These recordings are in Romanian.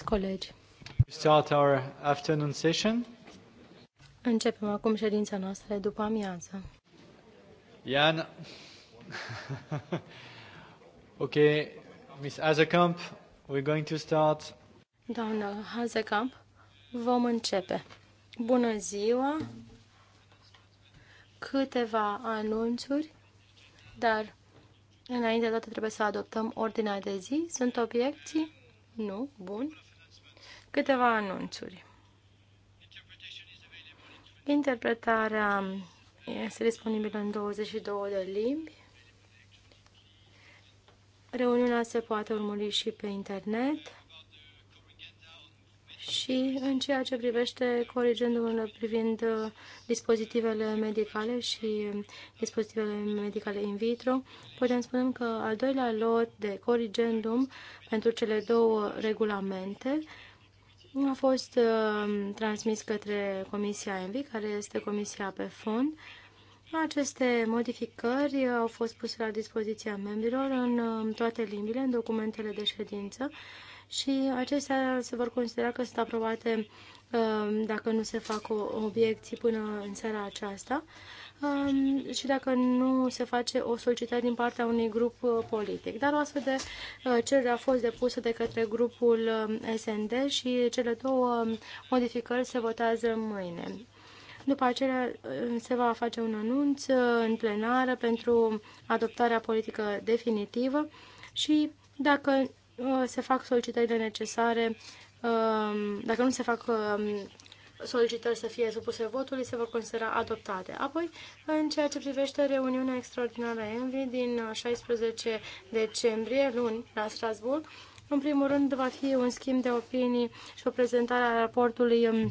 Stimați colegi, start our afternoon session. Începem acum ședința noastră după amiază. Jan. ok, Miss Hazekamp, we're going to start. Doamna Hazekamp, vom începe. Bună ziua! Câteva anunțuri, dar Înainte de toate trebuie să adoptăm ordinea de zi. Sunt obiecții? Nu. Bun. Câteva anunțuri. Interpretarea este disponibilă în 22 de limbi. Reuniunea se poate urmări și pe internet. Și în ceea ce privește corigendul privind uh, dispozitivele medicale și um, dispozitivele medicale in vitro, putem spune că al doilea lot de corrigendum pentru cele două regulamente a fost uh, transmis către Comisia ENVI, care este Comisia pe fond. Aceste modificări au fost puse la dispoziția membrilor în uh, toate limbile, în documentele de ședință și acestea se vor considera că sunt aprobate Um, dacă nu se fac obiecții până în seara aceasta um, și dacă nu se face o solicitare din partea unui grup uh, politic. Dar o astfel de uh, cerere a fost depusă de către grupul um, SND și cele două modificări se votează mâine. După aceea se va face un anunț uh, în plenară pentru adoptarea politică definitivă și dacă se fac solicitările necesare, Um, dacă nu se fac um, solicitări să fie supuse votului, se vor considera adoptate. Apoi, în ceea ce privește reuniunea extraordinară a ENVI din 16 uh, decembrie, luni, la Strasburg, în primul rând va fi un schimb de opinii și o prezentare a raportului um,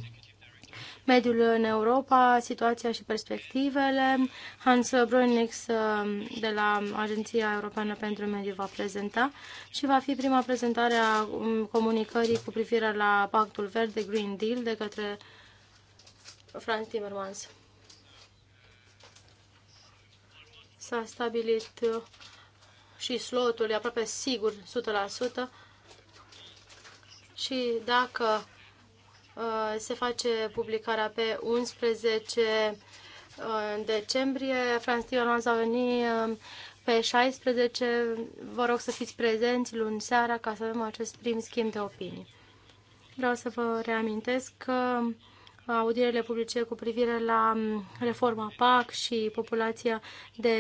mediul în Europa, situația și perspectivele. Hans Brunix um, de la Agenția Europeană pentru Mediu va prezenta și va fi prima prezentare a um, comunicării cu privire la Pactul Verde Green Deal de către Franz Timmermans. S-a stabilit uh, și slotul e aproape sigur, 100%. Și dacă Uh, se face publicarea pe 11 uh, decembrie. France Tionan va veni uh, pe 16. Vă rog să fiți prezenți luni seara ca să avem acest prim schimb de opinii. Vreau să vă reamintesc că audierele publice cu privire la um, reforma PAC și populația de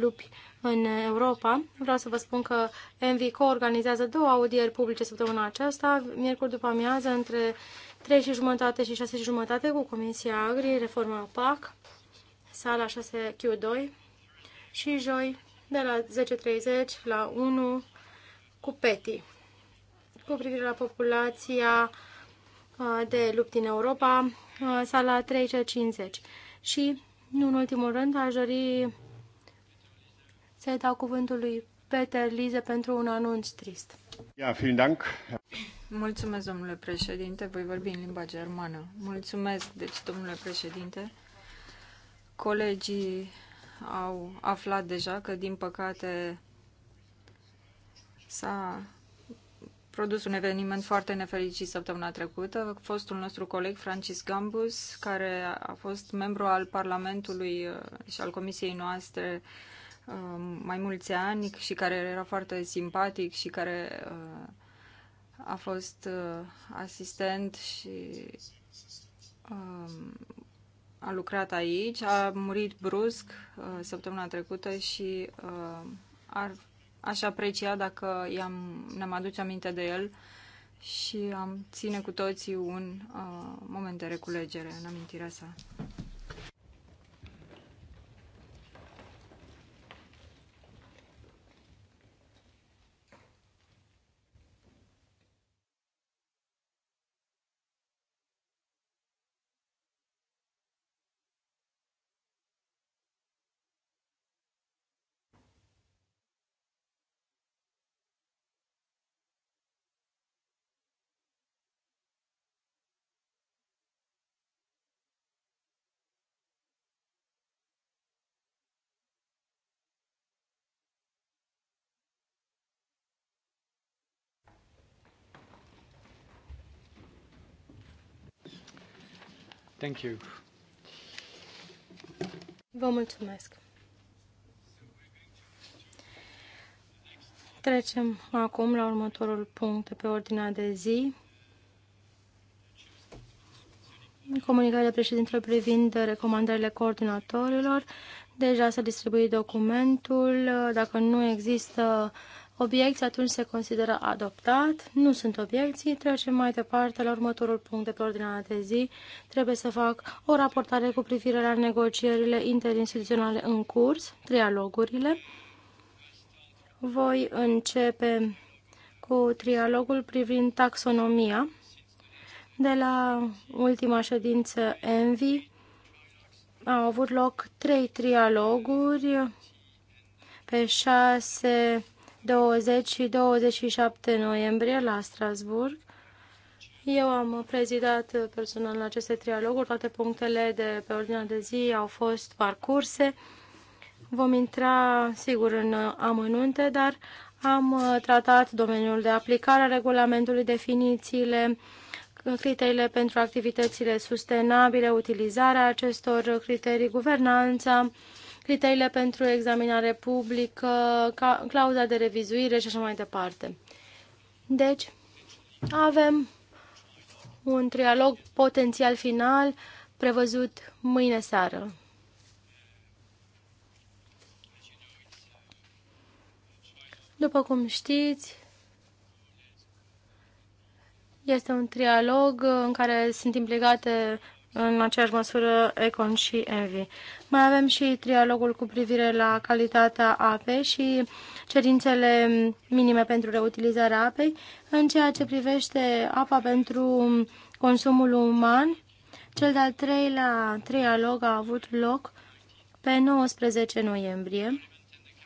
lupi în Europa. Vreau să vă spun că MVCO organizează două audieri publice săptămâna aceasta, miercuri după amiază, între 3 și jumătate și 6 și jumătate cu Comisia Agri, reforma PAC, sala 6Q2 și joi de la 10.30 la 1 cu PETI cu privire la populația de lup din Europa, sala 350. Și, nu în ultimul rând, aș dori să-i dau cuvântul lui Peter Lize pentru un anunț trist. Mulțumesc, domnule președinte. Voi vorbi în limba germană. Mulțumesc, deci, domnule președinte. Colegii au aflat deja că, din păcate, s-a produs un eveniment foarte nefericit săptămâna trecută. Fostul nostru coleg, Francis Gambus, care a fost membru al Parlamentului uh, și al Comisiei noastre Um, mai mulți ani și care era foarte simpatic și care uh, a fost uh, asistent și um, a lucrat aici, a murit brusc uh, săptămâna trecută și ar, aș aprecia dacă i-am, ne-am aduce aminte de el și am ține cu toții un uh, moment de reculegere în amintirea sa. Thank you. Vă mulțumesc. Trecem acum la următorul punct pe ordinea de zi. Comunicarea președintelor privind recomandările coordonatorilor. Deja s-a distribuit documentul. Dacă nu există uh, obiecții, atunci se consideră adoptat. Nu sunt obiecții. Trecem mai departe la următorul punct de pe ordinea de zi. Trebuie să fac o raportare cu privire la negocierile interinstituționale în curs, trialogurile. Voi începe cu trialogul privind taxonomia de la ultima ședință ENVI. Au avut loc trei trialoguri pe 6 20 și 27 noiembrie la Strasburg. Eu am prezidat personal aceste trialoguri, toate punctele de pe ordinea de zi au fost parcurse. Vom intra, sigur, în amănunte, dar am tratat domeniul de aplicare a regulamentului, definițiile, criteriile pentru activitățile sustenabile, utilizarea acestor criterii, guvernanța, criteriile pentru examinare publică, clauza de revizuire și așa mai departe. Deci, avem un trialog potențial final prevăzut mâine seară. După cum știți, este un trialog în care sunt implicate în aceeași măsură Econ și Envy. Mai avem și trialogul cu privire la calitatea apei și cerințele minime pentru reutilizarea apei în ceea ce privește apa pentru consumul uman. Cel de-al treilea trialog a avut loc pe 19 noiembrie.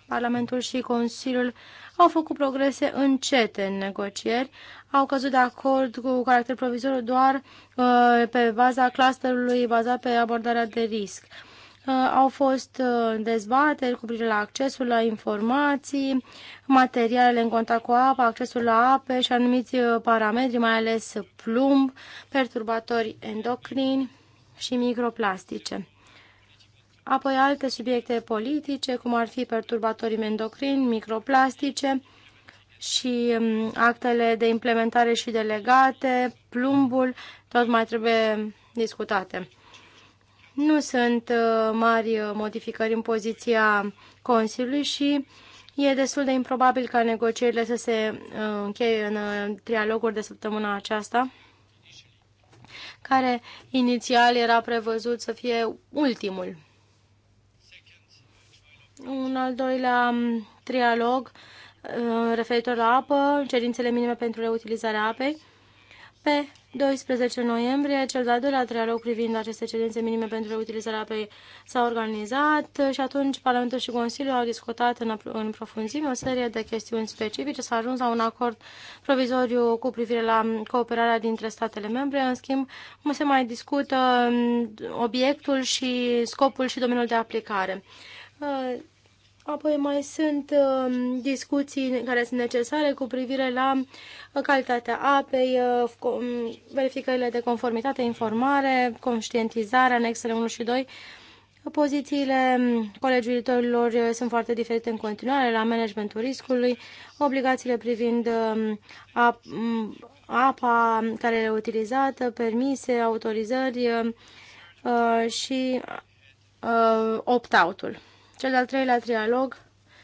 Parlamentul și Consiliul au făcut progrese încete în negocieri, au căzut de acord cu caracter provizoriu doar uh, pe baza clusterului bazat pe abordarea de risc. Uh, au fost uh, dezbateri cu privire la accesul la informații, materialele în contact cu apă, accesul la ape și anumiți parametri, mai ales plumb, perturbatori endocrini și microplastice. Apoi alte subiecte politice, cum ar fi perturbatorii endocrini, microplastice, și um, actele de implementare și delegate, plumbul, tot mai trebuie discutate. Nu sunt uh, mari modificări în poziția Consiliului și e destul de improbabil ca negocierile să se uh, încheie în uh, trialoguri de săptămâna aceasta, care inițial era prevăzut să fie ultimul. Un al doilea um, trialog Uh, referitor la apă, cerințele minime pentru reutilizarea apei. Pe 12 noiembrie, cel de-al doilea trialog privind aceste cerințe minime pentru reutilizarea apei s-a organizat și atunci Parlamentul și Consiliul au discutat în, în profunzime o serie de chestiuni specifice. S-a ajuns la un acord provizoriu cu privire la cooperarea dintre statele membre. În schimb, nu se mai discută um, obiectul și scopul și domeniul de aplicare. Uh, Apoi mai sunt um, discuții care sunt necesare cu privire la calitatea apei, uh, um, verificările de conformitate, informare, conștientizare, anexele 1 și 2. Pozițiile um, colegiuitorilor uh, sunt foarte diferite în continuare la managementul riscului, obligațiile privind apa care e utilizată, permise, autorizări uh, și opt-out-ul. Cel de-al treilea trialog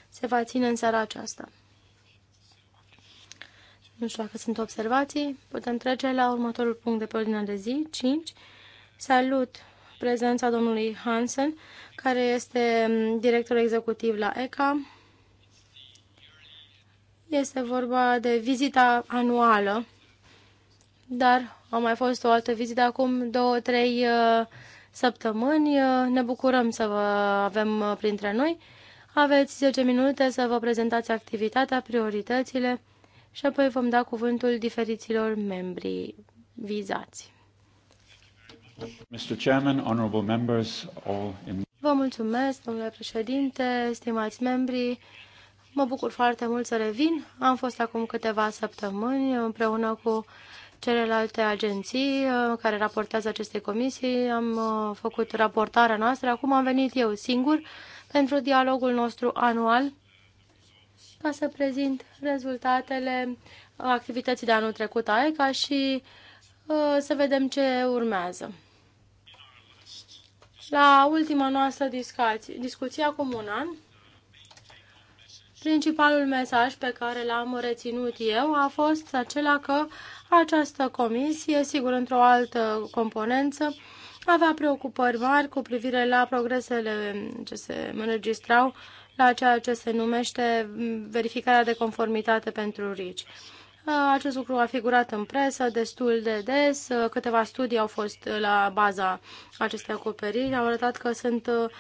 se va ține în seara aceasta. Nu știu dacă sunt observații. Putem trece la următorul punct de pe ordinea de zi, 5. Salut prezența domnului Hansen, care este director executiv la ECA. Este vorba de vizita anuală, dar a mai fost o altă vizită acum două, trei uh, săptămâni. Ne bucurăm să vă avem printre noi. Aveți 10 minute să vă prezentați activitatea, prioritățile și apoi vom da cuvântul diferiților membri vizați. Mr. Chairman, honorable members, all in... Vă mulțumesc, domnule președinte, stimați membri. Mă bucur foarte mult să revin. Am fost acum câteva săptămâni împreună cu celelalte agenții uh, care raportează aceste comisii. Am uh, făcut raportarea noastră. Acum am venit eu singur pentru dialogul nostru anual ca să prezint rezultatele activității de anul trecut a ECA și uh, să vedem ce urmează. La ultima noastră discuție, acum un an, principalul mesaj pe care l-am reținut eu a fost acela că această comisie, sigur, într-o altă componență, avea preocupări mari cu privire la progresele ce se înregistrau la ceea ce se numește verificarea de conformitate pentru RICI. Acest lucru a figurat în presă destul de des. Câteva studii au fost la baza acestei acoperiri. Au arătat că sunt uh,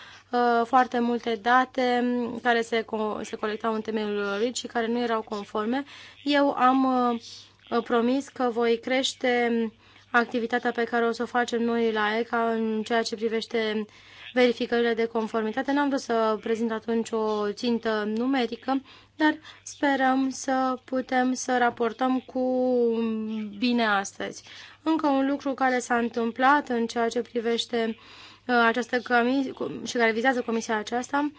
foarte multe date care se, co se colectau în temeiul RICI și care nu erau conforme. Eu am uh, promis că voi crește activitatea pe care o să o facem noi la ECA în ceea ce privește verificările de conformitate. N-am vrut să prezint atunci o țintă numerică, dar sperăm să putem să raportăm cu bine astăzi. Încă un lucru care s-a întâmplat în ceea ce privește uh, această comisie și care vizează comisia aceasta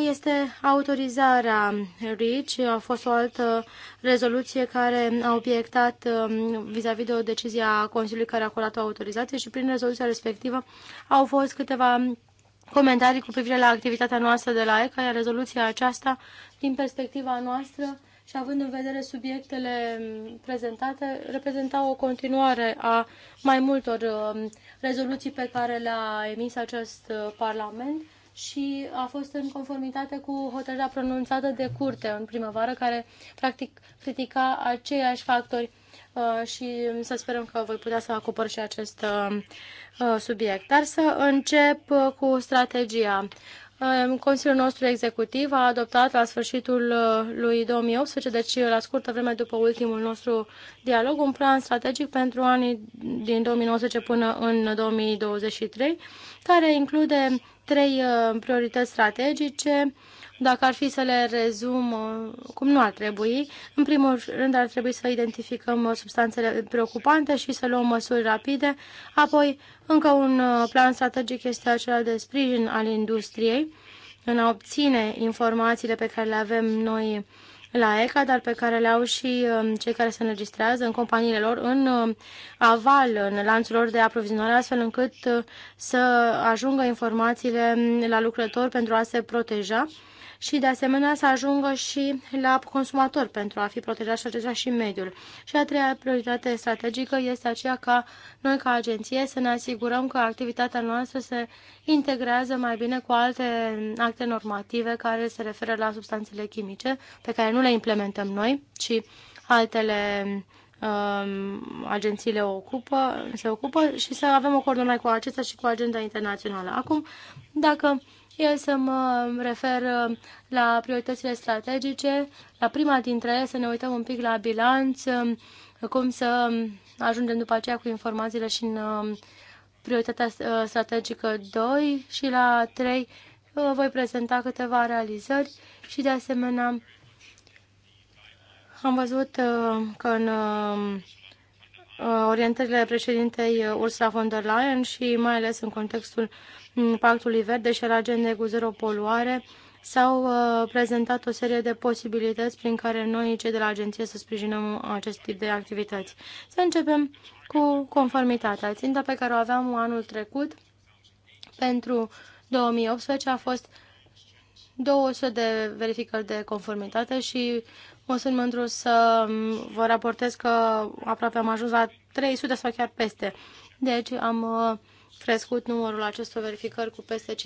este autorizarea RICI. A fost o altă rezoluție care a obiectat um, vis-a-vis -vis de o decizie a Consiliului care a acordat o autorizație și prin rezoluția respectivă au fost câteva comentarii cu privire la activitatea noastră de la ECA, iar rezoluția aceasta, din perspectiva noastră și având în vedere subiectele um, prezentate, reprezenta o continuare a mai multor um, rezoluții pe care le-a emis acest uh, Parlament și a fost în conformitate cu hotărârea pronunțată de curte în primăvară, care practic critica aceiași factori uh, și să sperăm că voi putea să acopăr și acest uh, uh, subiect. Dar să încep cu strategia. Consiliul nostru executiv a adoptat la sfârșitul uh, lui 2018, deci uh, la scurtă vreme după ultimul nostru dialog, un plan strategic pentru anii din 2019 până în 2023, care include trei uh, priorități strategice, dacă ar fi să le rezum uh, cum nu ar trebui, în primul rând ar trebui să identificăm uh, substanțele preocupante și să luăm măsuri rapide. Apoi, încă un uh, plan strategic este acela de sprijin al industriei în a obține informațiile pe care le avem noi la ECA, dar pe care le au și um, cei care se înregistrează în companiile lor în um, aval, în lanțul lor de aprovizionare, astfel încât să ajungă informațiile mm, la lucrător pentru a se proteja și de asemenea să ajungă și la consumator pentru a fi protejat și protejat și mediul. Și a treia prioritate strategică este aceea ca noi ca agenție să ne asigurăm că activitatea noastră se integrează mai bine cu alte acte normative care se referă la substanțele chimice pe care nu le implementăm noi, ci altele um, agențiile o ocupă, se ocupă și să avem o coordonare cu acestea și cu agenda internațională. Acum, dacă e să mă refer uh, la prioritățile strategice. La prima dintre ele să ne uităm un pic la bilanț, uh, cum să um, ajungem după aceea cu informațiile și în um, prioritatea uh, strategică 2 și la 3 voi prezenta câteva realizări și de asemenea am văzut că în um, orientările președintei Ursula von der Leyen și mai ales în contextul Pactului Verde și al agendei cu zero poluare, s-au uh, prezentat o serie de posibilități prin care noi, cei de la agenție, să sprijinăm acest tip de activități. Să începem cu conformitatea. Ținta pe care o aveam anul trecut pentru 2018 a fost 200 de verificări de conformitate și mă sunt mândru să um, vă raportez că aproape am ajuns la 300 sau chiar peste. Deci am uh, crescut numărul acestor verificări cu peste 50%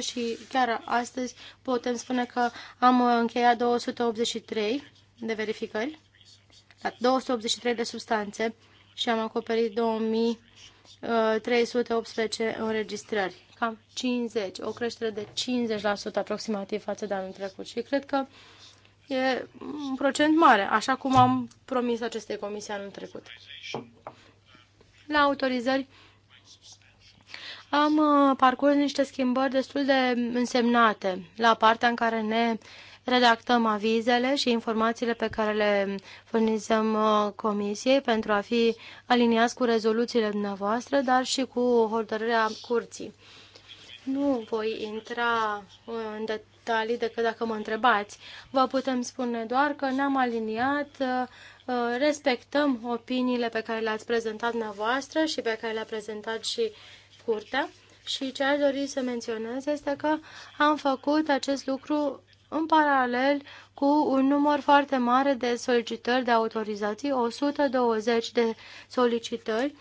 și chiar astăzi putem spune că am încheiat 283 de verificări, 283 da, de substanțe și am acoperit 2318 înregistrări, cam 50, o creștere de 50% aproximativ față de anul trecut și cred că e un procent mare, așa cum am promis acestei comisii anul trecut. La autorizări, am uh, parcurs niște schimbări destul de însemnate la partea în care ne redactăm avizele și informațiile pe care le furnizăm uh, comisiei pentru a fi aliniați cu rezoluțiile dumneavoastră, dar și cu hotărârea curții. Nu voi intra uh, în detalii decât dacă mă întrebați. Vă putem spune doar că ne-am aliniat, respectăm opiniile pe care le-ați prezentat dumneavoastră și pe care le-a prezentat și scurtă și ce aș dori să menționez este că am făcut acest lucru în paralel cu un număr foarte mare de solicitări de autorizații, 120 de solicitări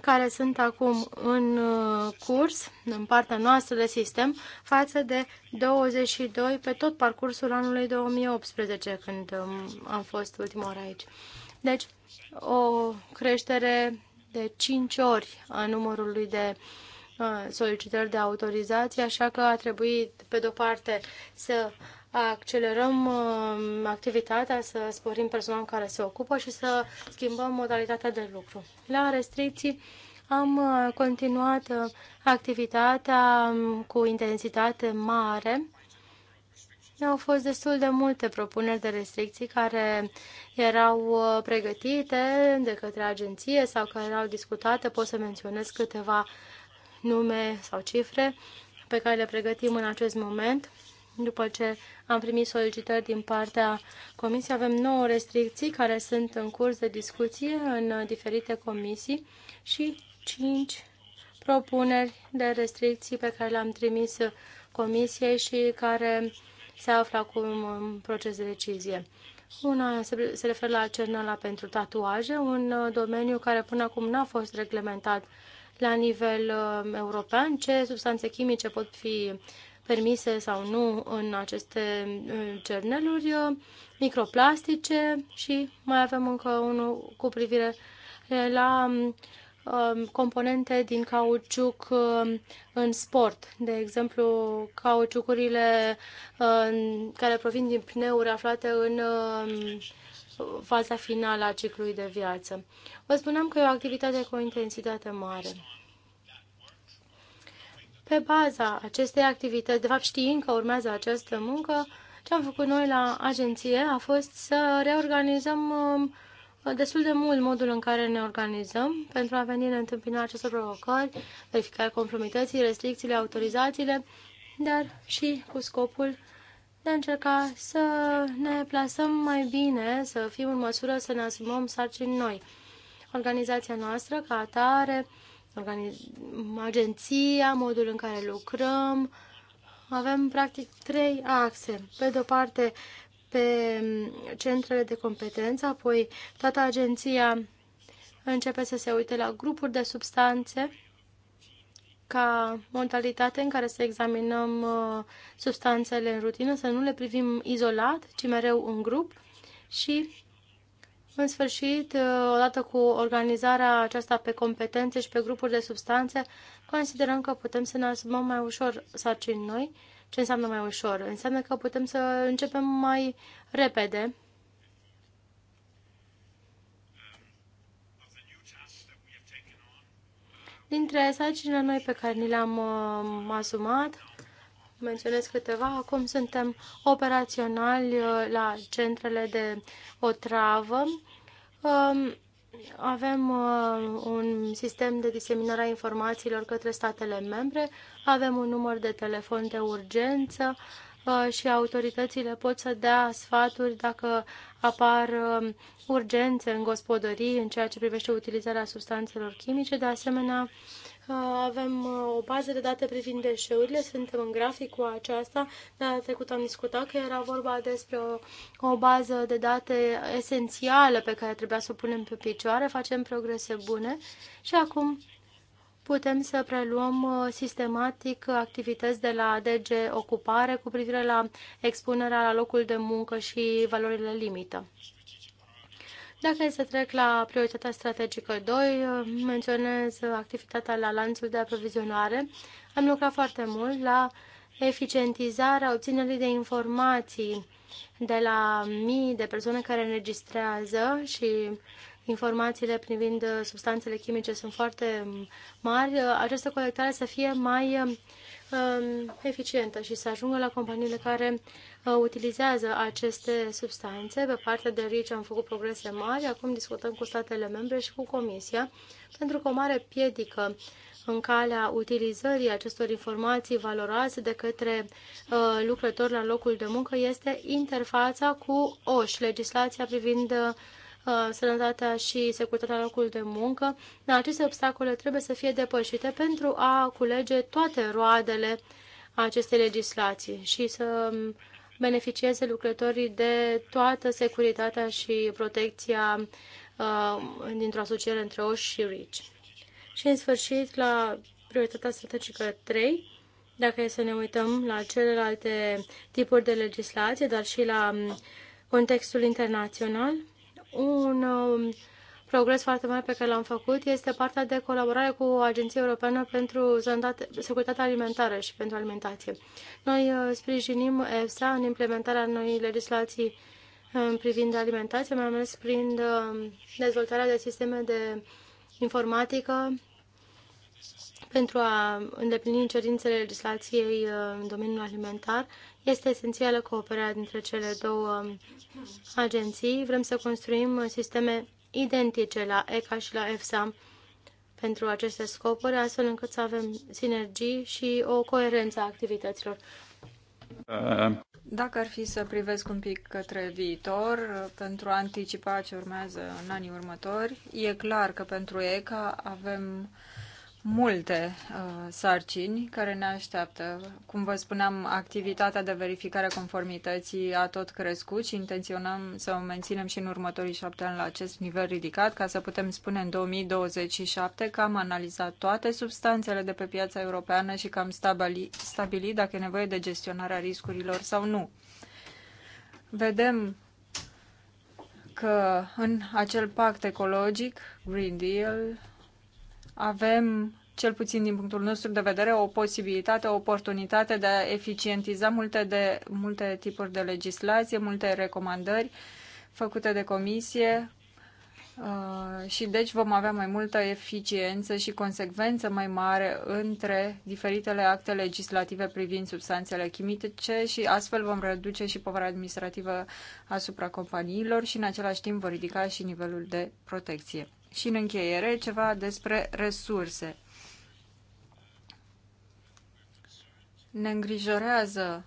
care sunt acum în uh, curs, în partea noastră de sistem, față de 22 pe tot parcursul anului 2018, când um, am fost ultima oară aici. Deci, o creștere de 5 ori a numărului de uh, solicitări de autorizație, așa că a trebuit, pe de-o parte, să accelerăm uh, activitatea, să sporim personal care se ocupă și să schimbăm modalitatea de lucru. La restricții am uh, continuat activitatea um, cu intensitate mare au fost destul de multe propuneri de restricții care erau uh, pregătite de către agenție sau care erau discutate. Pot să menționez câteva nume sau cifre pe care le pregătim în acest moment. După ce am primit solicitări din partea comisiei, avem nouă restricții care sunt în curs de discuție în uh, diferite comisii și cinci propuneri de restricții pe care le-am trimis uh, comisiei și care se află acum în proces de decizie. Una se referă la cernăla pentru tatuaje, un uh, domeniu care până acum n-a fost reglementat la nivel uh, european, ce substanțe chimice pot fi permise sau nu în aceste uh, cerneluri, microplastice și mai avem încă unul cu privire la um, Um, componente din cauciuc um, în sport. De exemplu, cauciucurile um, care provin din pneuri aflate în faza finală a ciclului de viață. Vă spuneam că e o activitate cu o intensitate mare. Pe baza acestei activități, de fapt știind că urmează această muncă, ce am făcut noi la agenție a fost să reorganizăm Uh, destul de mult modul în care ne organizăm pentru a veni în întâmpinarea acestor provocări, verificarea conformității, restricțiile, autorizațiile, dar și cu scopul de a încerca să ne plasăm mai bine, să fim în măsură să ne asumăm sarcini noi. Organizația noastră, ca atare, agenția, modul în care lucrăm, avem practic trei axe. Pe de o parte, pe centrele de competență, apoi toată agenția începe să se uite la grupuri de substanțe ca modalitate în care să examinăm uh, substanțele în rutină, să nu le privim izolat, ci mereu în grup și în sfârșit, uh, odată cu organizarea aceasta pe competențe și pe grupuri de substanțe, considerăm că putem să ne asumăm mai ușor sarcini noi ce înseamnă mai ușor? Înseamnă că putem să începem mai repede. Dintre sarcinile noi pe care ni le-am uh, asumat, menționez câteva, acum suntem operaționali uh, la centrele de otravă. Uh, um, avem uh, un sistem de diseminare a informațiilor către statele membre avem un număr de telefon de urgență uh, și autoritățile pot să dea sfaturi dacă apar uh, urgențe în gospodării în ceea ce privește utilizarea substanțelor chimice. De asemenea, uh, avem o bază de date privind deșeurile, suntem în grafic cu aceasta. Data trecută am discutat că era vorba despre o, o bază de date esențială pe care trebuia să o punem pe picioare, facem progrese bune și acum putem să preluăm uh, sistematic activități de la DG Ocupare cu privire la expunerea la locul de muncă și valorile limită. Dacă e să trec la prioritatea strategică 2, uh, menționez activitatea la lanțul de aprovizionare. Am lucrat foarte mult la eficientizarea obținerii de informații de la mii de persoane care înregistrează și informațiile privind uh, substanțele chimice sunt foarte um, mari, uh, această colectare să fie mai um, eficientă și să ajungă la companiile care uh, utilizează aceste substanțe. Pe partea de RICI am făcut progrese mari, acum discutăm cu statele membre și cu Comisia, pentru că o mare piedică în calea utilizării acestor informații valoroase de către uh, lucrători la locul de muncă este interfața cu OSH, legislația privind Uh, sănătatea și securitatea locului de muncă, dar aceste obstacole trebuie să fie depășite pentru a culege toate roadele acestei legislații și să beneficieze lucrătorii de toată securitatea și protecția uh, dintr-o asociere între OSH și rici. Și în sfârșit, la prioritatea strategică 3, dacă e să ne uităm la celelalte tipuri de legislație, dar și la um, contextul internațional, un um, progres foarte mare pe care l-am făcut este partea de colaborare cu Agenția Europeană pentru Securitatea Alimentară și pentru Alimentație. Noi uh, sprijinim EFSA în implementarea noii legislații um, privind alimentația, mai ales prin um, dezvoltarea de sisteme de informatică pentru a îndeplini cerințele legislației uh, în domeniul alimentar este esențială cooperarea dintre cele două agenții. Vrem să construim sisteme identice la ECA și la EFSA pentru aceste scopuri, astfel încât să avem sinergii și o coerență a activităților. Dacă ar fi să privesc un pic către viitor, pentru a anticipa ce urmează în anii următori, e clar că pentru ECA avem uh, multe uh, sarcini care ne așteaptă. Cum vă spuneam, activitatea de verificare a conformității a tot crescut și intenționăm să o menținem și în următorii șapte ani la acest nivel ridicat, ca să putem spune în 2027 că am analizat toate substanțele de pe piața europeană și că am stabili, stabilit dacă e nevoie de gestionarea riscurilor sau nu. Vedem că în acel pact ecologic, Green Deal, avem, cel puțin din punctul nostru de vedere, o posibilitate, o oportunitate de a eficientiza multe, de, multe tipuri de legislație, multe recomandări făcute de comisie uh, și deci vom avea mai multă eficiență și consecvență mai mare între diferitele acte legislative privind substanțele chimice și astfel vom reduce și povara administrativă asupra companiilor și în același timp vor ridica și nivelul de protecție. Și în încheiere, ceva despre resurse. Ne îngrijorează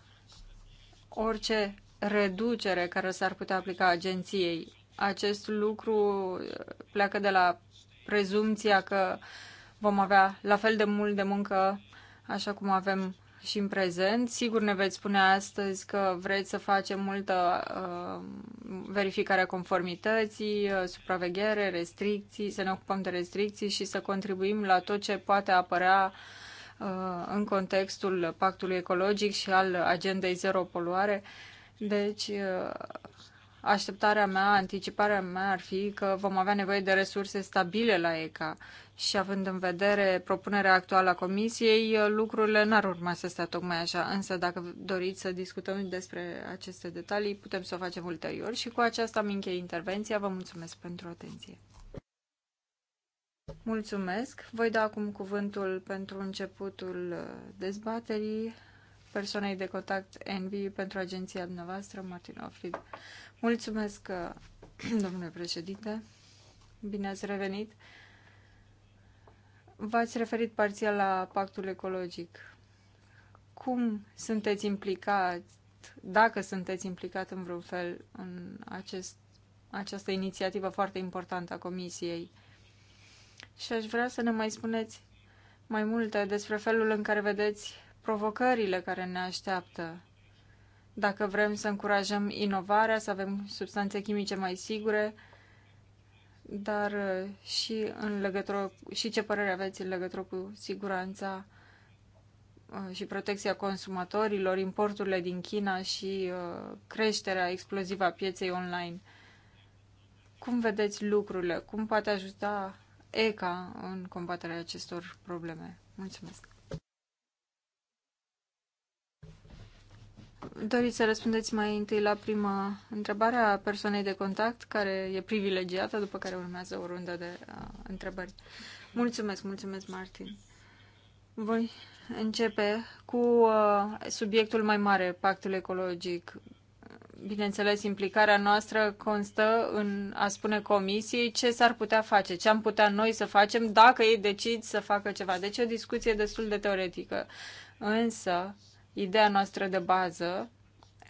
orice reducere care s-ar putea aplica agenției. Acest lucru pleacă de la prezumția că vom avea la fel de mult de muncă așa cum avem și în prezent. Sigur ne veți spune astăzi că vreți să facem multă uh, verificare a conformității, uh, supraveghere, restricții, să ne ocupăm de restricții și să contribuim la tot ce poate apărea uh, în contextul pactului ecologic și al agendei zero poluare. Deci, uh, așteptarea mea, anticiparea mea ar fi că vom avea nevoie de resurse stabile la ECA și având în vedere propunerea actuală a Comisiei, lucrurile n-ar urma să stea tocmai așa, însă dacă doriți să discutăm despre aceste detalii, putem să o facem ulterior și cu aceasta am încheiat intervenția. Vă mulțumesc pentru atenție. Mulțumesc. Voi da acum cuvântul pentru începutul dezbaterii persoanei de contact Envy pentru agenția dumneavoastră, Martin Ofrid. Mulțumesc, uh, domnule președinte. Bine ați revenit. V-ați referit parțial la pactul ecologic. Cum sunteți implicat, dacă sunteți implicat în vreun fel în acest, această inițiativă foarte importantă a Comisiei? Și aș vrea să ne mai spuneți mai multe despre felul în care vedeți provocările care ne așteaptă. Dacă vrem să încurajăm inovarea, să avem substanțe chimice mai sigure, dar uh, și în legătură și ce părere aveți în legătură cu siguranța uh, și protecția consumatorilor, importurile din China și uh, creșterea explozivă a pieței online. Cum vedeți lucrurile? Cum poate ajuta ECA în combaterea acestor probleme? Mulțumesc! Doriți să răspundeți mai întâi la prima întrebare a persoanei de contact, care e privilegiată, după care urmează o rundă de uh, întrebări. Mulțumesc, mulțumesc, Martin. Voi începe cu uh, subiectul mai mare, pactul ecologic. Bineînțeles, implicarea noastră constă în a spune comisiei ce s-ar putea face, ce am putea noi să facem dacă ei decid să facă ceva. Deci e o discuție destul de teoretică. Însă, Ideea noastră de bază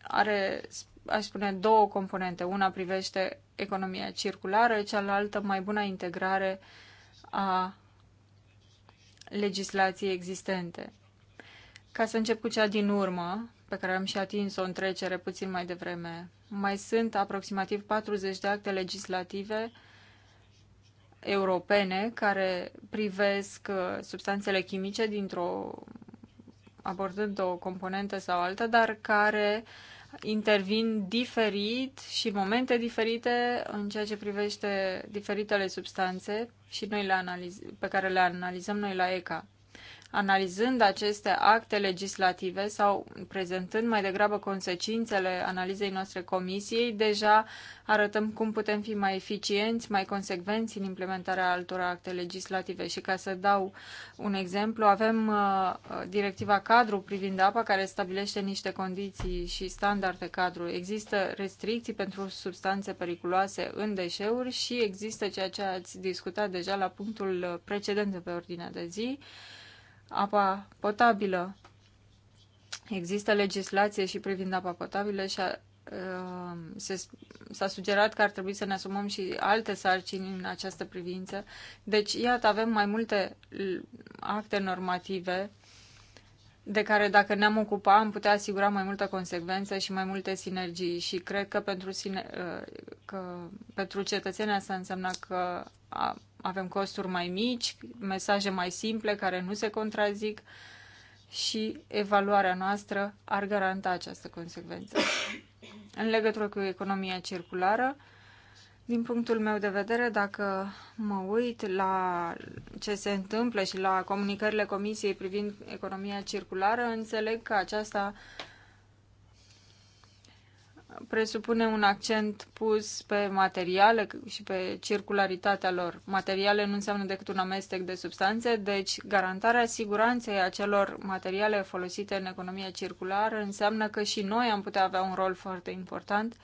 are, aș spune, două componente. Una privește economia circulară, cealaltă mai bună integrare a legislației existente. Ca să încep cu cea din urmă, pe care am și atins-o în trecere puțin mai devreme, mai sunt aproximativ 40 de acte legislative europene care privesc uh, substanțele chimice dintr-o abordând o componentă sau alta, dar care intervin diferit și în momente diferite în ceea ce privește diferitele substanțe și noi le analiz- pe care le analizăm noi la ECA analizând aceste acte legislative sau prezentând mai degrabă consecințele analizei noastre comisiei, deja arătăm cum putem fi mai eficienți, mai consecvenți în implementarea altor acte legislative. Și ca să dau un exemplu, avem uh, directiva cadru privind apa care stabilește niște condiții și standarde cadru. Există restricții pentru substanțe periculoase în deșeuri și există ceea ce ați discutat deja la punctul precedent pe ordinea de zi, apa potabilă. Există legislație și privind apa potabilă și a, uh, se, s-a sugerat că ar trebui să ne asumăm și alte sarcini în această privință. Deci, iată, avem mai multe acte normative de care dacă ne-am ocupa am putea asigura mai multă consecvență și mai multe sinergii și cred că pentru, sine, uh, că pentru cetățenii asta înseamnă că avem costuri mai mici, mesaje mai simple care nu se contrazic și evaluarea noastră ar garanta această consecvență. În legătură cu economia circulară, din punctul meu de vedere, dacă mă uit la ce se întâmplă și la comunicările Comisiei privind economia circulară, înțeleg că aceasta presupune un accent pus pe materiale și pe circularitatea lor. Materiale nu înseamnă decât un amestec de substanțe, deci garantarea siguranței acelor materiale folosite în economia circulară înseamnă că și noi am putea avea un rol foarte important,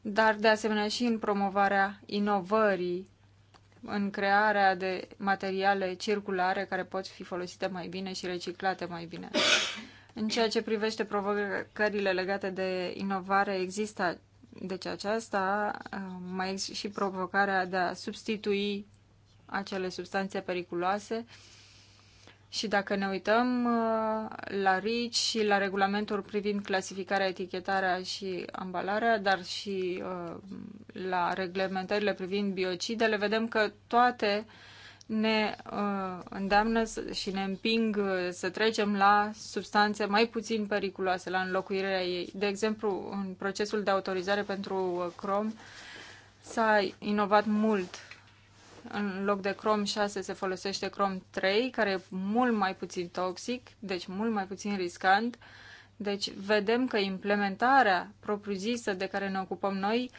dar de asemenea și în promovarea inovării, în crearea de materiale circulare care pot fi folosite mai bine și reciclate mai bine. În ceea ce privește provocările legate de inovare, există deci aceasta, uh, mai există și provocarea de a substitui acele substanțe periculoase. Și dacă ne uităm uh, la RICI și la regulamentul privind clasificarea, etichetarea și ambalarea, dar și uh, la reglementările privind biocidele, vedem că toate uh, ne uh, îndeamnă și ne împing uh, să trecem la substanțe mai puțin periculoase, la înlocuirea ei. De exemplu, în procesul de autorizare pentru uh, crom s-a inovat mult. În loc de crom 6 se folosește crom 3, care e mult mai puțin toxic, deci mult mai puțin riscant. Deci vedem că implementarea propriu-zisă de care ne ocupăm noi uh,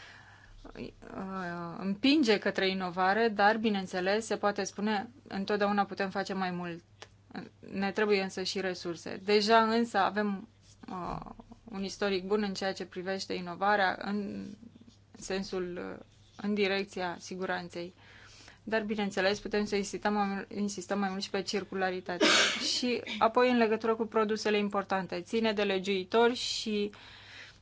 Uh, împinge către inovare, dar, bineînțeles, se poate spune, întotdeauna putem face mai mult. Ne trebuie însă și resurse. Deja însă avem uh, un istoric bun în ceea ce privește inovarea în sensul, uh, în direcția siguranței. Dar, bineînțeles, putem să insistăm, insistăm mai mult și pe circularitate. și apoi, în legătură cu produsele importante, ține de legiuitori și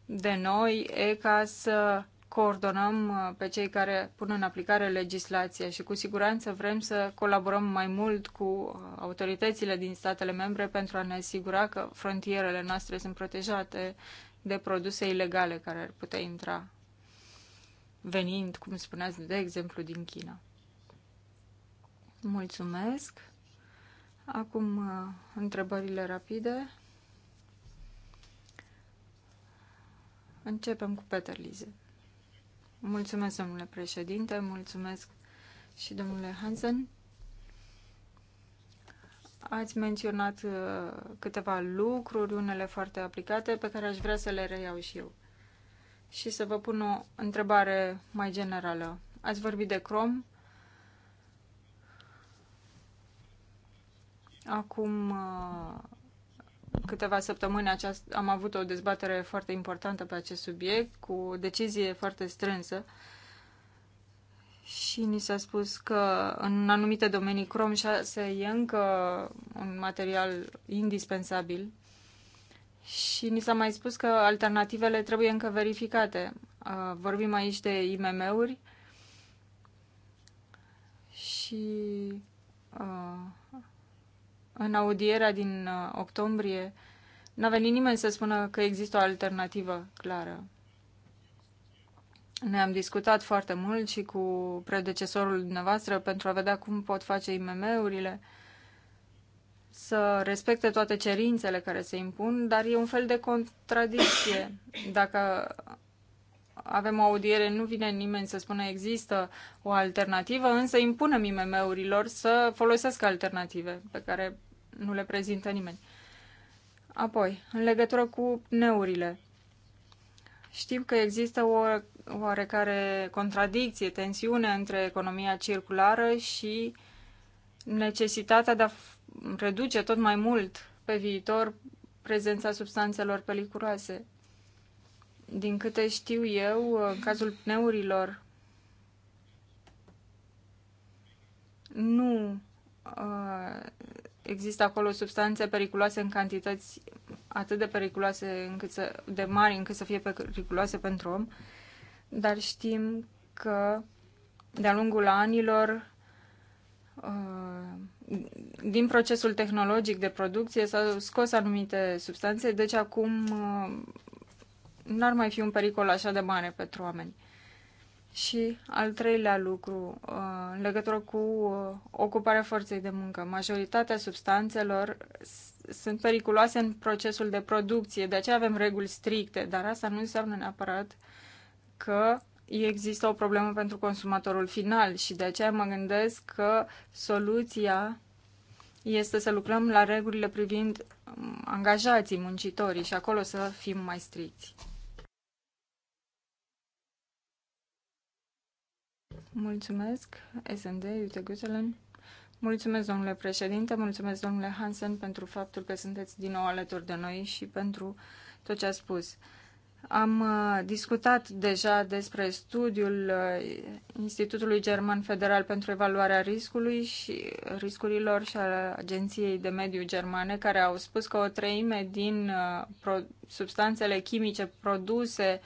de noi, e ca să coordonăm uh, pe cei care pun în aplicare legislația și cu siguranță vrem să colaborăm mai mult cu uh, autoritățile din statele membre pentru a ne asigura că frontierele noastre sunt protejate de produse ilegale care ar putea intra venind, cum spuneați, de exemplu, din China. Mulțumesc. Acum uh, întrebările rapide. Începem cu Peter Lize. Mulțumesc, domnule președinte, mulțumesc și domnule Hansen. Ați menționat uh, câteva lucruri, unele foarte aplicate, pe care aș vrea să le reiau și eu. Și să vă pun o întrebare mai generală. Ați vorbit de Chrome. Acum uh, câteva săptămâni aceast- am avut o dezbatere foarte importantă pe acest subiect, cu o decizie foarte strânsă și ni s-a spus că în anumite domenii Chrome 6 e încă un material indispensabil și ni s-a mai spus că alternativele trebuie încă verificate. Uh, vorbim aici de IMM-uri și uh, în audierea din uh, octombrie, n-a venit nimeni să spună că există o alternativă clară. Ne-am discutat foarte mult și cu predecesorul dumneavoastră pentru a vedea cum pot face IMM-urile să respecte toate cerințele care se impun, dar e un fel de contradicție. Dacă avem o audiere, nu vine nimeni să spună există o alternativă, însă impunem IMM-urilor să folosească alternative pe care nu le prezintă nimeni. Apoi, în legătură cu pneurile, știm că există o oarecare contradicție, tensiune între economia circulară și necesitatea de a reduce tot mai mult pe viitor prezența substanțelor pelicuroase. Din câte știu eu, în cazul pneurilor, nu uh, există acolo substanțe periculoase în cantități atât de periculoase încât să, de mari încât să fie periculoase pentru om, dar știm că de-a lungul anilor uh, din procesul tehnologic de producție s-au scos anumite substanțe, deci acum uh, n-ar mai fi un pericol așa de mare pentru oameni. Și al treilea lucru, uh, în legătură cu uh, ocuparea forței de muncă. Majoritatea substanțelor sunt periculoase în procesul de producție, de aceea avem reguli stricte, dar asta nu înseamnă neapărat că există o problemă pentru consumatorul final și de aceea mă gândesc că soluția este să lucrăm la regulile privind um, angajații, muncitorii și acolo să fim mai stricți. Mulțumesc, SND, Iute Gutelen. Mulțumesc, domnule președinte, mulțumesc, domnule Hansen, pentru faptul că sunteți din nou alături de noi și pentru tot ce a spus. Am uh, discutat deja despre studiul uh, Institutului German Federal pentru Evaluarea Riscului și uh, Riscurilor și a Agenției de Mediu Germane, care au spus că o treime din substanțele chimice produse uh,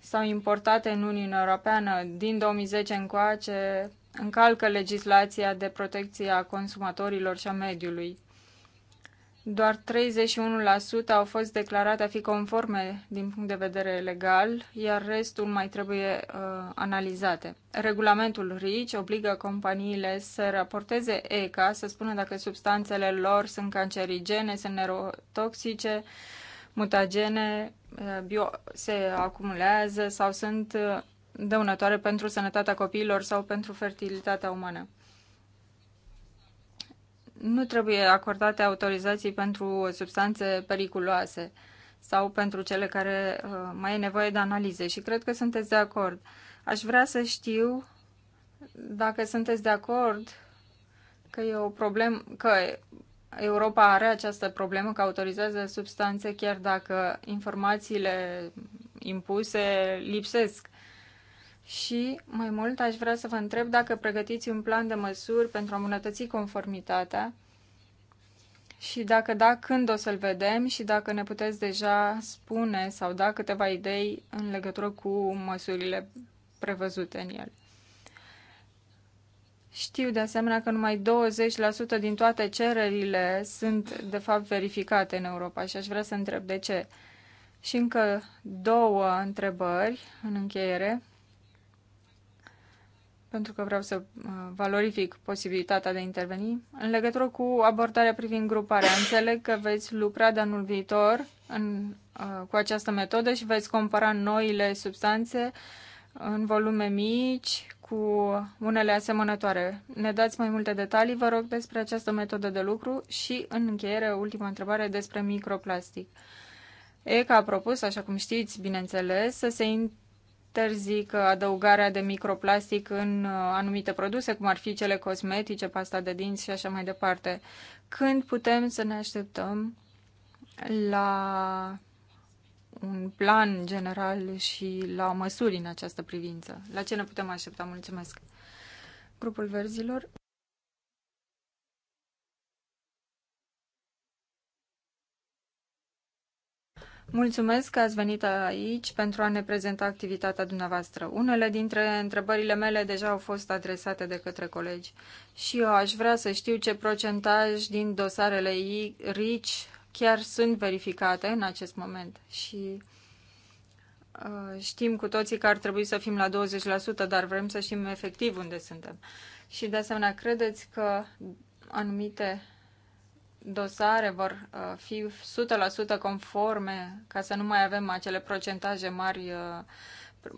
sau importate în Uniunea Europeană din 2010 încoace încalcă legislația de protecție a consumatorilor și a mediului. Doar 31% au fost declarate a fi conforme din punct de vedere legal, iar restul mai trebuie uh, analizate. Regulamentul RICI obligă companiile să raporteze ECA, să spună dacă substanțele lor sunt cancerigene, sunt neurotoxice, uh, mutagene uh, bio se acumulează sau sunt uh, dăunătoare pentru sănătatea copiilor sau pentru fertilitatea umană. Nu trebuie acordate autorizații pentru substanțe periculoase sau pentru cele care uh, mai e nevoie de analize și cred că sunteți de acord. Aș vrea să știu dacă sunteți de acord că e o problemă, că Europa are această problemă că autorizează substanțe chiar dacă informațiile impuse lipsesc. Și, mai mult, aș vrea să vă întreb dacă pregătiți un plan de măsuri pentru a îmbunătăți conformitatea și dacă da, când o să-l vedem și dacă ne puteți deja spune sau da câteva idei în legătură cu măsurile prevăzute în el. Știu de asemenea că numai 20% din toate cererile sunt de fapt verificate în Europa și aș vrea să întreb de ce. Și încă două întrebări în încheiere, pentru că vreau să uh, valorific posibilitatea de a interveni. În legătură cu abordarea privind gruparea, înțeleg că veți lucra de anul viitor în, uh, cu această metodă și veți compara noile substanțe în volume mici cu unele asemănătoare. Ne dați mai multe detalii, vă rog, despre această metodă de lucru și, în încheiere, ultima întrebare despre microplastic. ECA a propus, așa cum știți, bineînțeles, să se interzică adăugarea de microplastic în uh, anumite produse, cum ar fi cele cosmetice, pasta de dinți și așa mai departe. Când putem să ne așteptăm la un plan general și la măsuri în această privință. La ce ne putem aștepta? Mulțumesc! Grupul Verzilor. Mulțumesc că ați venit aici pentru a ne prezenta activitatea dumneavoastră. Unele dintre întrebările mele deja au fost adresate de către colegi și eu aș vrea să știu ce procentaj din dosarele RICI chiar sunt verificate în acest moment și uh, știm cu toții că ar trebui să fim la 20%, dar vrem să știm efectiv unde suntem. Și de asemenea, credeți că anumite dosare vor uh, fi 100% conforme ca să nu mai avem acele procentaje mari uh,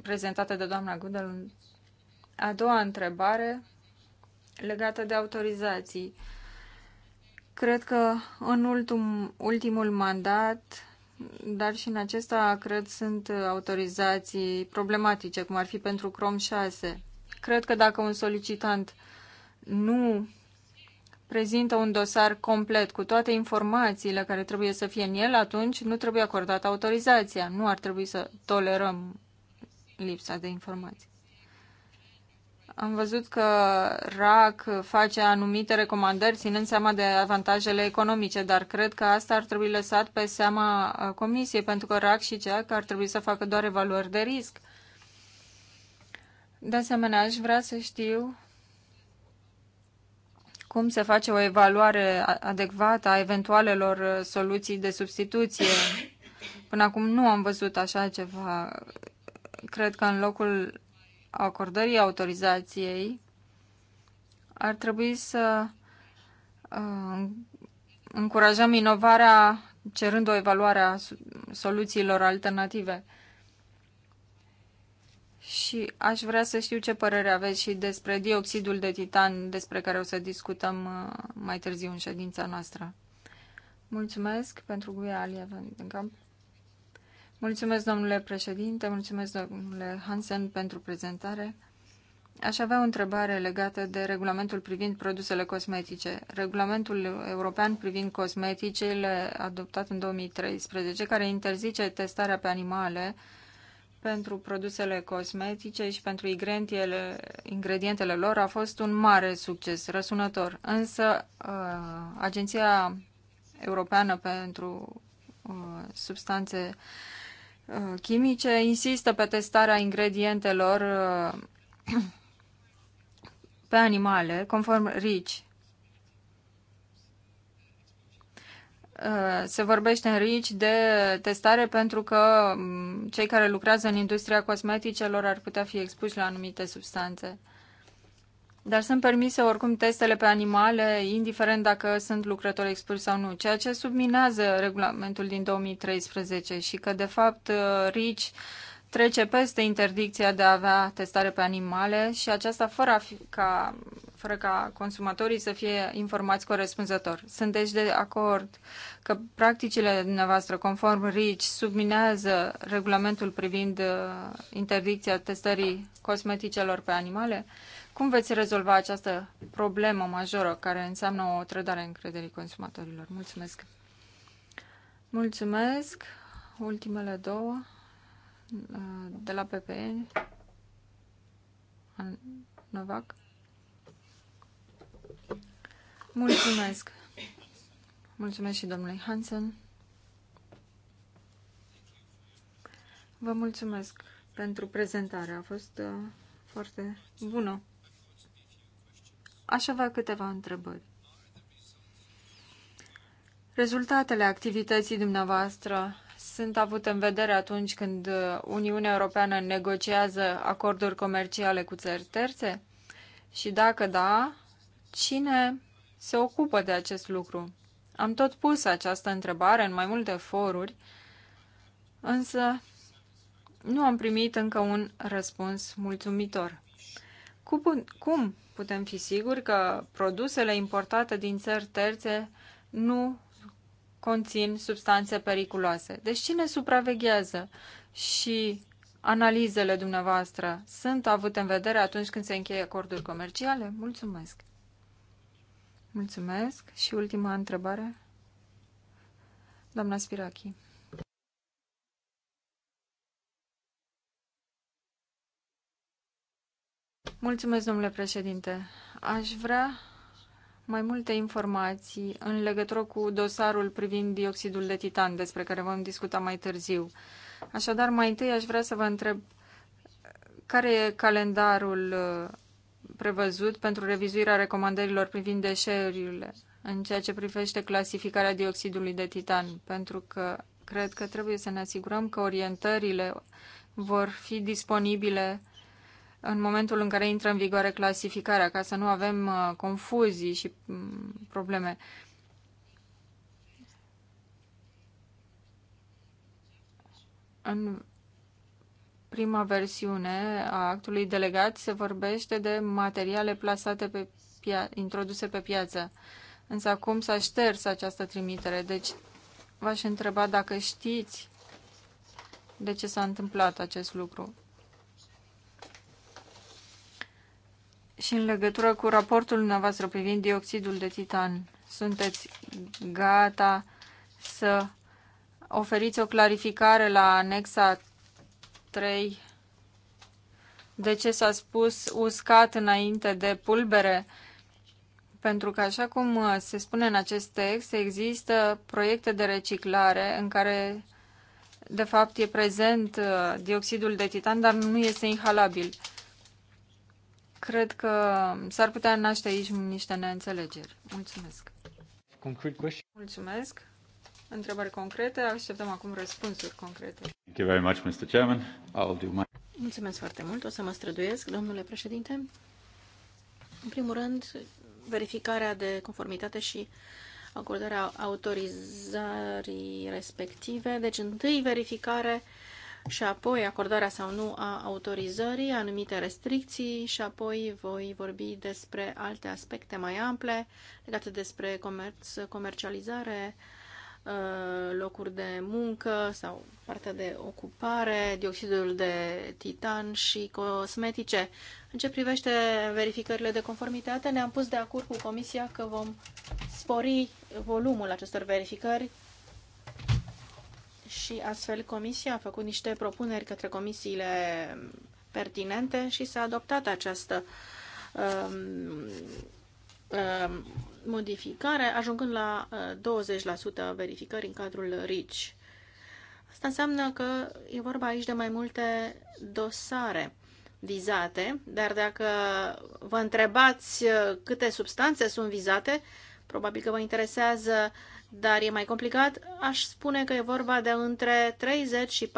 prezentate de doamna Gudel? A doua întrebare legată de autorizații. Uh, Cred că în ultim, ultimul mandat, dar și în acesta, cred, sunt autorizații problematice, cum ar fi pentru Chrome 6. Cred că dacă un solicitant nu prezintă un dosar complet cu toate informațiile care trebuie să fie în el, atunci nu trebuie acordată autorizația. Nu ar trebui să tolerăm lipsa de informații. Am văzut că RAC face anumite recomandări ținând seama de avantajele economice, dar cred că asta ar trebui lăsat pe seama comisiei, pentru că RAC și CEAC ar trebui să facă doar evaluări de risc. De asemenea, aș vrea să știu cum se face o evaluare adecvată a eventualelor soluții de substituție. Până acum nu am văzut așa ceva. Cred că în locul acordării autorizației ar trebui să uh, încurajăm inovarea cerând o evaluare a soluțiilor alternative. Și aș vrea să știu ce părere aveți și despre dioxidul de titan, despre care o să discutăm uh, mai târziu în ședința noastră. Mulțumesc pentru Guia Alia Vandenkamp. Mulțumesc, domnule președinte, mulțumesc, domnule Hansen, pentru prezentare. Aș avea o întrebare legată de regulamentul privind produsele cosmetice. Regulamentul european privind cosmeticele adoptat în 2013, care interzice testarea pe animale pentru produsele cosmetice și pentru ingredientele lor, a fost un mare succes, răsunător. Însă, uh, Agenția Europeană pentru uh, substanțe Uh, chimice insistă pe testarea ingredientelor uh, pe animale, conform RICI. Uh, se vorbește în RICI de testare pentru că mm, cei care lucrează în industria cosmeticelor ar putea fi expuși la anumite substanțe. Dar sunt permise oricum testele pe animale, indiferent dacă sunt lucrători expuși sau nu, ceea ce subminează regulamentul din 2013 și că, de fapt, uh, RICI trece peste interdicția de a avea testare pe animale și aceasta fără, a fi, ca, fără ca consumatorii să fie informați corespunzător. Sunt deci de acord că practicile dumneavoastră conform RICI subminează regulamentul privind uh, interdicția testării cosmeticelor pe animale? Cum veți rezolva această problemă majoră care înseamnă o trădare crederii consumatorilor? Mulțumesc! Mulțumesc! Ultimele două uh, de la PPN. Novac. Mulțumesc! Mulțumesc și domnului Hansen. Vă mulțumesc pentru prezentare. A fost uh, foarte bună. Aș avea câteva întrebări. Rezultatele activității dumneavoastră sunt avute în vedere atunci când Uniunea Europeană negociază acorduri comerciale cu țări terțe? Și dacă da, cine se ocupă de acest lucru? Am tot pus această întrebare în mai multe foruri, însă nu am primit încă un răspuns mulțumitor. Cum putem fi siguri că produsele importate din țări terțe nu conțin substanțe periculoase? Deci cine supraveghează și analizele dumneavoastră sunt avute în vedere atunci când se încheie acorduri comerciale? Mulțumesc! Mulțumesc! Și ultima întrebare? Doamna Spirachi. Mulțumesc, domnule președinte. Aș vrea mai multe informații în legătură cu dosarul privind dioxidul de titan, despre care vom discuta mai târziu. Așadar, mai întâi aș vrea să vă întreb care e calendarul uh, prevăzut pentru revizuirea recomandărilor privind deșeurile în ceea ce privește clasificarea dioxidului de titan, pentru că cred că trebuie să ne asigurăm că orientările vor fi disponibile în momentul în care intră în vigoare clasificarea, ca să nu avem uh, confuzii și mm, probleme. În prima versiune a actului delegat se vorbește de materiale plasate pe pia- introduse pe piață. Însă acum s-a șters această trimitere, deci v-aș întreba dacă știți de ce s-a întâmplat acest lucru. Și în legătură cu raportul dumneavoastră privind dioxidul de titan, sunteți gata să oferiți o clarificare la anexa 3 de ce s-a spus uscat înainte de pulbere? Pentru că, așa cum uh, se spune în acest text, există proiecte de reciclare în care, de fapt, e prezent uh, dioxidul de titan, dar nu este inhalabil cred că s-ar putea naște aici niște neînțelegeri. Mulțumesc. Mulțumesc. Întrebări concrete, așteptăm acum răspunsuri concrete. Thank you very much, Mr. Chairman. I'll do my... Mulțumesc foarte mult, o să mă străduiesc, domnule președinte. În primul rând, verificarea de conformitate și acordarea autorizării respective. Deci, întâi verificare uh, și apoi acordarea sau nu a autorizării, anumite restricții și apoi voi vorbi despre alte aspecte mai ample legate despre comerț, comercializare, uh, locuri de muncă sau partea de ocupare, dioxidul de titan și cosmetice. În ce privește verificările de conformitate, ne-am pus de acord cu Comisia că vom spori volumul acestor verificări și astfel Comisia a făcut niște propuneri către comisiile pertinente și s-a adoptat această um, um, modificare, ajungând la 20% uh, verificări în cadrul RICI. Asta înseamnă că e vorba aici de mai multe dosare vizate, dar dacă vă întrebați uh, câte substanțe sunt vizate, probabil că vă interesează uh, dar e mai complicat, aș spune că e vorba de între 30 și 40%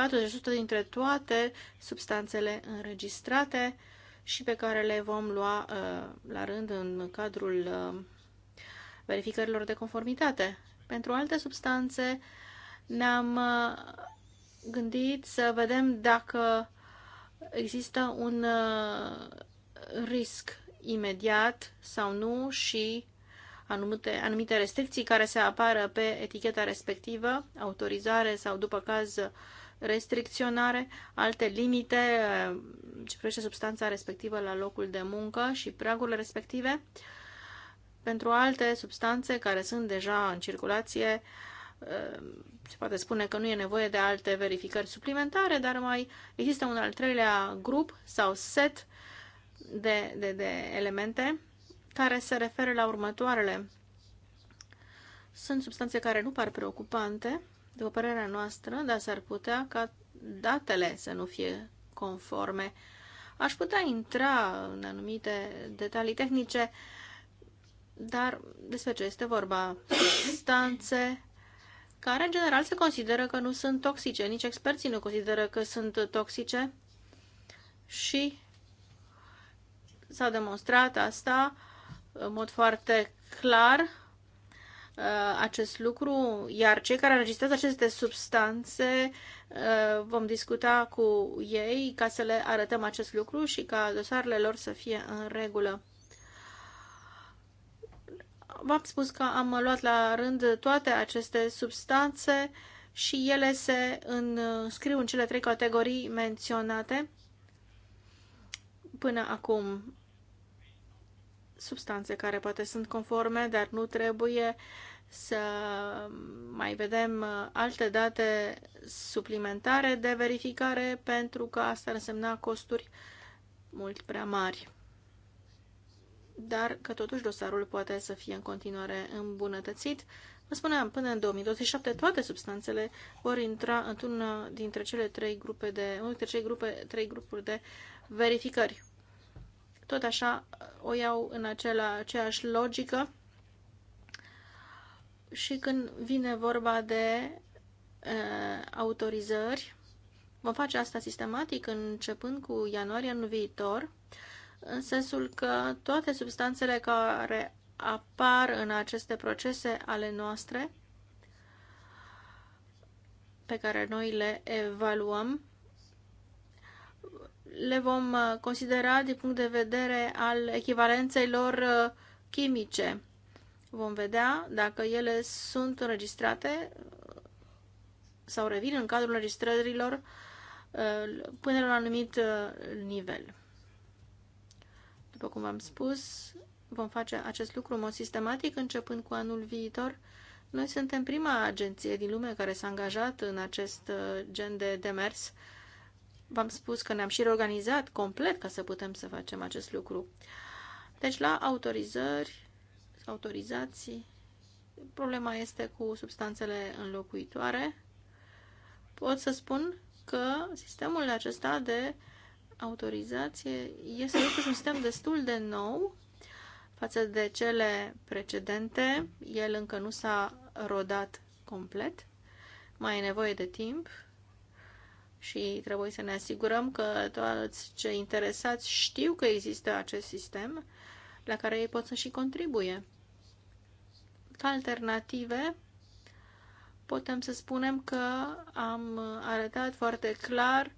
dintre toate substanțele înregistrate și pe care le vom lua uh, la rând în cadrul uh, verificărilor de conformitate. Pentru alte substanțe ne-am uh, gândit să vedem dacă există un risc imediat sau nu și anumite, anumite restricții care se apară pe eticheta respectivă, autorizare sau, după caz, restricționare, alte limite eh, ce privește substanța respectivă la locul de muncă și pragurile respective. Pentru alte substanțe care sunt deja în circulație, eh, se poate spune că nu e nevoie de alte verificări suplimentare, dar mai există un al treilea grup sau set de, de, de elemente care se referă la următoarele. Sunt substanțe care nu par preocupante, după părerea noastră, dar s-ar putea ca datele să nu fie conforme. Aș putea intra în anumite detalii tehnice, dar despre ce este vorba? Substanțe care în general se consideră că nu sunt toxice, nici experții nu consideră că sunt toxice și s-a demonstrat asta în mod foarte clar uh, acest lucru, iar cei care înregistrează aceste substanțe uh, vom discuta cu ei ca să le arătăm acest lucru și ca dosarele lor să fie în regulă. V-am spus că am luat la rând toate aceste substanțe și ele se înscriu în cele trei categorii menționate până acum substanțe care poate sunt conforme, dar nu trebuie să mai vedem alte date suplimentare de verificare pentru că asta ar însemna costuri mult prea mari. Dar că totuși dosarul poate să fie în continuare îmbunătățit. Vă spuneam, până în 2027 toate substanțele vor intra într-una dintre cele trei grupe de, unul dintre cele grupe, trei grupuri de verificări. Tot așa uh, o iau în acela, aceeași logică și când vine vorba de uh, autorizări, vom face asta sistematic începând cu ianuarie în viitor, în sensul că toate substanțele care apar în aceste procese ale noastre, pe care noi le evaluăm, le vom uh, considera din punct de vedere al echivalenței lor uh, chimice. Vom vedea dacă ele sunt înregistrate uh, sau revin în cadrul înregistrărilor până la un anumit nivel. După cum v-am spus, vom face acest lucru în mod sistematic începând cu anul viitor. Noi suntem prima agenție din lume care s-a angajat în acest gen de demers. V-am spus că ne-am și reorganizat complet ca să putem să facem acest lucru. Deci la autorizări, autorizații, problema este cu substanțele înlocuitoare. Pot să spun că sistemul acesta de autorizație este un sistem destul de nou față de cele precedente. El încă nu s-a rodat complet. Mai e nevoie de timp și trebuie să ne asigurăm că toți cei interesați știu că există acest sistem la care ei pot să și contribuie. Ca alternative, putem să spunem că am arătat foarte clar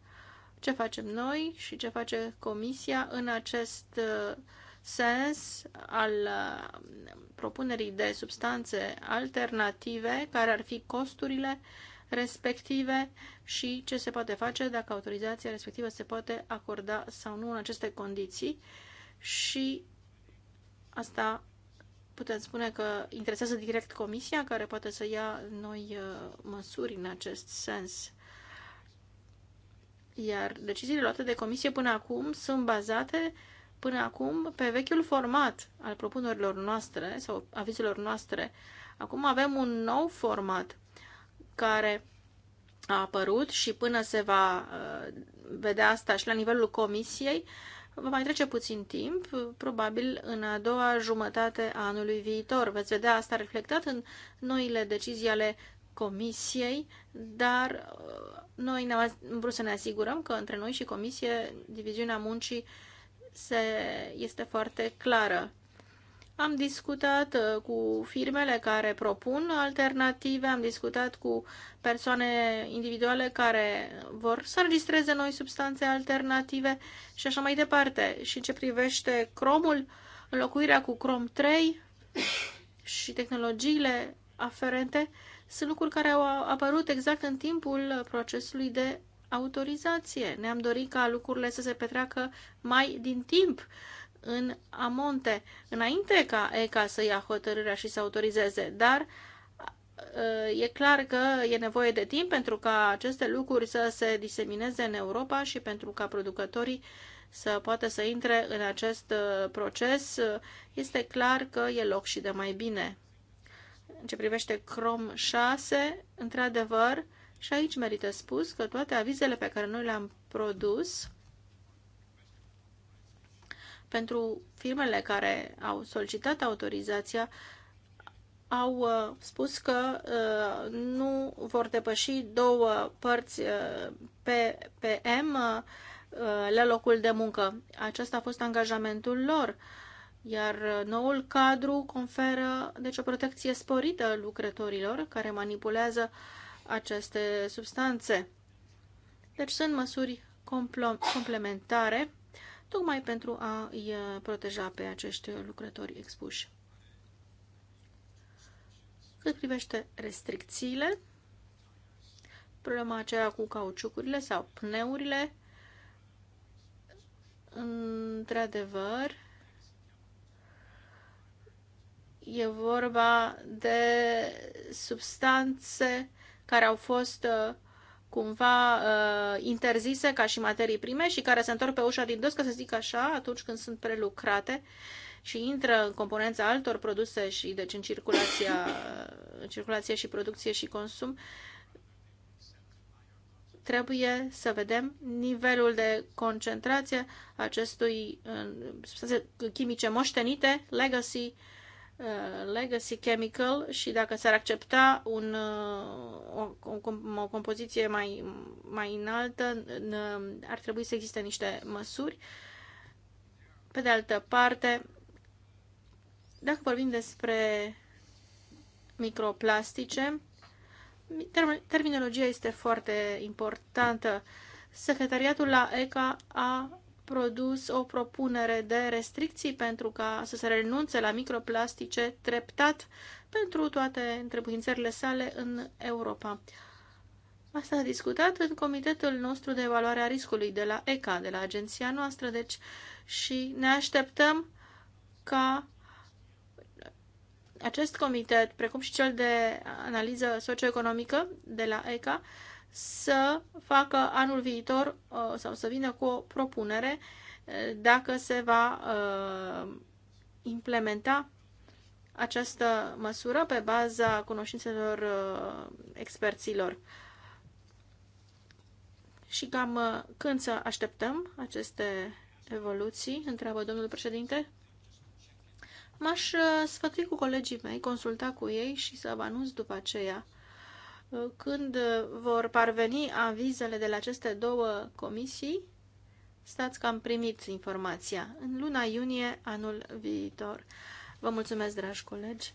ce facem noi și ce face Comisia în acest uh, sens al uh, propunerii de substanțe alternative, care ar fi costurile respective și ce se poate face dacă autorizația respectivă se poate acorda sau nu în aceste condiții și asta putem spune că interesează direct comisia care poate să ia noi uh, măsuri în acest sens. Iar deciziile luate de comisie până acum sunt bazate până acum pe vechiul format al propunerilor noastre sau avizelor noastre. Acum avem un nou format care a apărut și până se va uh, vedea asta și la nivelul comisiei, va mai trece puțin timp, probabil în a doua jumătate a anului viitor. Veți vedea asta reflectat în noile decizii ale comisiei, dar uh, noi ne-am vrut să ne asigurăm că între noi și comisie diviziunea muncii se, este foarte clară. Am discutat uh, cu firmele care propun alternative, am discutat cu persoane individuale care vor să înregistreze noi substanțe alternative și așa mai departe. Și în ce privește cromul, înlocuirea cu crom 3 și tehnologiile aferente sunt lucruri care au apărut exact în timpul procesului de autorizație. Ne-am dorit ca lucrurile să se petreacă mai din timp în amonte, înainte ca ECA să ia hotărârea și să autorizeze, dar uh, e clar că e nevoie de timp pentru ca aceste lucruri să se disemineze în Europa și pentru ca producătorii să poată să intre în acest uh, proces. Este clar că e loc și de mai bine. În ce privește Chrome 6, într-adevăr, și aici merită spus că toate avizele pe care noi le-am produs pentru firmele care au solicitat autorizația au uh, spus că uh, nu vor depăși două părți uh, pe PM uh, la locul de muncă. Acesta a fost angajamentul lor, iar uh, noul cadru conferă deci o protecție sporită lucrătorilor care manipulează aceste substanțe. Deci sunt măsuri complementare tocmai pentru a-i uh, proteja pe acești lucrători expuși. Cât privește restricțiile, problema aceea cu cauciucurile sau pneurile, într-adevăr, e vorba de substanțe care au fost uh, cumva uh, interzise ca și materii prime și care se întorc pe ușa din dos, ca să zic așa, atunci când sunt prelucrate și intră în componența altor produse și deci în, circulația, în circulație și producție și consum, trebuie să vedem nivelul de concentrație acestui uh, chimice moștenite, legacy, uh, Uh, Legacy Chemical și dacă s-ar accepta un, uh, o, o, o compoziție mai, mai înaltă, ar trebui să existe niște măsuri. Pe de altă parte, dacă vorbim despre microplastice, terminologia este foarte importantă. Secretariatul la ECA a produs o propunere de restricții pentru ca să se renunțe la microplastice treptat pentru toate întrebuințările sale în Europa. Asta a discutat în comitetul nostru de evaluare a riscului de la ECA, de la agenția noastră, deci și ne așteptăm ca acest comitet, precum și cel de analiză socioeconomică de la ECA, să facă anul viitor uh, sau să vină cu o propunere uh, dacă se va uh, implementa această măsură pe baza cunoștințelor experților. Și cam când să așteptăm aceste evoluții, întreabă domnul președinte. M-aș sfătui cu colegii mei, consulta cu ei și să vă anunț după aceea când uh, vor parveni avizele de la aceste două comisii, stați că am primit informația în luna iunie anul viitor. Vă mulțumesc, dragi colegi!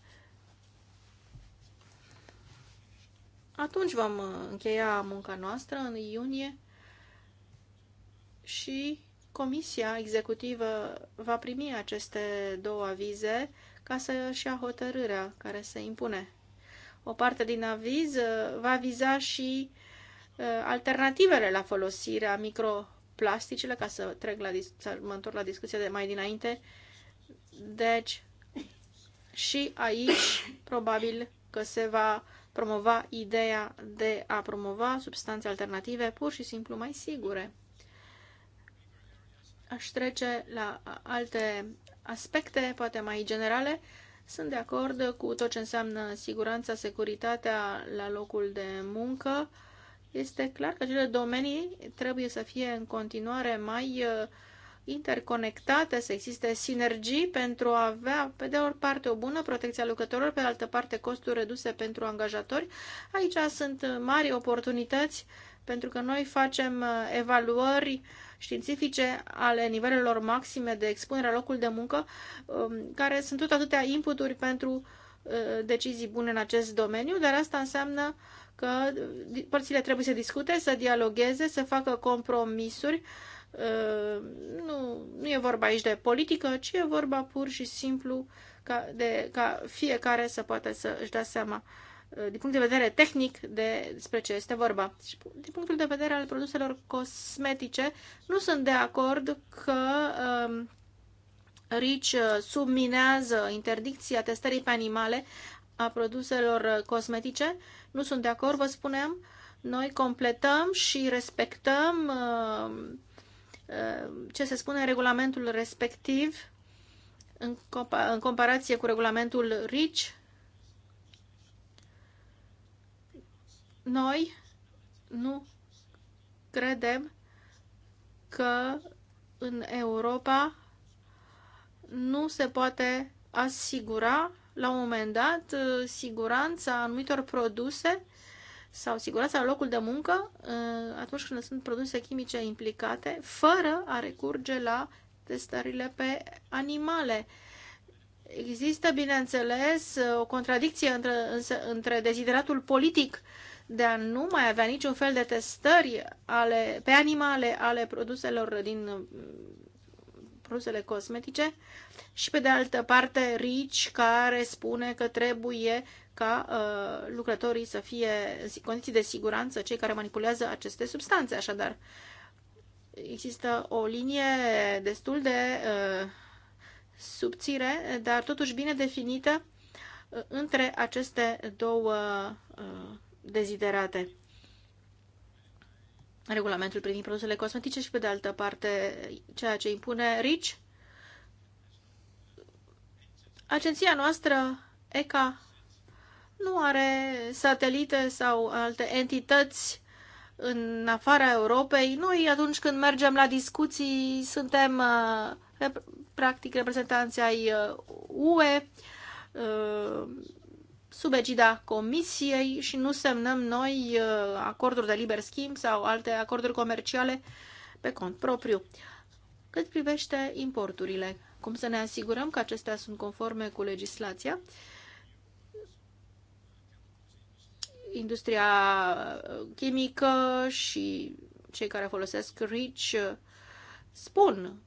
Atunci vom uh, încheia munca noastră în iunie și Comisia Executivă va primi aceste două avize ca să-și ia hotărârea care se impune o parte din aviz uh, va viza și uh, alternativele la folosirea microplasticile, ca să, trec la, să mă întorc la discuția de mai dinainte. Deci, și aici, probabil că se va promova ideea de a promova substanțe alternative pur și simplu mai sigure. Aș trece la alte aspecte, poate mai generale, sunt de acord cu tot ce înseamnă siguranța, securitatea la locul de muncă. Este clar că acele domenii trebuie să fie în continuare mai uh, interconectate, să existe sinergii pentru a avea, pe de o parte, o bună protecție a lucrătorilor, pe de altă parte, costuri reduse pentru angajatori. Aici sunt mari oportunități pentru că noi facem uh, evaluări uh, științifice ale nivelelor maxime de expunere la locul de muncă, um, care sunt tot atâtea inputuri pentru uh, decizii bune în acest domeniu, dar asta înseamnă că uh, părțile trebuie să discute, să dialogueze, să facă compromisuri. Uh, nu, nu e vorba aici de politică, ci e vorba pur și simplu ca, de, ca fiecare să poată să își dea seama Uh, din punct de vedere tehnic de, despre ce este vorba. Și din punctul de vedere al produselor cosmetice, nu sunt de acord că um, RICI uh, subminează interdicția testării pe animale a produselor uh, cosmetice. Nu sunt de acord, vă spunem, Noi completăm și respectăm uh, uh, ce se spune în regulamentul respectiv în, compa în comparație cu regulamentul RICI Noi nu credem că în Europa nu se poate asigura la un moment dat siguranța anumitor produse sau siguranța locul de muncă eh, atunci când sunt produse chimice implicate, fără a recurge la testările pe animale. Există, bineînțeles, o contradicție între, între dezideratul politic uh, de a nu mai avea niciun fel de testări ale, pe animale ale produselor din mm, produsele cosmetice și pe de altă parte RICI care spune că trebuie ca uh, lucrătorii să fie în condiții de siguranță cei care manipulează aceste substanțe. Așadar, există o linie destul de uh, subțire, dar totuși bine definită uh, între aceste două uh, deziderate. Regulamentul privind produsele cosmetice și, pe de altă parte, ceea ce impune RICI. Agenția noastră, ECA, nu are satelite sau alte entități în afara Europei. Noi, atunci când mergem la discuții, suntem uh, practic reprezentanții ai uh, UE uh, sub egida Comisiei și nu semnăm noi uh, acorduri de liber schimb sau alte acorduri comerciale pe cont propriu. Cât privește importurile, cum să ne asigurăm că acestea sunt conforme cu legislația? Industria uh, chimică și cei care folosesc RICH uh, spun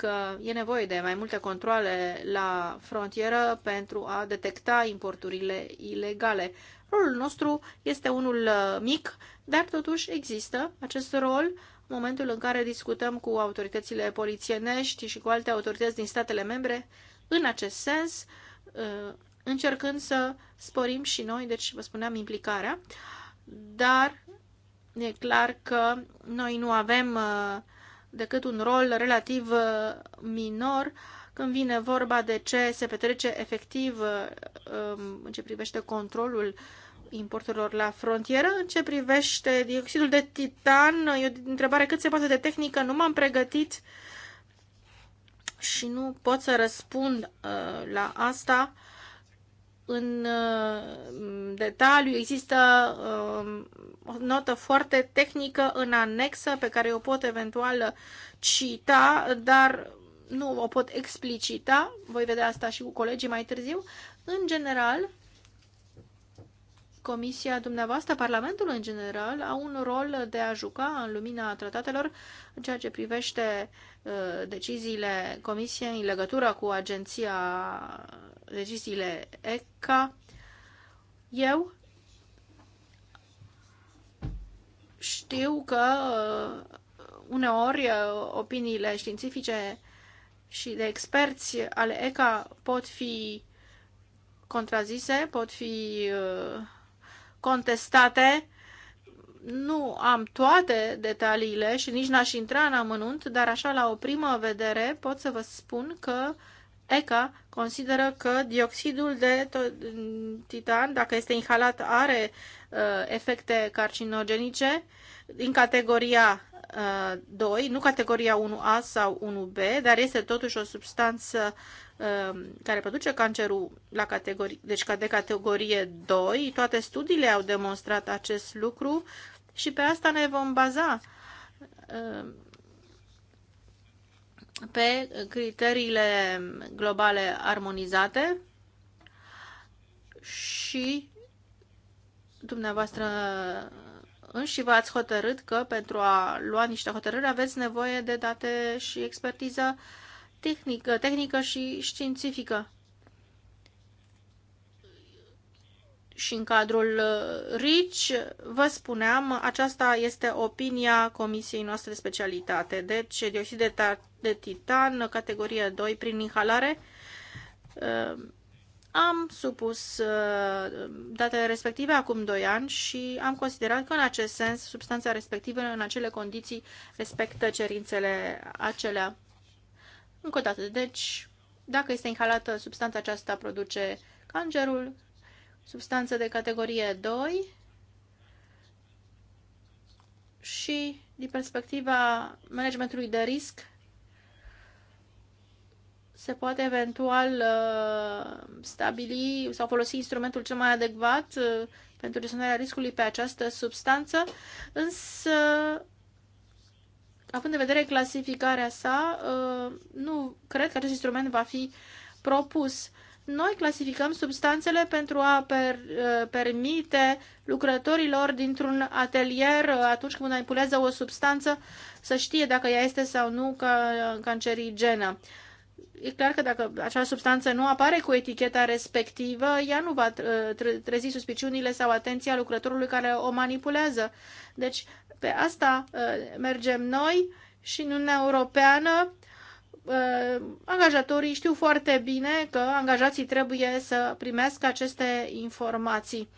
că e nevoie de mai multe controle la frontieră pentru a detecta importurile ilegale. Rolul nostru este unul uh, mic, dar totuși există acest rol în momentul în care discutăm cu autoritățile polițienești și cu alte autorități din statele membre în acest sens, uh, încercând să sporim și noi, deci vă spuneam, implicarea, dar e clar că noi nu avem uh, decât un rol relativ uh, minor când vine vorba de ce se petrece efectiv uh, um, în ce privește controlul importurilor la frontieră. În ce privește dioxidul de titan, e o întrebare cât se poate de tehnică, nu m-am pregătit și nu pot să răspund uh, la asta în uh, detaliu. Există uh, o notă foarte tehnică în anexă pe care o pot eventual cita, dar nu o pot explicita. Voi vedea asta și cu colegii mai târziu. În general, Comisia dumneavoastră, Parlamentul în general, au un rol de a juca în lumina tratatelor în ceea ce privește uh, deciziile Comisiei în legătură cu agenția, deciziile ECA. Eu știu că uh, uneori uh, opiniile științifice și de experți ale ECA pot fi contrazise, pot fi uh, contestate. Nu am toate detaliile și nici n-aș intra în amănunt, dar așa la o primă vedere pot să vă spun că ECA consideră că dioxidul de titan, dacă este inhalat, are uh, efecte carcinogenice din categoria uh, 2, nu categoria 1A sau 1B, dar este totuși o substanță Um, care produce cancerul la categorie, deci de categorie 2. Toate studiile au demonstrat acest lucru și pe asta ne vom baza um, pe criteriile globale armonizate și dumneavoastră înși v-ați hotărât că pentru a lua niște hotărâri aveți nevoie de date și expertiză uh, tehnică, tehnică și științifică. Și în cadrul uh, RICI, vă spuneam, aceasta este opinia Comisiei noastre de specialitate. Deci, dioxid de, de titan, categorie 2, prin inhalare, uh, am supus uh, datele respective acum 2 ani și am considerat că în acest sens substanța respectivă în acele condiții respectă cerințele acelea. Încă o dată, deci, dacă este inhalată, substanța aceasta produce cancerul, substanță de categorie 2 și, din perspectiva managementului de risc, se poate eventual uh, stabili sau folosi instrumentul cel mai adecvat uh, pentru gestionarea riscului pe această substanță, însă având în vedere clasificarea sa, uh, nu cred că acest instrument va fi propus. Noi clasificăm substanțele pentru a per, uh, permite lucrătorilor dintr-un atelier, uh, atunci când manipulează o substanță, să știe dacă ea este sau nu cancerigenă e clar că dacă acea substanță nu apare cu eticheta respectivă, ea nu va trezi suspiciunile sau atenția lucrătorului care o manipulează. Deci, pe asta uh, mergem noi și în Uniunea Europeană. Uh, angajatorii știu foarte bine că angajații trebuie să primească aceste informații.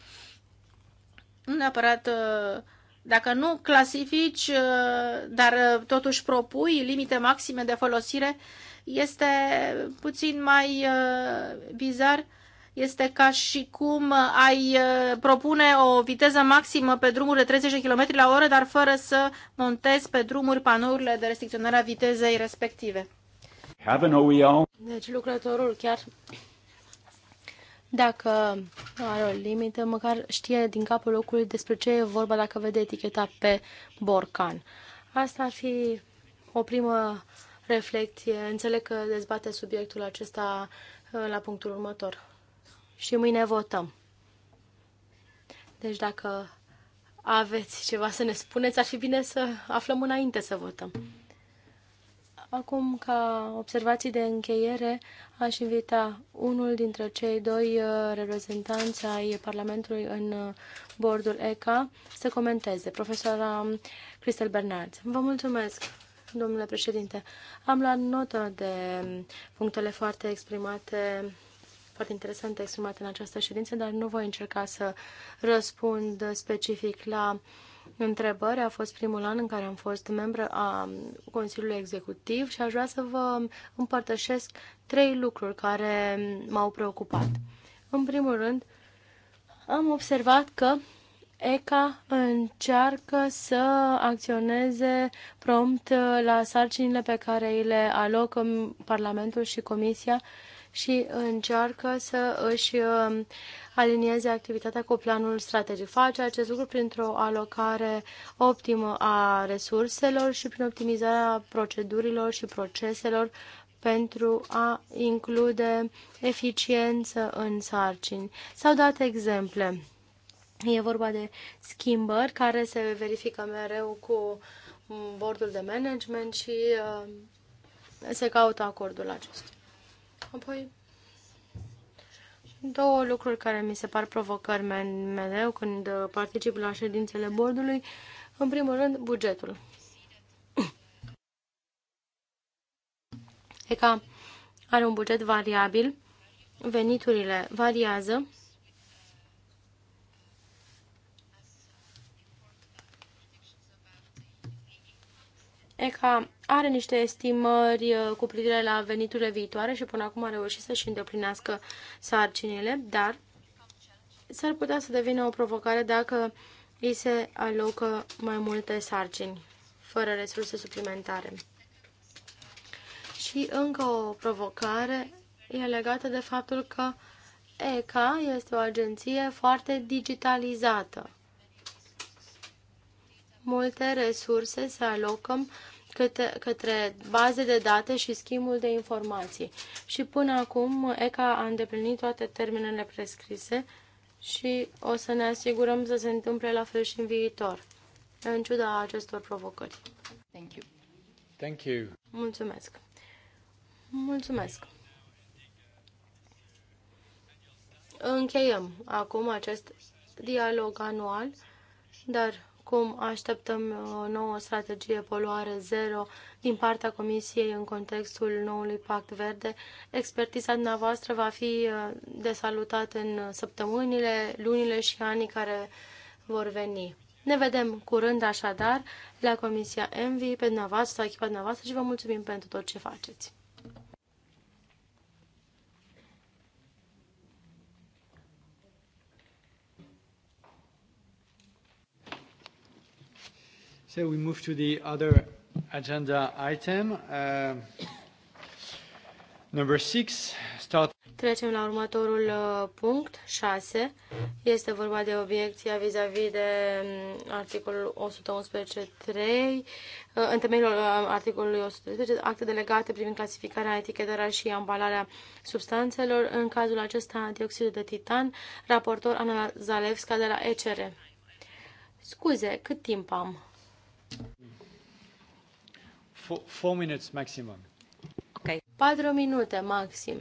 Nu neapărat uh, dacă nu clasifici, dar totuși propui limite maxime de folosire, este puțin mai uh, bizar. Este ca și cum ai uh, propune o viteză maximă pe drumuri de 30 km la oră, dar fără să montezi pe drumuri panourile de restricționare a vitezei respective. Have an OEL. Deci lucrătorul chiar dacă are o limită, măcar știe din capul locului despre ce e vorba dacă vede eticheta pe borcan. Asta ar fi o primă reflecție. Înțeleg că dezbate subiectul acesta uh, la punctul următor. Și mâine votăm. Deci dacă aveți ceva să ne spuneți, ar fi bine să aflăm înainte să votăm. Acum, ca observații de încheiere, aș invita unul dintre cei doi uh, reprezentanți ai Parlamentului în uh, bordul ECA să comenteze, profesora um, Cristel Bernard. Vă mulțumesc! domnule președinte. Am luat notă de punctele foarte exprimate, foarte interesante exprimate în această ședință, dar nu voi încerca să răspund specific la întrebări. A fost primul an în care am fost membră a Consiliului Executiv și aș vrea să vă împărtășesc trei lucruri care m-au preocupat. În primul rând, am observat că ECA încearcă să acționeze prompt la sarcinile pe care le alocă Parlamentul și Comisia și încearcă să își um, alinieze activitatea cu planul strategic. Face acest lucru printr-o alocare optimă a resurselor și prin optimizarea procedurilor și proceselor pentru a include eficiență în sarcini. S-au dat exemple E vorba de schimbări care se verifică mereu cu bordul de management și uh, se caută acordul acesta. Apoi, două lucruri care mi se par provocări mereu când particip la ședințele bordului. În primul rând, bugetul. ECA are un buget variabil, veniturile variază ECA are niște estimări uh, cu privire la veniturile viitoare și până acum a reușit să-și îndeplinească sarcinile, dar s-ar putea să devină o provocare dacă îi se alocă mai multe sarcini, fără resurse suplimentare. Și încă o provocare e legată de faptul că ECA este o agenție foarte digitalizată. Multe resurse se alocă către, către baze de date și schimbul de informații. Și până acum ECA a îndeplinit toate termenele prescrise și o să ne asigurăm să se întâmple la fel și în viitor, în ciuda acestor provocări. Thank you. Thank you. Mulțumesc. Mulțumesc. Încheiem acum acest dialog anual, dar Acum așteptăm uh, o nouă strategie poluare zero din partea Comisiei în contextul noului Pact Verde. Expertiza dumneavoastră va fi uh, de salutat în săptămânile, lunile și anii care vor veni. Ne vedem curând așadar la Comisia Envi, pe dumneavoastră, echipa dumneavoastră și vă mulțumim pentru tot ce faceți. So we move to the other agenda item. Uh, number six, start. Trecem la următorul uh, punct, 6. Este vorba de obiecția vis-a-vis -vis de mm, articolul 111.3, uh, în temeiul uh, articolului 113, acte delegate privind clasificarea, etichetarea și ambalarea substanțelor, în cazul acesta dioxidul de titan, raportor Ana Zalevska de la ECR. Scuze, cât timp am? Four minutes maximum. Okay. Patru minute maxim.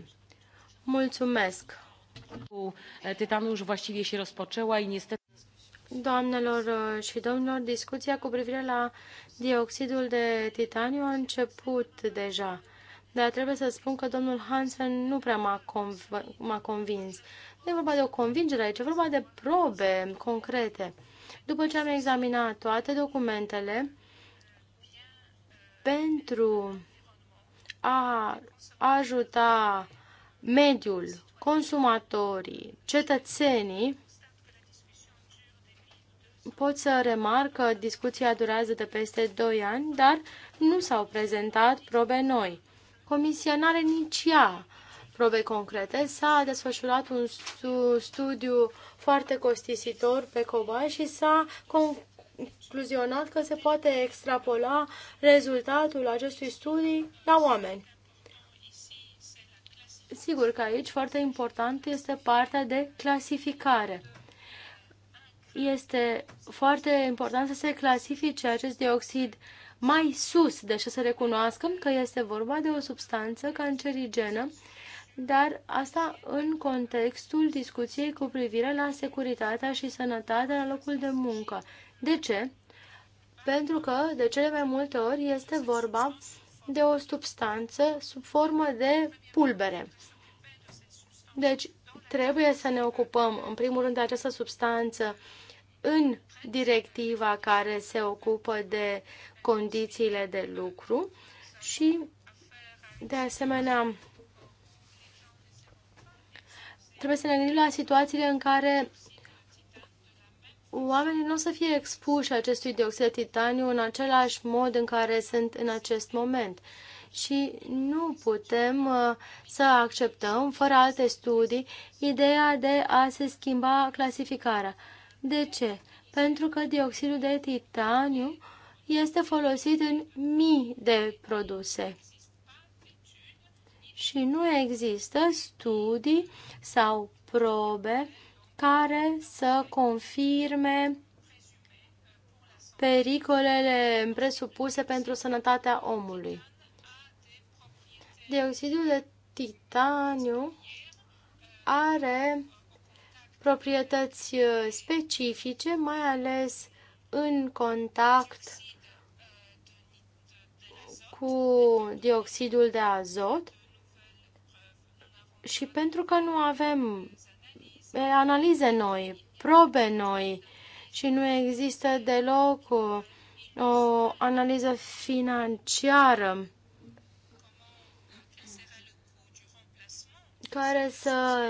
Mulțumesc. Tetanul już właściwie și rozpoczęła i niestety... Doamnelor și domnilor, discuția cu privire la dioxidul de titaniu a început deja. Dar trebuie să spun că domnul Hansen nu prea m-a, conv- convins. Nu e vorba de o convingere aici, e vorba de probe concrete. După ce am examinat toate documentele, pentru a ajuta mediul, consumatorii, cetățenii, pot să remarc că discuția durează de peste 2 ani, dar nu s-au prezentat probe noi. Comisia nu are nici ea probe concrete, s-a desfășurat un studiu foarte costisitor pe cobai și s-a concluzionat că se poate extrapola rezultatul acestui studiu la oameni. Sigur că aici foarte important este partea de clasificare. Este foarte important să se clasifice acest dioxid mai sus, deși să recunoască că este vorba de o substanță cancerigenă dar asta în contextul discuției cu privire la securitatea și sănătatea la locul de muncă. De ce? Pentru că de cele mai multe ori este vorba de o substanță sub formă de pulbere. Deci trebuie să ne ocupăm în primul rând de această substanță în directiva care se ocupă de condițiile de lucru și de asemenea Trebuie să ne gândim la situațiile în care oamenii nu o să fie expuși acestui dioxid de titaniu în același mod în care sunt în acest moment. Și nu putem uh, să acceptăm, fără alte studii, ideea de a se schimba clasificarea. De ce? Pentru că dioxidul de titaniu este folosit în mii de produse și nu există studii sau probe care să confirme pericolele presupuse pentru sănătatea omului. Dioxidul de titaniu are proprietăți uh, specifice, mai ales în contact cu dioxidul de azot și pentru că nu avem analize noi, probe noi și nu există deloc o, uh, o analiză financiară care să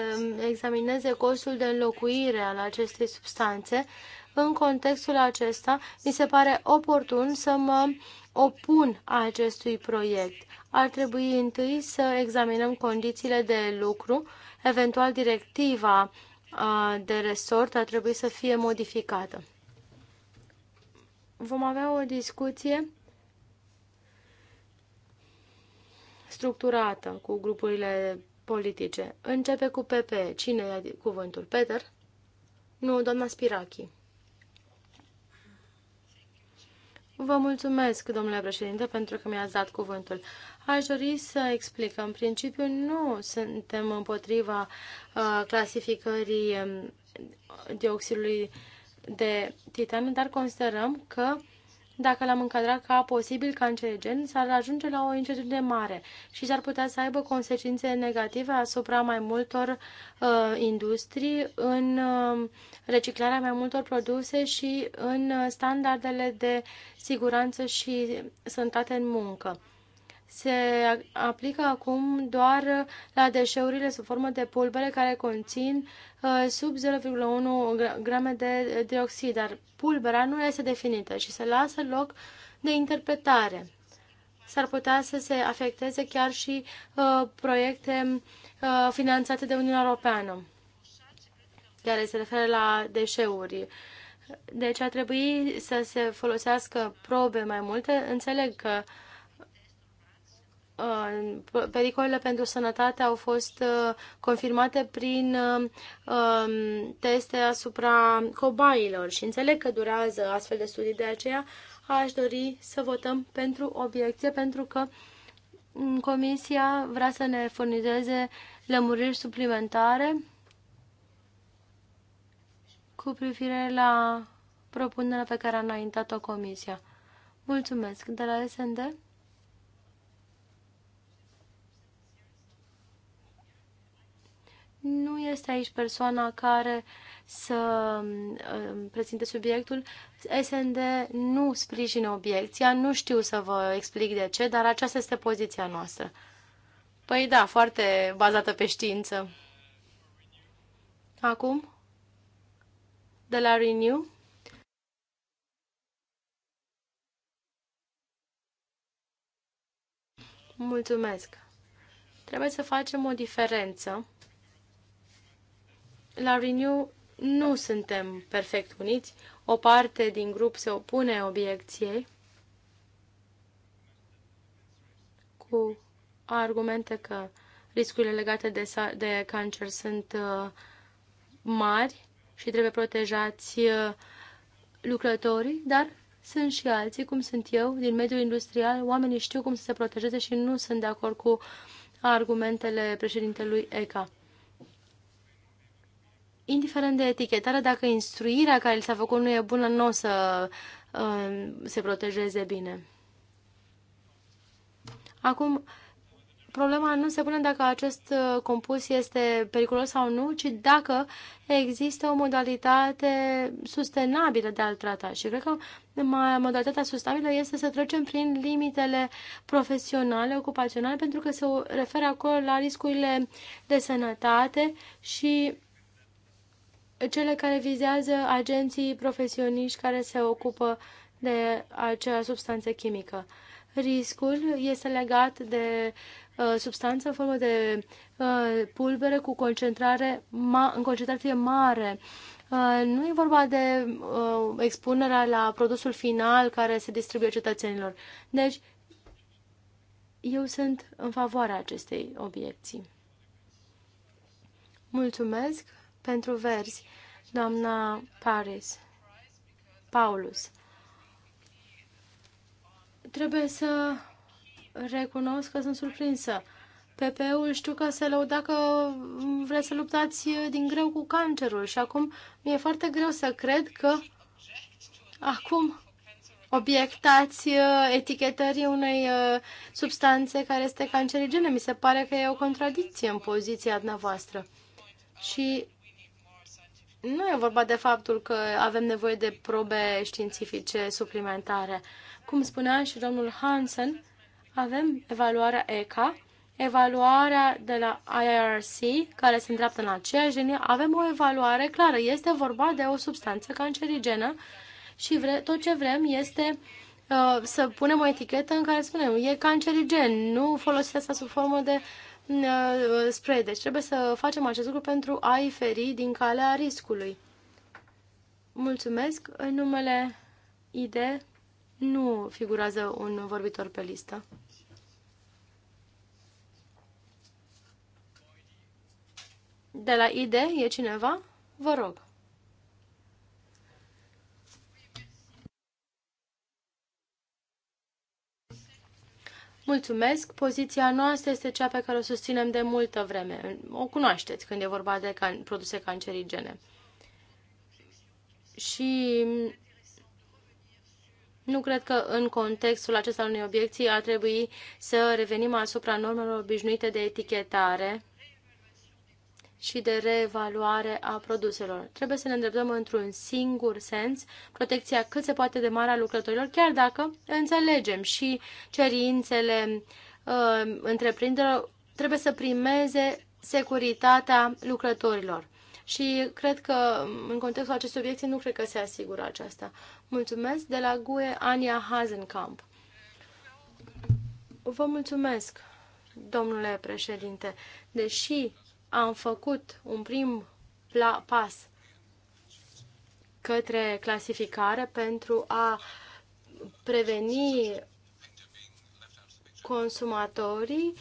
examineze costul de înlocuire al acestei substanțe, în contextul acesta mi se pare oportun să mă opun acestui proiect ar trebui întâi să examinăm condițiile de lucru, eventual directiva de resort ar trebui să fie modificată. Vom avea o discuție structurată cu grupurile politice. Începe cu PP. Cine ia cuvântul? Peter? Nu, doamna Spirachi. Vă mulțumesc, domnule președinte, pentru că mi-ați dat cuvântul. Aș dori să explic că, în principiu, nu suntem împotriva uh, clasificării um, dioxidului de titan, dar considerăm că dacă l-am încadrat ca posibil cancerigen, s-ar ajunge la o incertitudine mare și s-ar putea să aibă consecințe negative asupra mai multor uh, industrii în uh, reciclarea mai multor produse și în standardele de siguranță și sănătate în muncă se aplică acum doar la deșeurile sub formă de pulbere care conțin uh, sub 0,1 grame de dioxid, dar pulbera nu este definită și se lasă loc de interpretare. S-ar putea să se afecteze chiar și uh, proiecte uh, finanțate de Uniunea Europeană, care se referă la deșeuri. Deci ar trebui să se folosească probe mai multe. Înțeleg că uh, Uh, pericolele pentru sănătate au fost uh, confirmate prin uh, um, teste asupra cobailor și înțeleg că durează astfel de studii, de aceea aș dori să votăm pentru obiecție, pentru că mm, Comisia vrea să ne furnizeze lămuriri suplimentare cu privire la propunerea pe care a înaintat-o Comisia. Mulțumesc. De la SND? nu este aici persoana care să um, prezinte subiectul. SND nu sprijină obiecția, nu știu să vă explic de ce, dar aceasta este poziția noastră. Păi da, foarte bazată pe știință. Acum, de la Renew. Mulțumesc. Trebuie să facem o diferență la Renew nu suntem perfect uniți. O parte din grup se opune obiecției cu argumente că riscurile legate de, de cancer sunt uh, mari și trebuie protejați uh, lucrătorii, dar sunt și alții, cum sunt eu, din mediul industrial. Oamenii știu cum să se protejeze și nu sunt de acord cu argumentele președintelui ECA indiferent de etichetare, dacă instruirea care li s-a făcut nu e bună, nu o să uh, se protejeze bine. Acum, problema nu se pune dacă acest uh, compus este periculos sau nu, ci dacă există o modalitate sustenabilă de a-l trata. Și cred că mai modalitatea sustenabilă este să trecem prin limitele profesionale, ocupaționale, pentru că se referă acolo la riscurile de sănătate și cele care vizează agenții profesioniști care se ocupă de acea substanță chimică. Riscul este legat de uh, substanță în formă de uh, pulbere cu concentrare ma- în concentrație mare. Uh, nu e vorba de uh, expunerea la produsul final care se distribuie cetățenilor. Deci, eu sunt în favoarea acestei obiecții. Mulțumesc! Pentru verzi, doamna Paris, Paulus. Trebuie să recunosc că sunt surprinsă. PP-ul știu că se lăuda că vreți să luptați din greu cu cancerul și acum mi-e foarte greu să cred că acum obiectați uh, etichetării unei uh, substanțe care este cancerigenă. Mi se pare că e o contradicție în poziția dumneavoastră. Și nu e vorba de faptul că avem nevoie de probe științifice suplimentare. Cum spunea și domnul Hansen, avem evaluarea ECA, evaluarea de la IRC, care se îndreaptă în aceeași linie, avem o evaluare clară. Este vorba de o substanță cancerigenă și vre, tot ce vrem este uh, să punem o etichetă în care spunem e cancerigen, nu folosiți asta sub formă de uh, Ă, spre. Deci trebuie să facem acest lucru pentru a-i feri din calea riscului. Mulțumesc. În numele ID nu figurează un vorbitor pe listă. De la ID e cineva? Vă rog. Mulțumesc! Poziția noastră este cea pe care o susținem de multă vreme. O cunoașteți când e vorba de can- produse cancerigene. Și nu cred că în contextul acesta al unei obiecții ar trebui să revenim asupra normelor obișnuite de etichetare și de reevaluare a produselor. Trebuie să ne îndreptăm într-un singur sens, protecția cât se poate de mare a lucrătorilor, chiar dacă înțelegem și cerințele uh, întreprinderilor, trebuie să primeze securitatea lucrătorilor. Și cred că în contextul acestui obiecții nu cred că se asigură aceasta. Mulțumesc de la GUE Ania Hazenkamp. Vă mulțumesc, domnule președinte. Deși am făcut un prim pas către clasificare pentru a preveni consumatorii.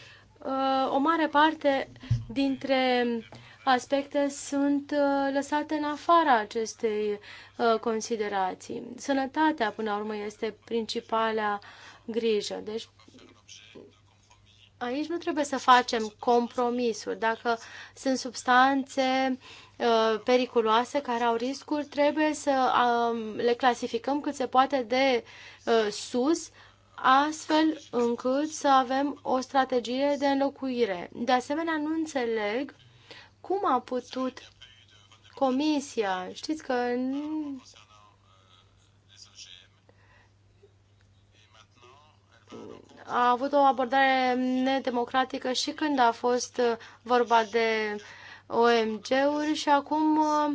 Uh, o mare parte dintre aspecte sunt uh, lăsate în afara acestei uh, considerații. Sănătatea, până la urmă, este principala grijă. Deci, aici nu trebuie să facem compromisuri. Dacă sunt substanțe uh, periculoase care au riscuri, trebuie să um, le clasificăm cât se poate de uh, sus, astfel încât să avem o strategie de înlocuire. De asemenea, nu înțeleg cum a putut comisia. Știți că nu a avut o abordare nedemocratică și când a fost uh, vorba de OMG-uri și acum uh,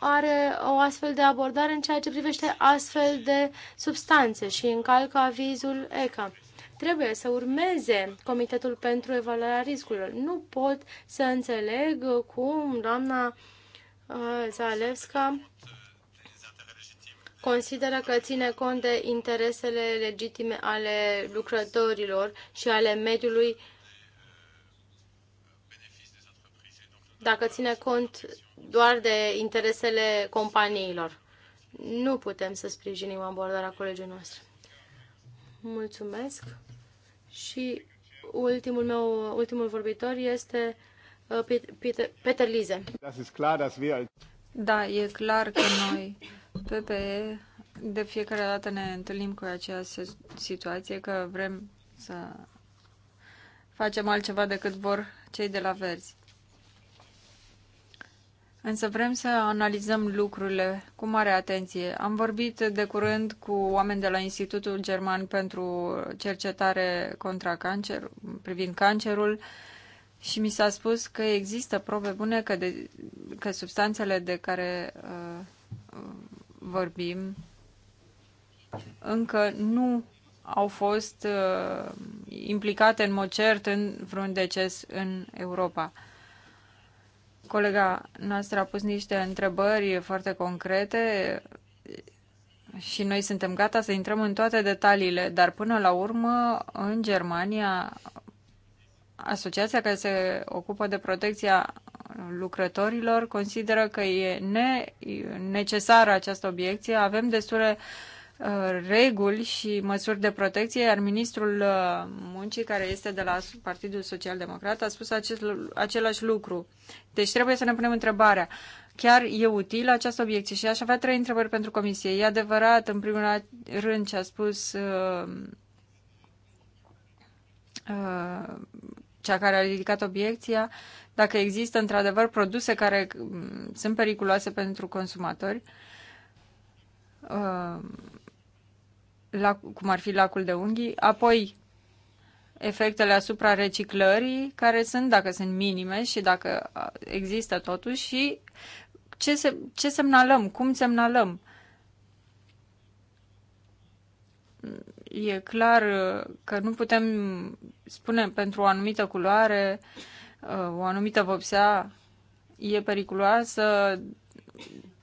are o astfel de abordare în ceea ce privește astfel de substanțe și încalcă avizul ECA. Trebuie să urmeze Comitetul pentru Evaluarea Riscurilor. Nu pot să înțeleg uh, cum doamna Zalewska consideră că ține cont de interesele legitime ale lucrătorilor și ale mediului dacă ține cont doar de interesele companiilor. Nu putem să sprijinim abordarea colegii noastre. Mulțumesc. Și ultimul meu, ultimul vorbitor este uh, Peter, Peter Lize. Da, e clar că noi, PPE, de fiecare dată ne întâlnim cu această situație că vrem să facem altceva decât vor cei de la verzi. Însă vrem să analizăm lucrurile cu mare atenție. Am vorbit de curând cu oameni de la Institutul German pentru Cercetare contra cancer, privind cancerul, uh, și mi s-a spus că există probe bune că, de, că substanțele de care uh, vorbim încă nu au fost uh, implicate în mod cert în vreun deces în Europa. Colega noastră a pus niște întrebări foarte concrete și noi suntem gata să intrăm în toate detaliile, dar până la urmă, în Germania, asociația care se ocupă de protecția lucrătorilor consideră că e ne- necesară această obiecție. Avem destule uh, reguli și măsuri de protecție, iar ministrul uh, muncii, care este de la Partidul Social Democrat, a spus acest, același lucru. Deci trebuie să ne punem întrebarea. Chiar e util această obiecție? Și aș avea trei întrebări pentru comisie. E adevărat, în primul rând, ce a spus uh, uh, cea care a ridicat obiecția, dacă există într-adevăr produse care mm, sunt periculoase pentru consumatori, uh, cum ar fi lacul de unghii, apoi efectele asupra reciclării, care sunt, dacă sunt minime și dacă uh, există totuși, și ce, se, ce semnalăm, cum semnalăm E clar uh, că nu putem spune pentru o anumită culoare, uh, o anumită vopsea e periculoasă,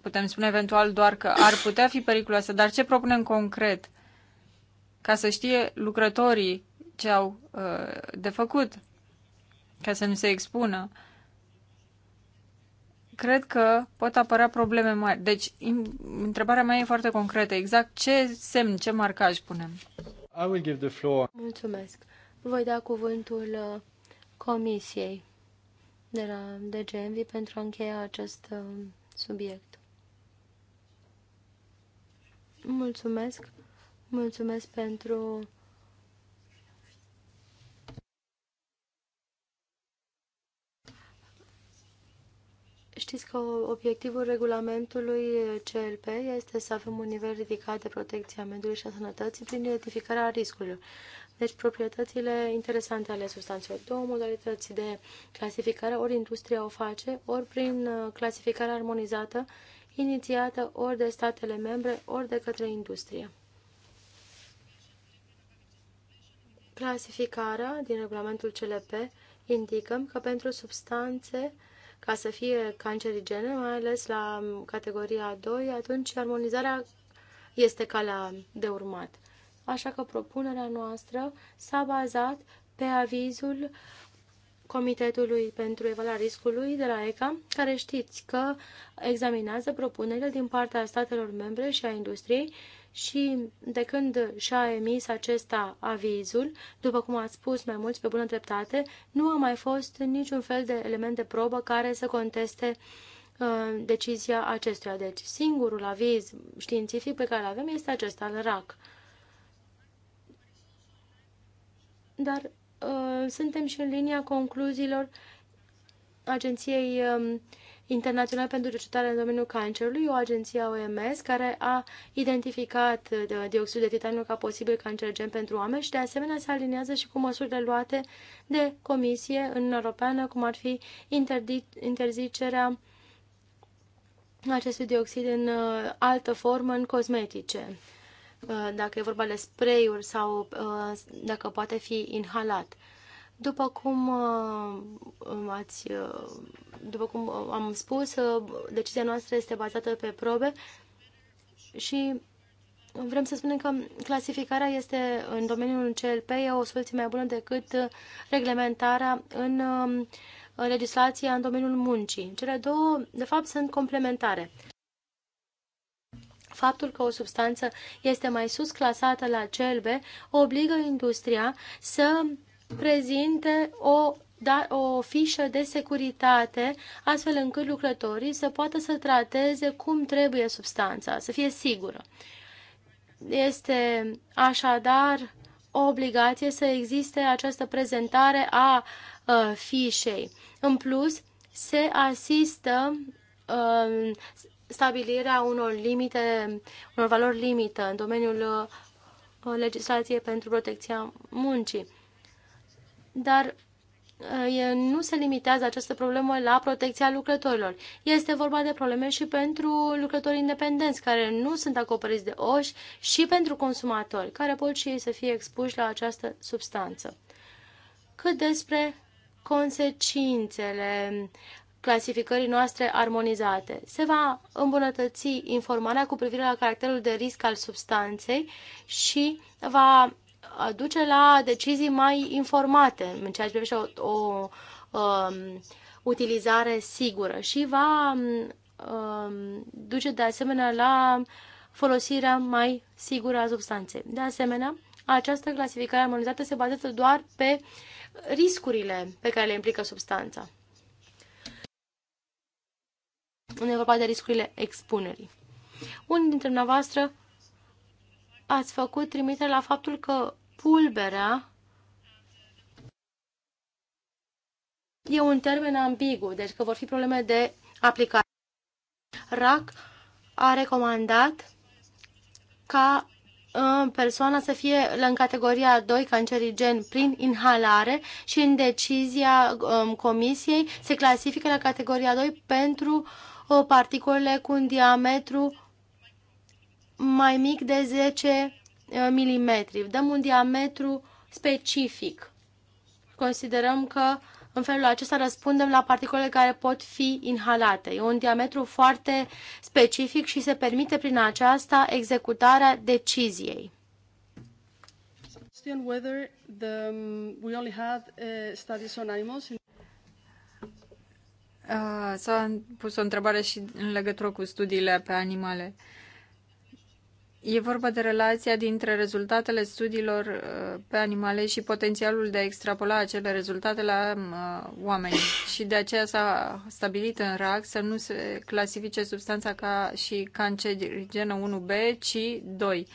putem spune eventual doar că ar putea fi periculoasă, dar ce propunem concret? Ca să știe lucrătorii ce au uh, de făcut, ca să nu se expună. Uh, cred că pot apărea probleme mari. Deci, întrebarea mea e foarte concretă. Exact ce semn, ce marcaj punem? I will give the floor. Mulțumesc. Voi da cuvântul uh, comisiei de la DGMV pentru a încheia acest uh, subiect. Mulțumesc. Mulțumesc pentru Știți că obiectivul regulamentului CLP este să avem un nivel ridicat de protecție a mediului și a sănătății prin identificarea riscurilor. Deci proprietățile interesante ale substanțelor. Două modalități de clasificare, ori industria o face, ori prin uh, clasificare armonizată, inițiată ori de statele membre, ori de către industrie. Clasificarea din regulamentul CLP indică că pentru substanțe ca să fie cancerigene, mai ales la categoria 2, atunci armonizarea este calea de urmat. Așa că propunerea noastră s-a bazat pe avizul Comitetului pentru Evaluarea Riscului de la ECA, care știți că examinează propunerile din partea statelor membre și a industriei și de când și-a emis acesta avizul, după cum ați spus mai mulți pe bună dreptate, nu a mai fost niciun fel de element de probă care să conteste uh, decizia acestuia. Deci singurul aviz științific pe care îl avem este acesta al RAC. Dar uh, suntem și în linia concluziilor agenției uh, Internațional pentru Cercetare în domeniul cancerului, o agenție a OMS care a identificat uh, dioxidul de titaniu ca posibil cancerigen pentru oameni și de asemenea se aliniază și cu măsurile luate de Comisie în Europeană, cum ar fi interzicerea acestui dioxid în uh, altă formă, în cosmetice, uh, dacă e vorba de spray-uri sau dacă poate fi inhalat. După cum uh, um, ați, uh, după cum uh, am spus, decizia noastră este bazată pe probe și vrem să spunem că clasificarea este în domeniul CLP e o soluție mai bună decât reglementarea în um, legislația în domeniul muncii. Cele două, de fapt, sunt complementare. Faptul că o substanță este mai sus clasată la CLB obligă industria să prezinte o, da, o fișă de securitate, astfel încât lucrătorii să poată să trateze cum trebuie substanța, să fie sigură. Este așadar o obligație să existe această prezentare a uh, fișei. În plus, se asistă uh, stabilirea unor limite, unor valori limită în domeniul legislației pentru protecția muncii dar uh, nu se limitează această problemă la protecția lucrătorilor. Este vorba de probleme și pentru lucrători independenți care nu sunt acoperiți de oși și pentru consumatori care pot și ei să fie expuși la această substanță. Cât despre consecințele clasificării noastre armonizate. Se va îmbunătăți informarea cu privire la caracterul de risc al substanței și va duce la decizii mai informate în ceea ce privește o, o um, utilizare sigură și va um, um, duce de asemenea la folosirea mai sigură a substanței. De asemenea, această clasificare armonizată se bazează doar pe riscurile pe care le implică substanța. Unde e vorba de riscurile expunerii. Unul dintre dumneavoastră ați făcut trimitere la faptul că Pulberea e un termen ambigu, deci că vor fi probleme de aplicare. RAC a recomandat ca uh, persoana să fie în categoria 2 cancerigen prin inhalare și în decizia um, comisiei se clasifică la categoria 2 pentru uh, particulele cu un diametru mai mic de 10 mm. Dăm un diametru specific. Considerăm că în felul acesta răspundem la particulele care pot fi inhalate. E un diametru foarte specific și se permite prin aceasta executarea deciziei. Um, uh, uh, s-a pus o întrebare și în legătură cu studiile pe animale. Uh, E vorba de relația dintre rezultatele studiilor uh, pe animale și potențialul de a extrapola acele rezultate la um, uh, oameni. Și de aceea s-a stabilit în RAC să nu se clasifice substanța ca și cancerigenă 1B, ci 2.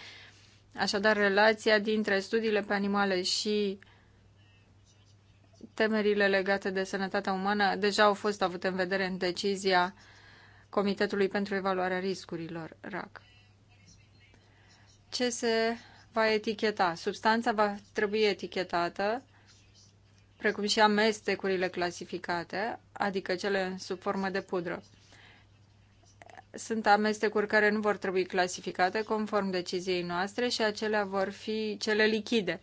Așadar, relația dintre studiile pe animale și temerile legate de sănătatea umană deja au fost avute în vedere în decizia Comitetului pentru Evaluarea Riscurilor RAC ce se va eticheta. Substanța va trebui etichetată, precum și amestecurile clasificate, adică cele sub formă de pudră. Sunt amestecuri care nu vor trebui clasificate conform deciziei noastre și acelea vor fi cele lichide.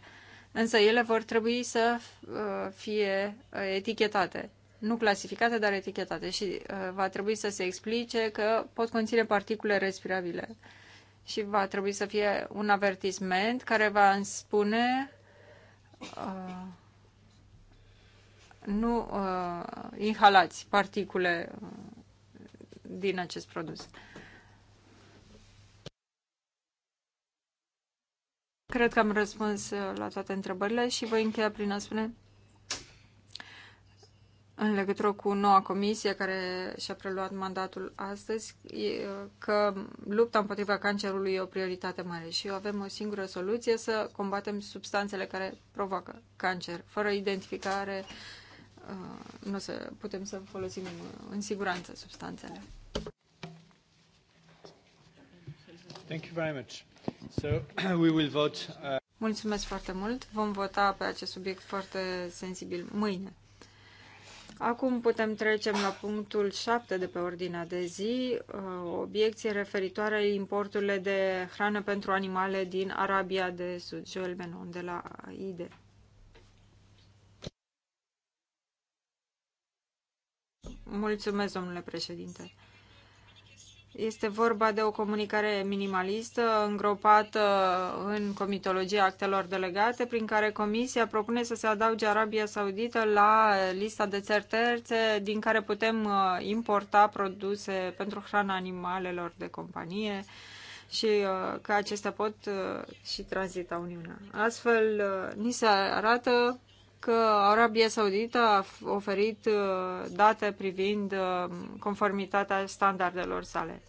Însă ele vor trebui să uh, fie uh, etichetate. Nu clasificate, dar etichetate. Și uh, va trebui să se explice că pot conține particule respirabile și va trebui să fie un avertisment care va spune uh, nu uh, inhalați particule uh, din acest produs. Cred că am răspuns uh, la toate întrebările și voi încheia prin a spune în legătură cu noua comisie care și-a preluat mandatul astăzi, că lupta împotriva cancerului e o prioritate mare și avem o singură soluție să combatem substanțele care provoacă cancer. Fără identificare uh, nu să putem să folosim uh, în siguranță substanțele. Thank you very much. So we will vote, uh... Mulțumesc foarte mult. Vom vota pe acest subiect foarte sensibil mâine. Acum putem trecem la punctul 7 de pe ordinea de zi, uh, o obiecție referitoare la importurile de hrană pentru animale din Arabia de Sud, Joel Benon de la IDE. Mulțumesc, domnule președinte. Este vorba de o comunicare minimalistă îngropată în comitologia actelor delegate, prin care Comisia propune să se adauge Arabia Saudită la lista de țări terțe din care putem uh, importa produse pentru hrana animalelor de companie și uh, că acestea pot uh, și tranzita Uniunea. Astfel, ni se arată că Arabia Saudită a oferit uh, date privind uh, conformitatea standardelor sale.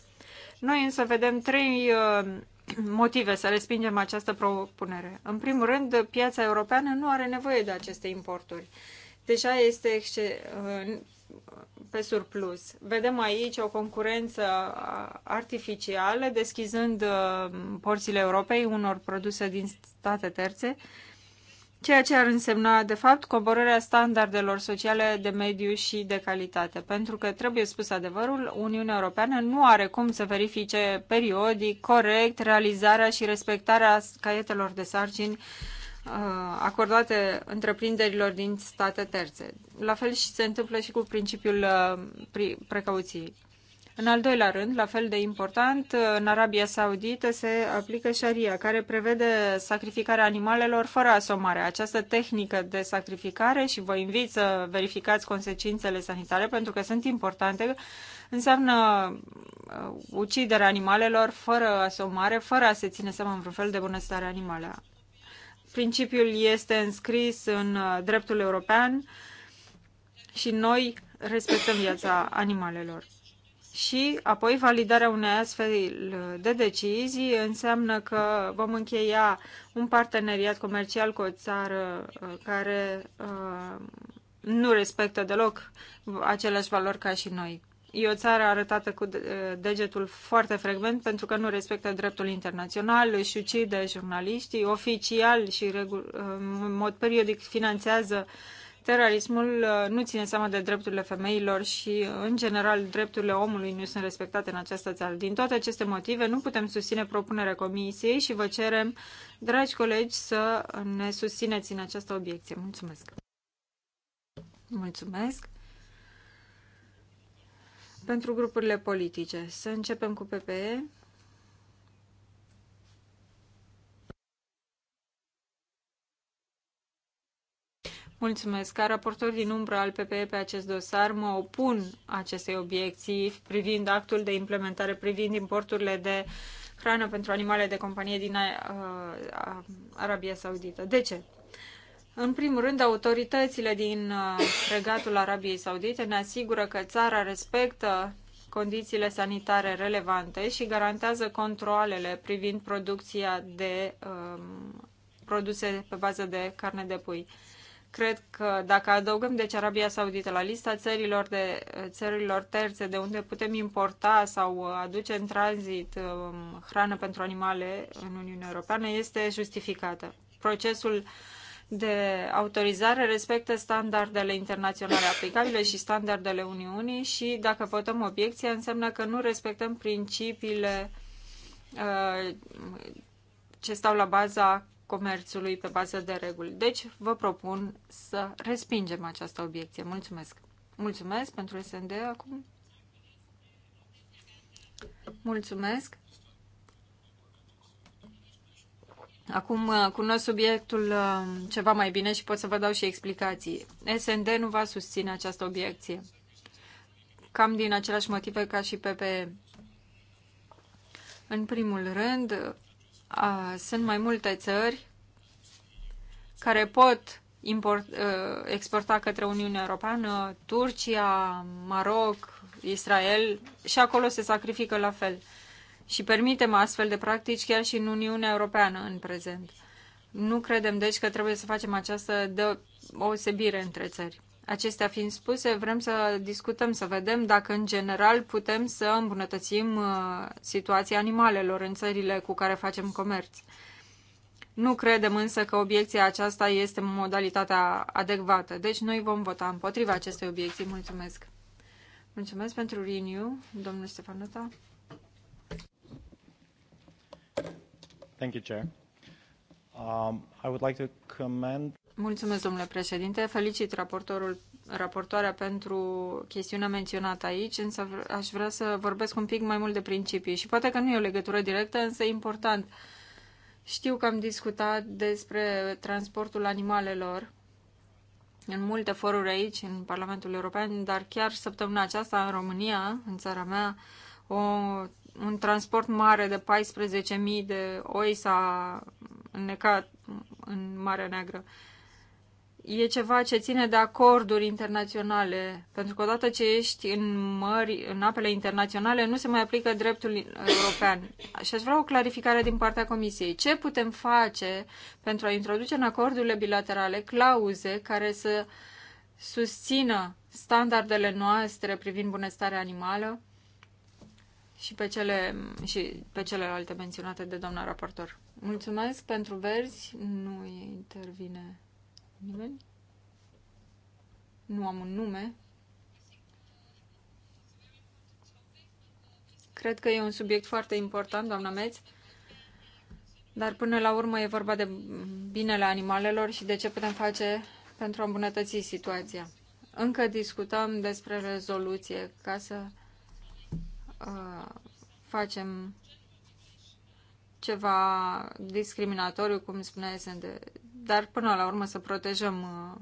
Noi însă vedem trei uh, motive să respingem această propunere. În primul rând, piața europeană nu are nevoie de aceste importuri. Deja este pe surplus. Vedem aici o concurență artificială, deschizând porțile Europei unor produse din state terțe ceea ce ar însemna, de fapt, coborârea standardelor sociale de mediu și de calitate. Pentru că, trebuie spus adevărul, Uniunea Europeană nu are cum să verifice periodic, corect, realizarea și respectarea caietelor de sarcini uh, acordate întreprinderilor din state terțe. La fel și se întâmplă și cu principiul uh, precauției. În al doilea rând, la fel de important, în Arabia Saudită se aplică șaria, care prevede sacrificarea animalelor fără asomare. Această tehnică de sacrificare, și vă invit să verificați consecințele sanitare, pentru că sunt importante, înseamnă uh, uciderea animalelor fără asomare, fără a se ține seama în vreun fel de bunăstare animală. Principiul este înscris în uh, dreptul european și noi respectăm viața animalelor și apoi validarea unei astfel de decizii înseamnă că vom încheia un parteneriat comercial cu o țară uh, care uh, nu respectă deloc aceleași valori ca și noi. E o țară arătată cu uh, degetul foarte frecvent pentru că nu respectă dreptul internațional, își ucide jurnaliștii, oficial și în mod periodic finanțează uh, terorismul uh, nu ține seama de drepturile femeilor și, uh, în general, drepturile omului nu sunt respectate în această țară. Din toate aceste motive, nu putem susține propunerea Comisiei și vă cerem, dragi colegi, să ne susțineți în această obiecție. Mulțumesc! Mulțumesc! Pentru grupurile politice, să începem cu PPE. Mulțumesc. Ca raportor din umbră al PPE pe acest dosar, mă opun acestei obiecții privind actul de implementare, privind importurile de hrană pentru animale de companie din uh, uh, Arabia Saudită. De ce? În primul rând, autoritățile din uh, regatul Arabiei Saudite ne asigură că țara respectă condițiile sanitare relevante și garantează controlele privind producția de um, produse pe bază de carne de pui. Cred că dacă adăugăm deci Arabia Saudită la lista țărilor, de, țărilor terțe de unde putem importa sau aduce în tranzit um, hrană pentru animale în Uniunea Europeană, este justificată. Procesul de autorizare respectă standardele internaționale aplicabile și standardele Uniunii și dacă votăm obiecția înseamnă că nu respectăm principiile uh, ce stau la baza comerțului pe bază de reguli. Deci vă propun să respingem această obiecție. Mulțumesc! Mulțumesc pentru SND acum. Mulțumesc! Acum uh, cunosc subiectul uh, ceva mai bine și pot să vă dau și explicații. SND nu va susține această obiecție. Cam din aceleași motive ca și PPE. În primul rând, sunt mai multe țări care pot import, ă, exporta către Uniunea Europeană, Turcia, Maroc, Israel și acolo se sacrifică la fel. Și permitem astfel de practici chiar și în Uniunea Europeană în prezent. Nu credem, deci, că trebuie să facem această deosebire între țări. Acestea fiind spuse, vrem să discutăm, să vedem dacă în general putem să îmbunătățim uh, situația animalelor în țările cu care facem comerț. Nu credem însă că obiecția aceasta este modalitatea adecvată, deci noi vom vota împotriva acestei obiecții. Mulțumesc! Mulțumesc pentru Renew, domnul Stefanota. Thank you, Chair. Um, I would like to commend Mulțumesc, domnule președinte. Felicit raportorul, raportoarea pentru chestiunea menționată aici, însă aș vrea să vorbesc un pic mai mult de principii și poate că nu e o legătură directă, însă e important. Știu că am discutat despre transportul animalelor în multe foruri aici, în Parlamentul European, dar chiar săptămâna aceasta în România, în țara mea, o, un transport mare de 14.000 de oi s-a înnecat în Marea Neagră. Uh, e ceva ce ține de acorduri internaționale, pentru că odată ce ești în mări, în apele internaționale, nu se mai aplică dreptul european. Și aș vrea o clarificare din partea Comisiei. Ce putem face pentru a introduce în acordurile bilaterale clauze care să susțină standardele noastre privind bunăstarea animală și pe, cele, și pe celelalte menționate de doamna raportor? Mulțumesc pentru verzi. Nu intervine Nimeni? Nu am un nume. Cred că e un subiect foarte important, doamna Meț. Dar până la urmă e vorba de binele animalelor și de ce putem face pentru a îmbunătăți situația. Încă discutăm despre rezoluție ca să uh, facem ceva discriminatoriu, cum spunea SND, dar până la urmă să protejăm uh,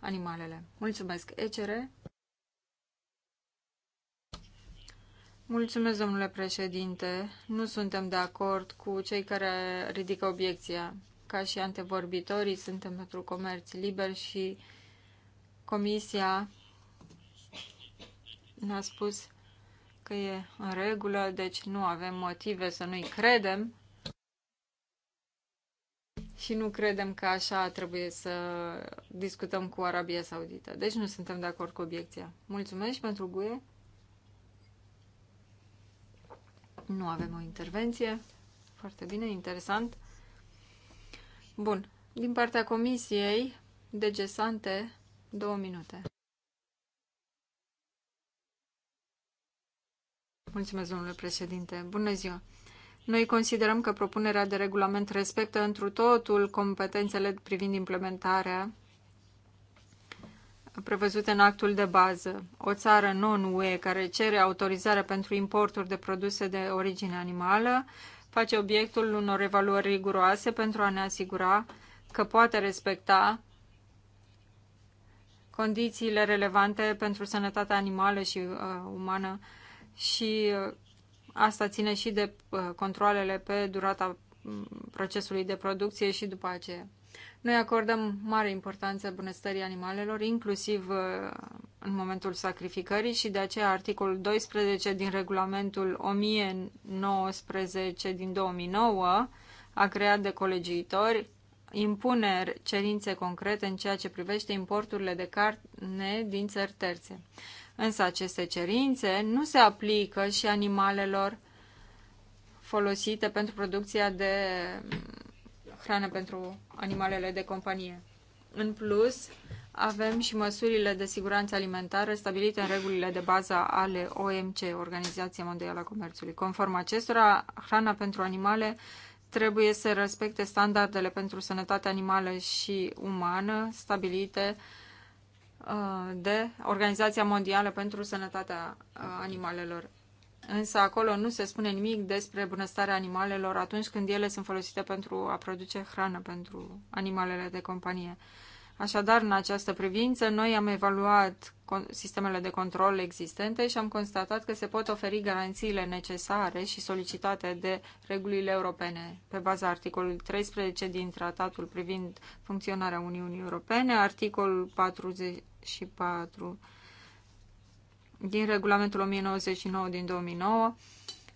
animalele. Mulțumesc, ECR. Mulțumesc, domnule președinte. Nu suntem de acord cu cei care ridică obiecția. Ca și antevorbitorii, suntem pentru comerț liber și comisia ne-a spus că e în regulă, deci nu avem motive să nu-i credem și nu credem că așa trebuie să discutăm cu Arabia Saudită. Deci nu suntem de acord cu obiecția. Mulțumesc pentru guie. Nu avem o intervenție. Foarte bine, interesant. Bun. Din partea comisiei, degesante, două minute. Mulțumesc, domnule președinte. Bună ziua! Noi considerăm că propunerea de regulament respectă întru totul competențele privind implementarea prevăzute în actul de bază. O țară non-UE care cere autorizare pentru importuri de produse de origine animală face obiectul unor evaluări riguroase pentru a ne asigura că poate respecta condițiile relevante pentru sănătatea animală și uh, umană și uh, Asta ține și de uh, controlele pe durata mm, procesului de producție și după aceea. Noi acordăm mare importanță bunăstării animalelor, inclusiv uh, în momentul sacrificării și de aceea articolul 12 din regulamentul 1019 din 2009 a creat de colegiitori impune cerințe concrete în ceea ce privește importurile de carne din țări terțe. Însă aceste cerințe nu se aplică și animalelor folosite pentru producția de mm, hrană pentru animalele de companie. În plus, avem și măsurile de siguranță alimentară stabilite în regulile de bază ale OMC, Organizația Mondială a Comerțului. Conform acestora, hrana pentru animale trebuie să respecte standardele pentru sănătatea animală și umană stabilite uh, Uh, de Organizația Mondială pentru Sănătatea uh, Animalelor. Însă acolo nu se spune nimic despre bunăstarea animalelor atunci când ele sunt folosite pentru a produce hrană pentru animalele de companie. Așadar, în această privință, noi am evaluat sistemele de control existente și am constatat că se pot oferi garanțiile necesare și solicitate de regulile europene pe baza articolului 13 din tratatul privind funcționarea Uniunii Europene, articolul 44 din regulamentul 1099 din 2009,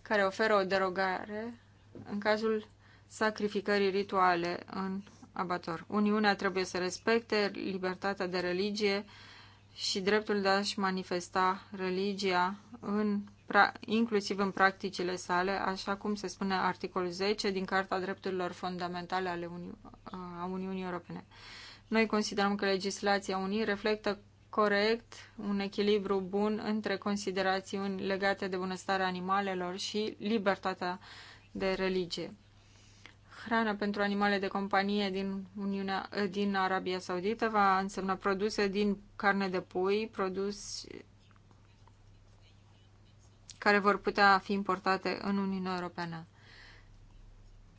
care oferă o derogare în cazul sacrificării rituale în Abator. Uniunea trebuie să respecte libertatea de religie și dreptul de a-și manifesta religia în, inclusiv în practicile sale, așa cum se spune articolul 10 din Carta Drepturilor Fundamentale ale Uni- a Uniunii Europene. Noi considerăm că legislația Unii reflectă corect un echilibru bun între considerațiuni legate de bunăstarea animalelor și libertatea de religie hrană pentru animale de companie din, Uniunea, eh, din Arabia Saudită va însemna produse din carne de pui, produs care vor putea fi importate în Uniunea Europeană.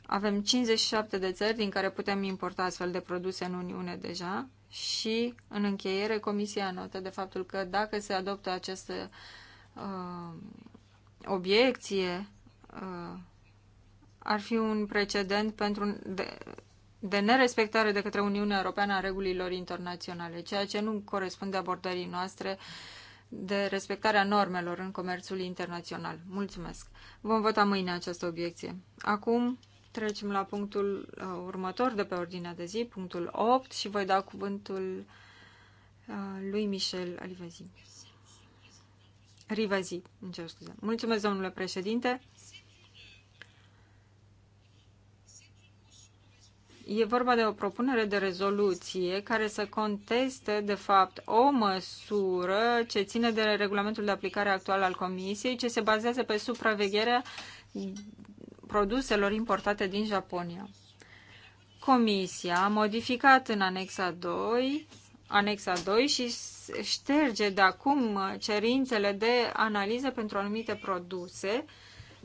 Avem 57 de țări din care putem importa astfel de produse în Uniune deja și, în încheiere, Comisia notă de faptul că dacă se adoptă această uh, obiecție uh, ar fi un precedent pentru de, de nerespectare de către Uniunea Europeană a regulilor internaționale, ceea ce nu corespunde abordării noastre de respectarea normelor în comerțul internațional. Mulțumesc. Vom vota mâine această obiecție. Acum trecem la punctul uh, următor de pe ordinea de zi, punctul 8, și voi da cuvântul uh, lui Michel Alivezi. Rivezi, îmi cer scuze. Mulțumesc, domnule președinte. E vorba de o propunere de rezoluție care să conteste, de fapt, o măsură ce ține de regulamentul de aplicare actual al Comisiei, ce se bazează pe supravegherea produselor importate din Japonia. Comisia a modificat în anexa 2, anexa 2 și șterge de acum cerințele de analiză pentru anumite produse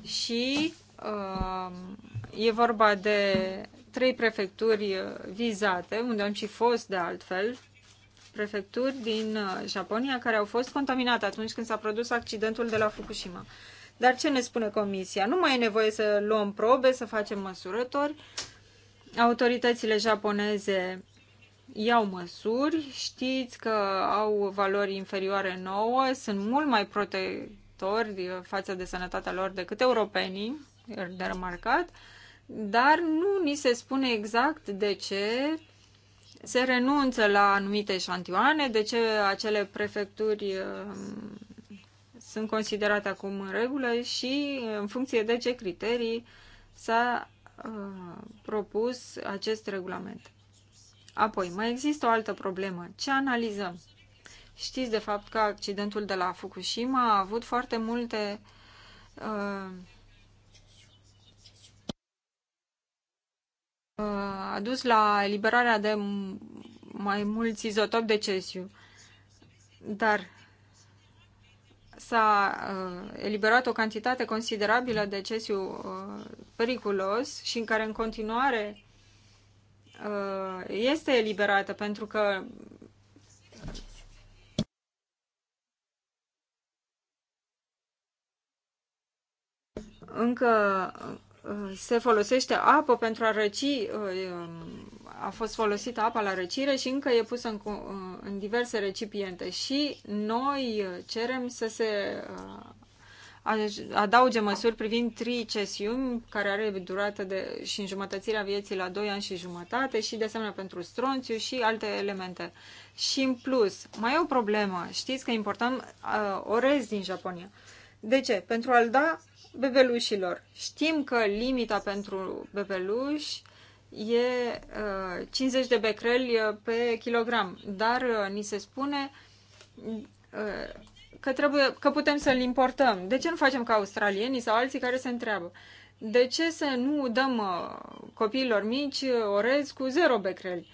și uh, e vorba de trei prefecturi uh, vizate, unde am și fost de altfel, prefecturi din uh, Japonia care au fost contaminate atunci când s-a produs accidentul de la Fukushima. Dar ce ne spune Comisia? Nu mai e nevoie să luăm probe, să facem măsurători. Autoritățile japoneze iau măsuri, știți că au valori inferioare nouă, sunt mult mai protectori uh, față de sănătatea lor decât europenii, de remarcat dar nu ni se spune exact de ce se renunță la anumite șantioane, de ce acele prefecturi um, sunt considerate acum în regulă și în funcție de ce criterii s-a uh, propus acest regulament. Apoi, mai există o altă problemă. Ce analizăm? Știți de fapt că accidentul de la Fukushima a avut foarte multe uh, a dus la eliberarea de mai mulți izotopi de cesiu. Dar s-a uh, eliberat o cantitate considerabilă de cesiu uh, periculos și în care în continuare uh, este eliberată pentru că încă se folosește apă pentru a răci, uh, a fost folosită apa la răcire și încă e pusă în, uh, în diverse recipiente și noi uh, cerem să se adauge măsuri privind tricesium, care are durată de, și înjumătățirea vieții la 2 ani și jumătate și de asemenea pentru stronțiu și alte elemente. Și în plus, mai e o problemă. Știți că importăm uh, orez din Japonia. De ce? Pentru a-l da bebelușilor. Știm că limita pentru bebeluși e uh, 50 de becreli uh, pe kilogram, dar uh, ni se spune uh, că, trebuie, că putem să-l importăm. De ce nu facem ca australienii sau alții care se întreabă? De ce să nu dăm uh, copiilor mici uh, orez cu zero becreli?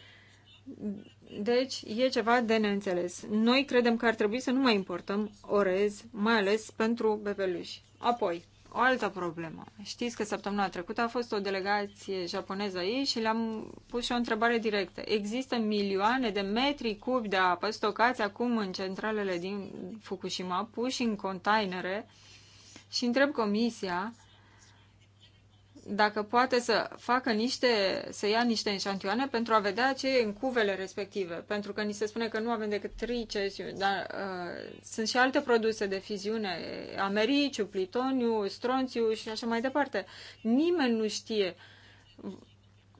Deci e ceva de neînțeles. Noi credem că ar trebui să nu mai importăm orez, mai ales pentru bebeluși. Apoi, o altă problemă. Știți că săptămâna trecută a fost o delegație japoneză aici și le-am pus și o întrebare directă. Există milioane de metri cubi de apă stocați acum în centralele din Fukushima, puși în containere și întreb comisia dacă poate să facă niște, să ia niște înșantioane pentru a vedea ce e în cuvele respective. Pentru că ni se spune că nu avem decât tricesiu, dar uh, sunt și alte produse de fiziune, americiu, plitoniu, stronțiu și așa mai departe. Nimeni nu știe.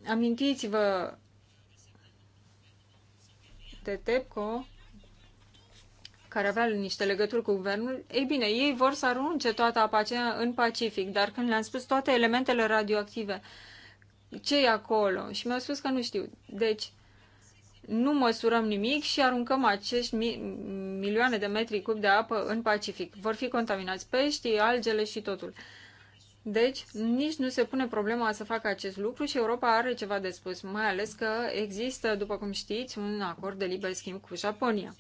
Amintiți-vă de TEPCO, care avea niște legături cu guvernul, ei bine, ei vor să arunce toată apa aceea în Pacific, dar când le-am spus toate elementele radioactive, ce e acolo? Și mi-au spus că nu știu. Deci, nu măsurăm nimic și aruncăm acești mi- milioane de metri cub de apă în Pacific. Vor fi contaminați peștii, algele și totul. Deci, nici nu se pune problema să facă acest lucru și Europa are ceva de spus, mai ales că există, după cum știți, un acord de liber schimb cu Japonia.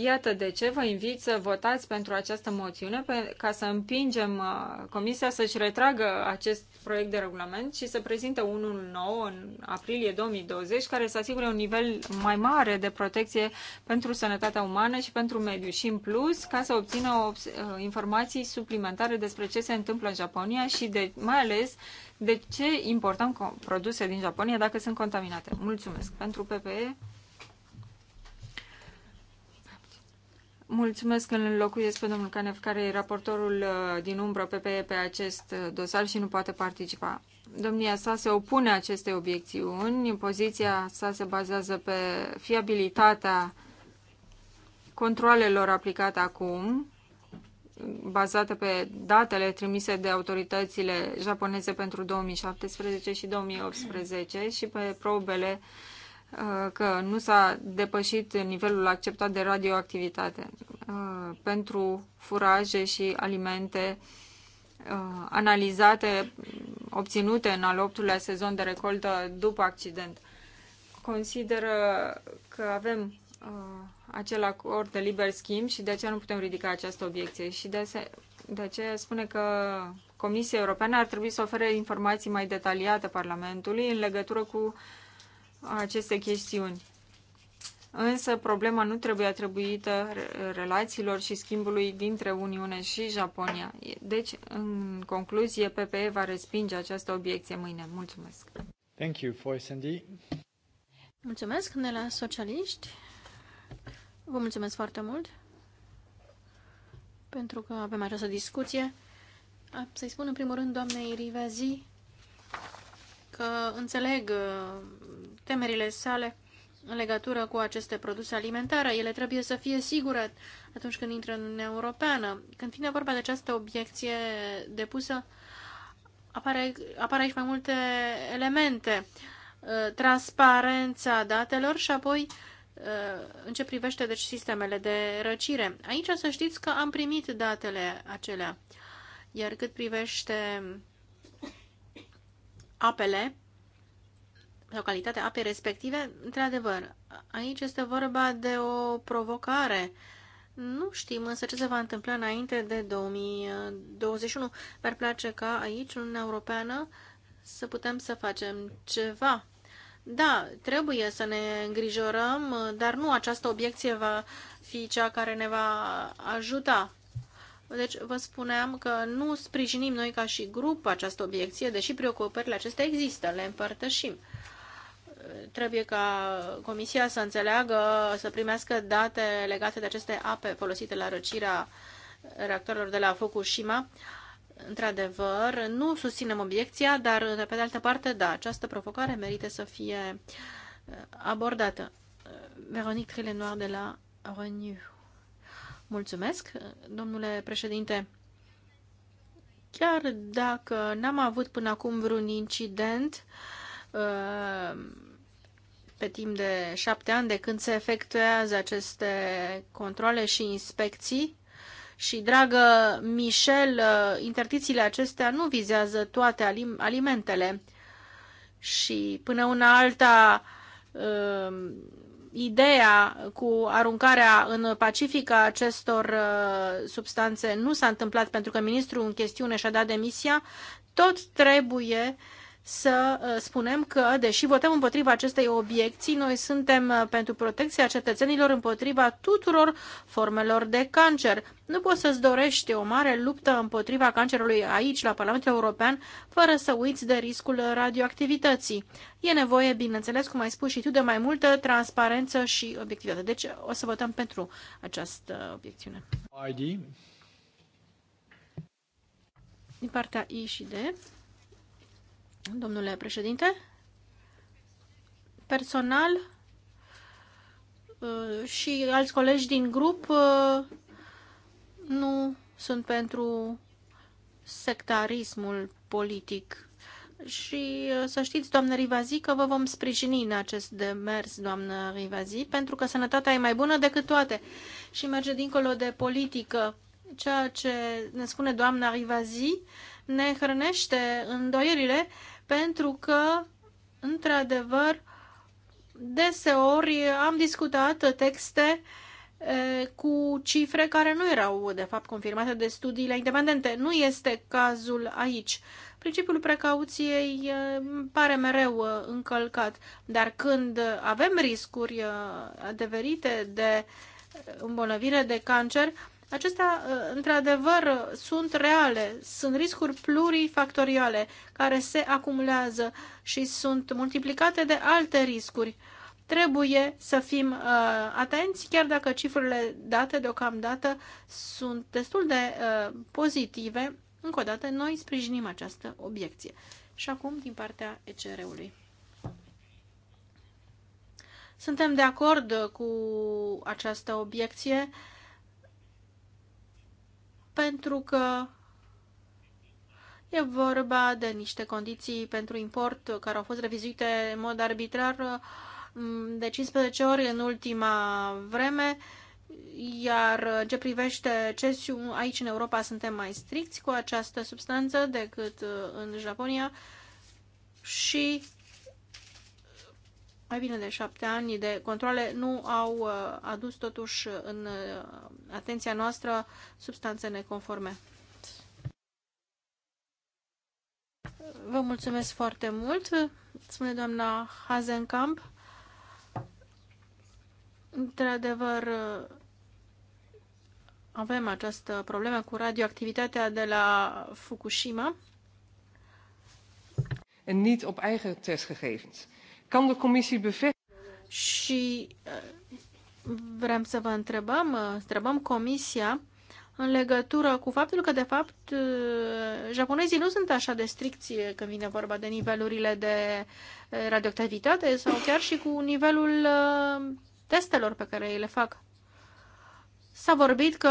Iată de ce vă invit să votați pentru această moțiune pe, ca să împingem uh, Comisia să-și retragă acest proiect de regulament și să prezinte unul nou în aprilie 2020 care să asigure un nivel mai mare de protecție pentru sănătatea umană și pentru mediu și în plus ca să obțină uh, informații suplimentare despre ce se întâmplă în Japonia și de, mai ales de ce importăm produse din Japonia dacă sunt contaminate. Mulțumesc pentru PPE. Mulțumesc că îl înlocuiesc pe domnul Canef, care e raportorul uh, din umbră PPE pe acest uh, dosar și nu poate participa. Domnia sa se opune acestei obiecțiuni. Poziția sa se bazează pe fiabilitatea controlelor aplicate acum, bazată pe datele trimise de autoritățile japoneze pentru 2017 și 2018 și pe probele uh, Uh, că nu s-a depășit nivelul acceptat de radioactivitate. Uh, pentru furaje și alimente uh, analizate, obținute în al optulea sezon de recoltă după accident. Consideră că avem acel acord de liber schimb și de aceea nu putem ridica această obiecție. Și de, ase- de aceea spune că Comisia Europeană ar trebui să ofere informații mai detaliate Parlamentului în legătură cu uh, aceste chestiuni. Însă problema nu trebuie atribuită relațiilor și schimbului dintre Uniune și Japonia. Deci, în concluzie, PPE va respinge această obiecție mâine. Mulțumesc! Thank you for SND. Mulțumesc la socialiști. Vă mulțumesc foarte mult pentru că avem această discuție. Să-i spun în primul rând doamnei Rivezi că înțeleg uh, temerile sale în legătură cu aceste produse alimentare. Ele trebuie să fie sigure atunci când intră în Uniunea Europeană. Când vine vorba de această obiecție depusă, apare, apar aici mai multe elemente. Uh, transparența datelor și apoi uh, în ce privește deci, sistemele de răcire. Aici să știți că am primit datele acelea. Iar cât privește apele, sau calitatea apei respective, într-adevăr, aici este vorba de o provocare. Nu știm însă ce se va întâmpla înainte de 2021. Mi-ar place ca aici, în Uniunea Europeană, să putem să facem ceva. Da, trebuie să ne îngrijorăm, dar nu această obiecție va fi cea care ne va ajuta. Deci vă spuneam că nu sprijinim noi ca și grup această obiecție, deși preocupările acestea există, le împărtășim trebuie ca Comisia să înțeleagă, să primească date legate de aceste ape folosite la răcirea reactorilor de la Fukushima. Într-adevăr, nu susținem obiecția, dar, pe de altă parte, da, această provocare merită să fie uh, abordată. Uh, Veronique Trilenoir de la Renew. Mulțumesc, domnule președinte. Chiar dacă n-am avut până acum vreun incident, uh, pe timp de șapte ani de când se efectuează aceste controle și inspecții. Și, dragă Michel, uh, interdițiile acestea nu vizează toate alim alimentele. Și până una alta, uh, ideea cu aruncarea în Pacific a acestor uh, substanțe nu s-a întâmplat pentru că ministrul în chestiune și-a dat demisia, tot trebuie uh, să uh, spunem că, deși votăm împotriva acestei obiecții, noi suntem uh, pentru protecția cetățenilor împotriva tuturor formelor de cancer. Nu poți să-ți dorești o mare luptă împotriva cancerului aici, la Parlamentul European, fără să uiți de riscul radioactivității. E nevoie, bineînțeles, cum ai spus și tu, de mai multă transparență și obiectivitate. Deci o să votăm pentru această obiecțiune. ID. Din partea I și D. Domnule președinte, personal uh, și alți colegi din grup uh, nu sunt pentru sectarismul politic. Și uh, să știți, doamnă Rivazi, că vă vom sprijini în acest demers, doamnă Rivazi, pentru că sănătatea e mai bună decât toate și merge dincolo de politică. Ceea ce ne spune doamna Rivazi ne hrănește îndoierile pentru că, într-adevăr, deseori am discutat texte cu cifre care nu erau, de fapt, confirmate de studiile independente. Nu este cazul aici. Principiul precauției pare mereu încălcat, dar când avem riscuri adeverite de îmbolnăvire de cancer, Acestea, ă, într-adevăr, sunt reale, sunt riscuri plurifactoriale care se acumulează și sunt multiplicate de alte riscuri. Trebuie să fim uh, atenți, chiar dacă cifrele date deocamdată sunt destul de uh, pozitive. Încă o dată, noi sprijinim această obiecție. Și acum, din partea ECR-ului. Suntem de acord cu această obiecție. Uh, pentru că e vorba de niște condiții pentru import care au fost revizuite în mod arbitrar mm, de 15 ori în ultima vreme, iar ce privește cesium, aici în Europa suntem mai stricți cu această substanță decât uh, în Japonia și mai bine de șapte ani de controle nu au uh, adus totuși în uh, atenția noastră substanțe neconforme. Vă mulțumesc foarte mult, spune doamna Hazenkamp. Într-adevăr, uh, avem această problemă cu radioactivitatea de la Fukushima. En niet op eigen testgegevens. Kan de commissie bevestigen? Și eh, vrem să vă întrebăm, eh, întrebăm comisia în legătură cu faptul că, de fapt, eh, japonezii nu sunt așa de stricți când vine vorba de nivelurile de radioactivitate sau chiar și cu nivelul testelor pe care ei le fac. S-a vorbit că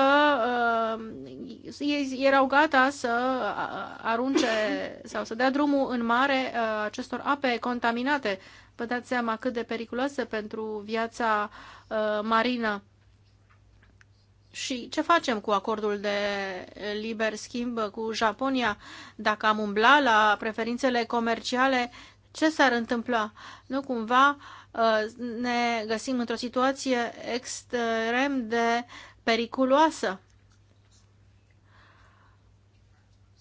uh, ei erau gata să arunce sau să dea drumul în mare uh, acestor ape contaminate Vă dați seama cât de periculoase pentru viața uh, marină. Și ce facem cu acordul de liber schimb cu Japonia? Dacă am umbla la preferințele comerciale, ce s-ar întâmpla? Nu cumva uh, ne găsim într-o situație extrem de periculoasă.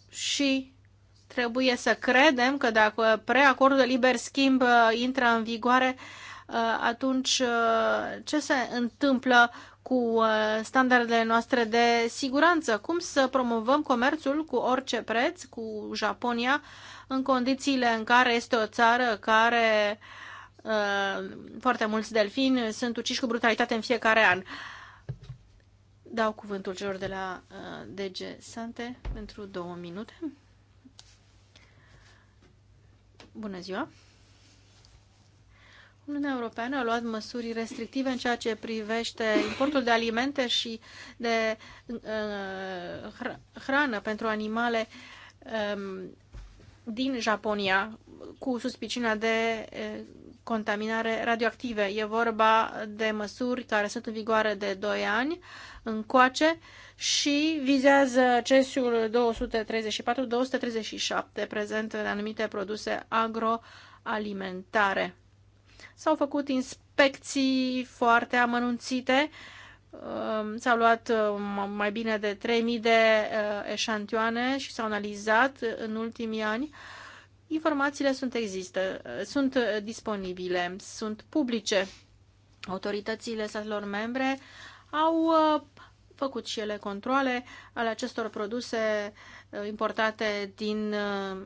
Și Trebuie să credem că dacă preacordul de liber schimb uh, intră în vigoare, uh, atunci uh, ce se întâmplă cu standardele noastre de siguranță? Cum să promovăm comerțul cu orice preț, cu Japonia, în condițiile în care este o țară care foarte mulți delfini sunt uciși cu brutalitate în fiecare an. Dau cuvântul celor de la DG Sante pentru două minute. Bună ziua! Uniunea Europeană a luat măsuri restrictive în ceea ce privește importul de alimente și de uh, hrană pentru animale um, din Japonia, cu suspiciunea de uh, contaminare radioactive. E vorba de măsuri care sunt în vigoare de 2 ani încoace și vizează cesiul 234-237 prezent în anumite produse agroalimentare. S-au făcut inspecții foarte amănunțite, um, s-au luat um, mai bine de 3000 de uh, eșantioane și s-au analizat în ultimii ani Informațiile sunt există, sunt disponibile, sunt publice. Autoritățile statelor membre au uh, făcut și ele controle ale acestor produse uh, importate din uh,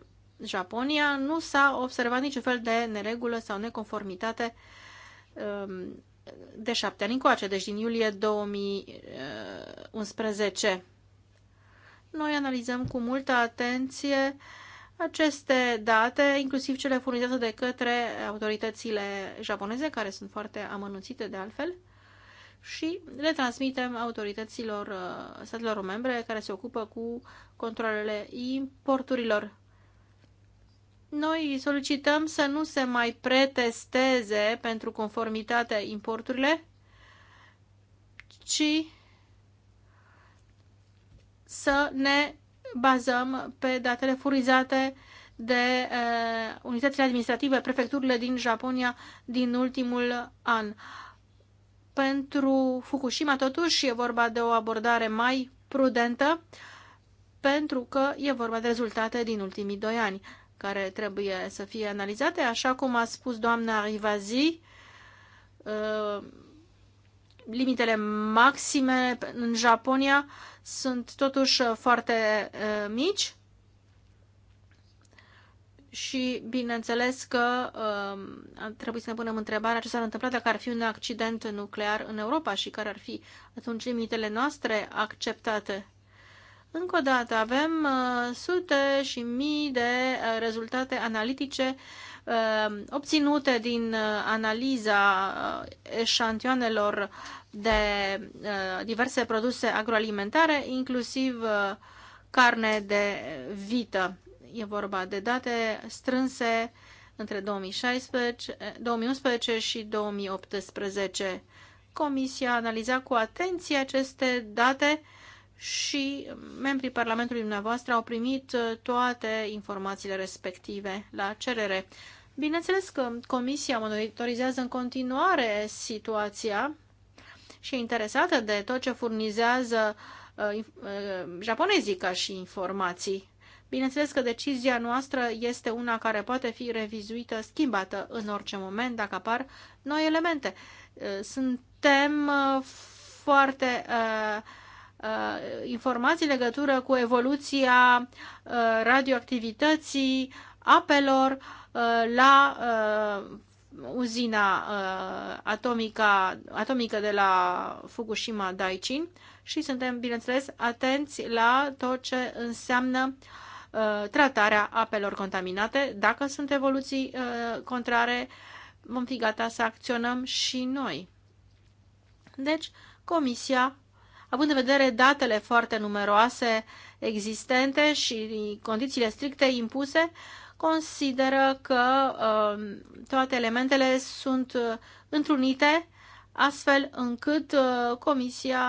Japonia. Nu s-a observat niciun fel de neregulă sau neconformitate um, de șapte ani încoace, deci din iulie 2011. Noi analizăm cu multă atenție uh, aceste date, inclusiv cele furnizate de către autoritățile japoneze, care sunt foarte amănunțite de altfel, și le transmitem autorităților uh, statelor membre care se ocupă cu controlele importurilor. Noi solicităm să nu se mai pretesteze pentru conformitate importurile, ci să ne bazăm pe datele furizate de uh, unitățile administrative, prefecturile din Japonia din ultimul an. Pentru Fukushima, totuși, e vorba de o abordare mai prudentă, pentru că e vorba de rezultate din ultimii doi ani, care trebuie să fie analizate, așa cum a spus doamna Rivazi, uh, limitele maxime în Japonia sunt totuși uh, foarte uh, mici și bineînțeles că uh, trebuie să ne punem întrebarea ce s-ar întâmpla dacă ar fi un accident nuclear în Europa și care ar fi atunci limitele noastre acceptate. Încă o dată avem uh, sute și mii de uh, rezultate analitice uh, Um, obținute din uh, analiza uh, eșantioanelor de uh, diverse produse agroalimentare, inclusiv carne de vită. E vorba de date strânse între 2016, 2011 eh, și 2018. Comisia analiza cu atenție aceste date și membrii Parlamentului dumneavoastră au primit uh, toate informațiile respective la cerere. Bineînțeles că Comisia monitorizează în continuare situația și e interesată de tot ce furnizează uh, uh, japonezii ca și informații. Bineînțeles că decizia noastră este una care poate fi revizuită, schimbată în orice moment dacă apar noi elemente. Suntem foarte uh, Uh, informații în legătură cu evoluția uh, radioactivității apelor uh, la uzina atomică, atomică de la Fukushima Daiichi și suntem, bineînțeles, atenți la tot ce înseamnă tratarea apelor contaminate. Dacă sunt evoluții contrare, vom fi gata să acționăm și noi. Deci, Comisia având în vedere datele foarte numeroase existente și condițiile stricte impuse, consideră că uh, toate elementele sunt uh, întrunite astfel încât uh, Comisia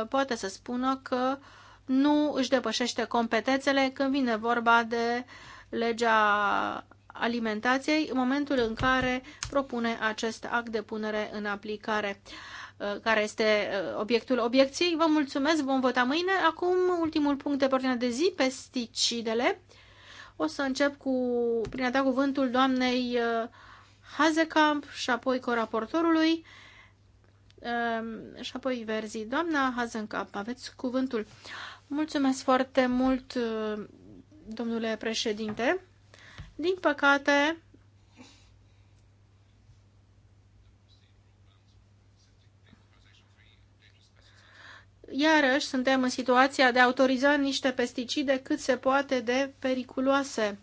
uh, poate să spună că nu își depășește competențele când vine vorba de legea alimentației în momentul în care propune acest act de punere în aplicare. Uh, care este uh, obiectul obiecției. Vă mulțumesc, vom vota mâine. Acum, ultimul punct de ordine de zi, pesticidele. O să încep cu, prin a da cuvântul doamnei uh, Hazekamp și apoi coraportorului um, și apoi verzii. Doamna Hazekamp, aveți cuvântul. Mulțumesc foarte mult, domnule președinte. Din păcate, iarăși suntem în situația de a autoriza niște pesticide cât se poate de periculoase.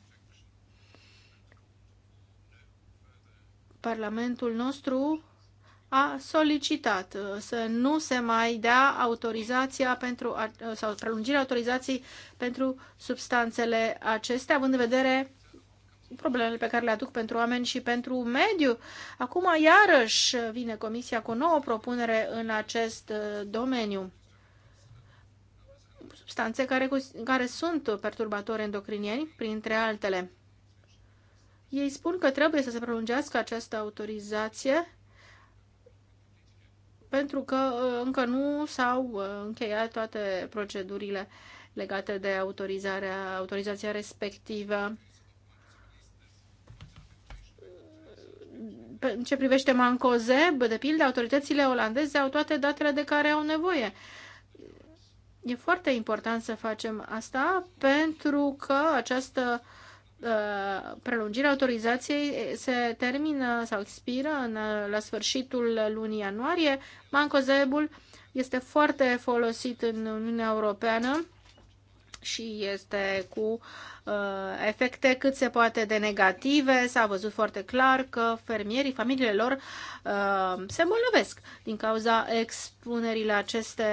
Parlamentul nostru a solicitat uh, să nu se mai dea autorizația pentru, uh, sau prelungirea autorizației pentru substanțele acestea, având în vedere problemele pe care le aduc pentru oameni și pentru mediu. Acum iarăși vine Comisia cu o nouă propunere în acest uh, domeniu substanțe care, care sunt perturbatori endocrinieni, printre altele. Ei spun că trebuie să se prelungească această autorizație pentru că uh, încă nu s-au uh, încheiat toate procedurile legate de autorizarea, autorizația respectivă. În ce privește Mancozeb, de pildă, autoritățile olandeze au toate datele de care au nevoie E foarte important să facem asta pentru că această uh, prelungire a autorizației se termină sau expiră în, la sfârșitul lunii ianuarie. Mancozebul este foarte folosit în Uniunea Europeană și este cu uh, efecte cât se poate de negative. S-a văzut foarte clar că fermierii, familiile lor uh, se îmbolnăvesc din cauza expunerii la aceste,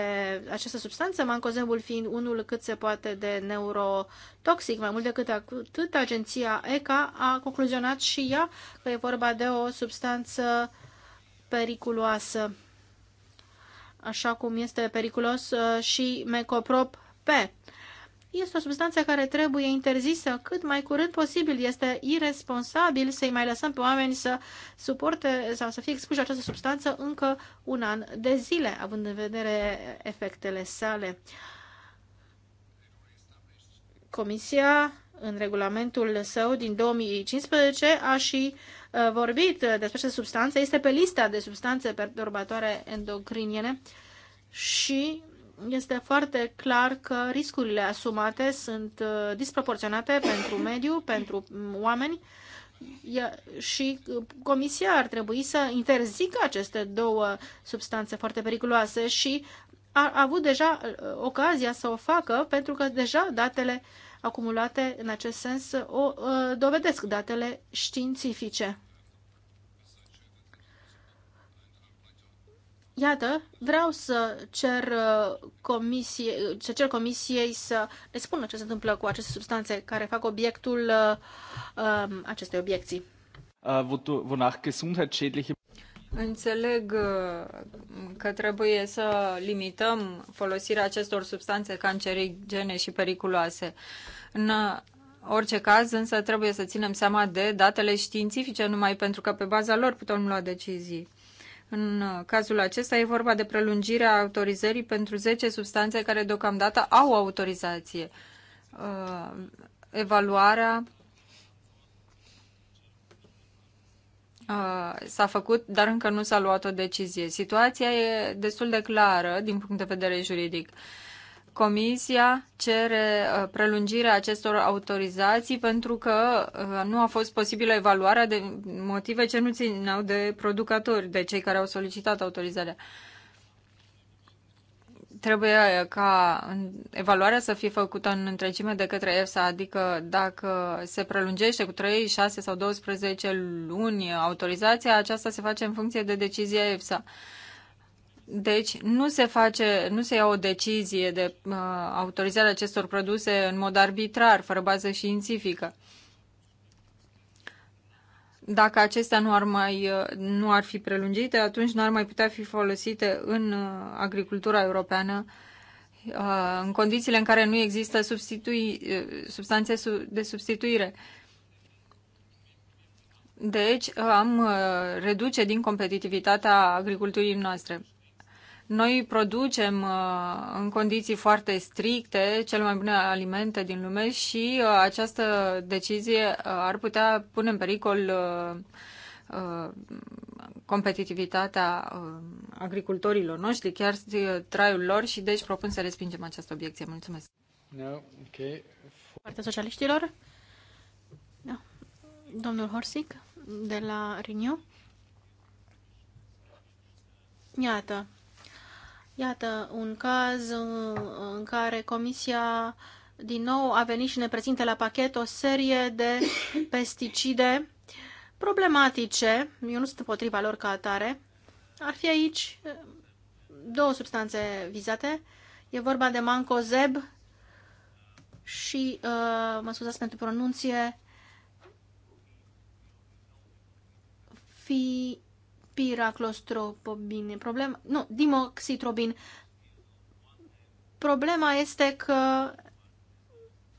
aceste substanțe, Mancozebul fiind unul cât se poate de neurotoxic. Mai mult decât atât, agenția ECA a concluzionat și ea că e vorba de o substanță periculoasă, așa cum este periculos uh, și mecoprop P este o substanță care trebuie interzisă cât mai curând posibil. Este irresponsabil să-i mai lăsăm pe oameni să suporte sau să fie expuși această substanță încă un an de zile, având în vedere efectele sale. Comisia, în regulamentul său din 2015, a și uh, vorbit despre această substanță. Este pe lista de substanțe perturbatoare endocriniene și este foarte clar că riscurile asumate sunt uh, disproporționate pentru mediu, pentru oameni și uh, Comisia ar trebui să interzică aceste două substanțe foarte periculoase și a avut deja uh, ocazia să o facă pentru că deja datele acumulate în acest sens o dovedesc datele științifice. Iată, vreau să cer, uh, comisie, să cer comisiei să ne spună ce se întâmplă cu aceste substanțe care fac obiectul uh, um, acestei obiecții. Uh, Înțeleg că trebuie să limităm folosirea acestor substanțe cancerigene și periculoase. În orice caz, însă, trebuie să ținem seama de datele științifice, numai pentru că pe baza lor putem lua decizii. În cazul acesta e vorba de prelungirea autorizării pentru 10 substanțe care deocamdată au autorizație. Uh, evaluarea uh, s-a făcut, dar încă nu s-a luat o decizie. Situația e destul de clară din punct de vedere juridic. Comisia cere uh, prelungirea acestor autorizații pentru că uh, nu a fost posibilă evaluarea de motive ce nu țineau de producători, de cei care au solicitat autorizarea. Trebuie uh, ca evaluarea să fie făcută în întregime de către EFSA, adică dacă se prelungește cu 3, 6 sau 12 luni autorizația, aceasta se face în funcție de decizia EFSA. Deci nu se face, nu se ia o decizie de uh, autorizarea acestor produse în mod arbitrar, fără bază științifică. Dacă acestea nu ar, mai, uh, nu ar fi prelungite, atunci nu ar mai putea fi folosite în uh, agricultura europeană uh, în condițiile în care nu există substitui, substanțe de substituire. Deci am reduce din competitivitatea agriculturii noastre. Noi producem uh, în condiții foarte stricte cele mai bune alimente din lume și uh, această decizie uh, ar putea pune în pericol competitivitatea agricultorilor noștri, chiar traiul lor și deci propun să respingem această obiecție. Mulțumesc. No, okay. Partea socialiștilor? Da. Domnul Horsic de la Renew. Iată, Iată un caz uh, în care Comisia din nou a venit și ne prezintă la pachet o serie de pesticide problematice, eu nu sunt împotriva lor ca atare, ar fi aici uh, două substanțe vizate. E vorba de mancozeb și, uh, mă scuzați pentru pronunție, fi piraclostrobin, problema. nu, dimoxitrobin. Problema este că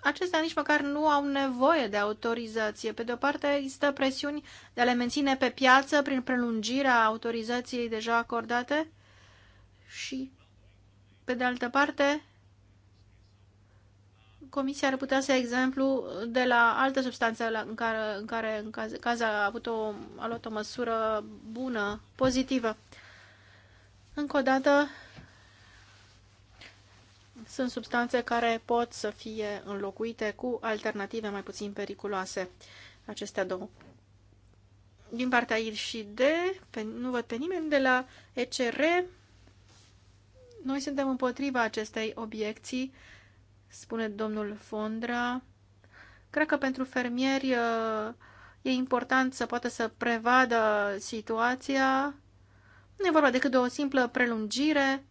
acestea nici măcar nu au nevoie de autorizație. Pe de o parte, există presiuni de a le menține pe piață prin prelungirea autorizației deja acordate și, pe de altă parte, Comisia ar putea să exemplu de la altă substanță la, în care, în, care, în caz, caz a, avut o, a luat o măsură bună, pozitivă. Încă o dată, sunt substanțe care pot să fie înlocuite cu alternative mai puțin periculoase, acestea două. Din partea IR și D, pe, nu văd pe nimeni, de la ECR, noi suntem împotriva acestei obiecții, uh, spune domnul Fondra. Cred că pentru fermieri uh, e important să poată să prevadă situația. Nu e vorba decât de o simplă prelungire.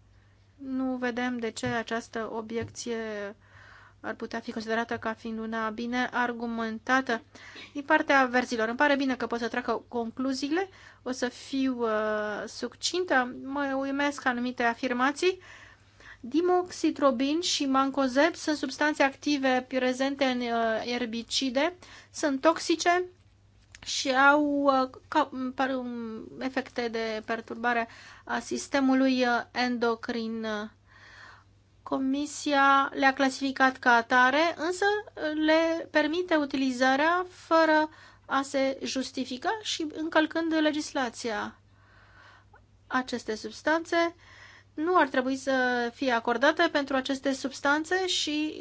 Nu vedem de ce această obiecție ar putea fi considerată ca fiind una bine argumentată. Din partea verzilor, îmi pare bine că pot să tracă concluziile, o să fiu uh, succintă, mă uimesc anumite afirmații Dimoxitrobin și mancozeb sunt substanțe active prezente în uh, erbicide, sunt toxice și au uh, efecte de perturbare a sistemului uh, endocrin. Comisia le-a clasificat ca atare, însă le permite utilizarea fără a se justifica și încălcând legislația. Aceste substanțe nu ar trebui să fie acordată pentru aceste substanțe și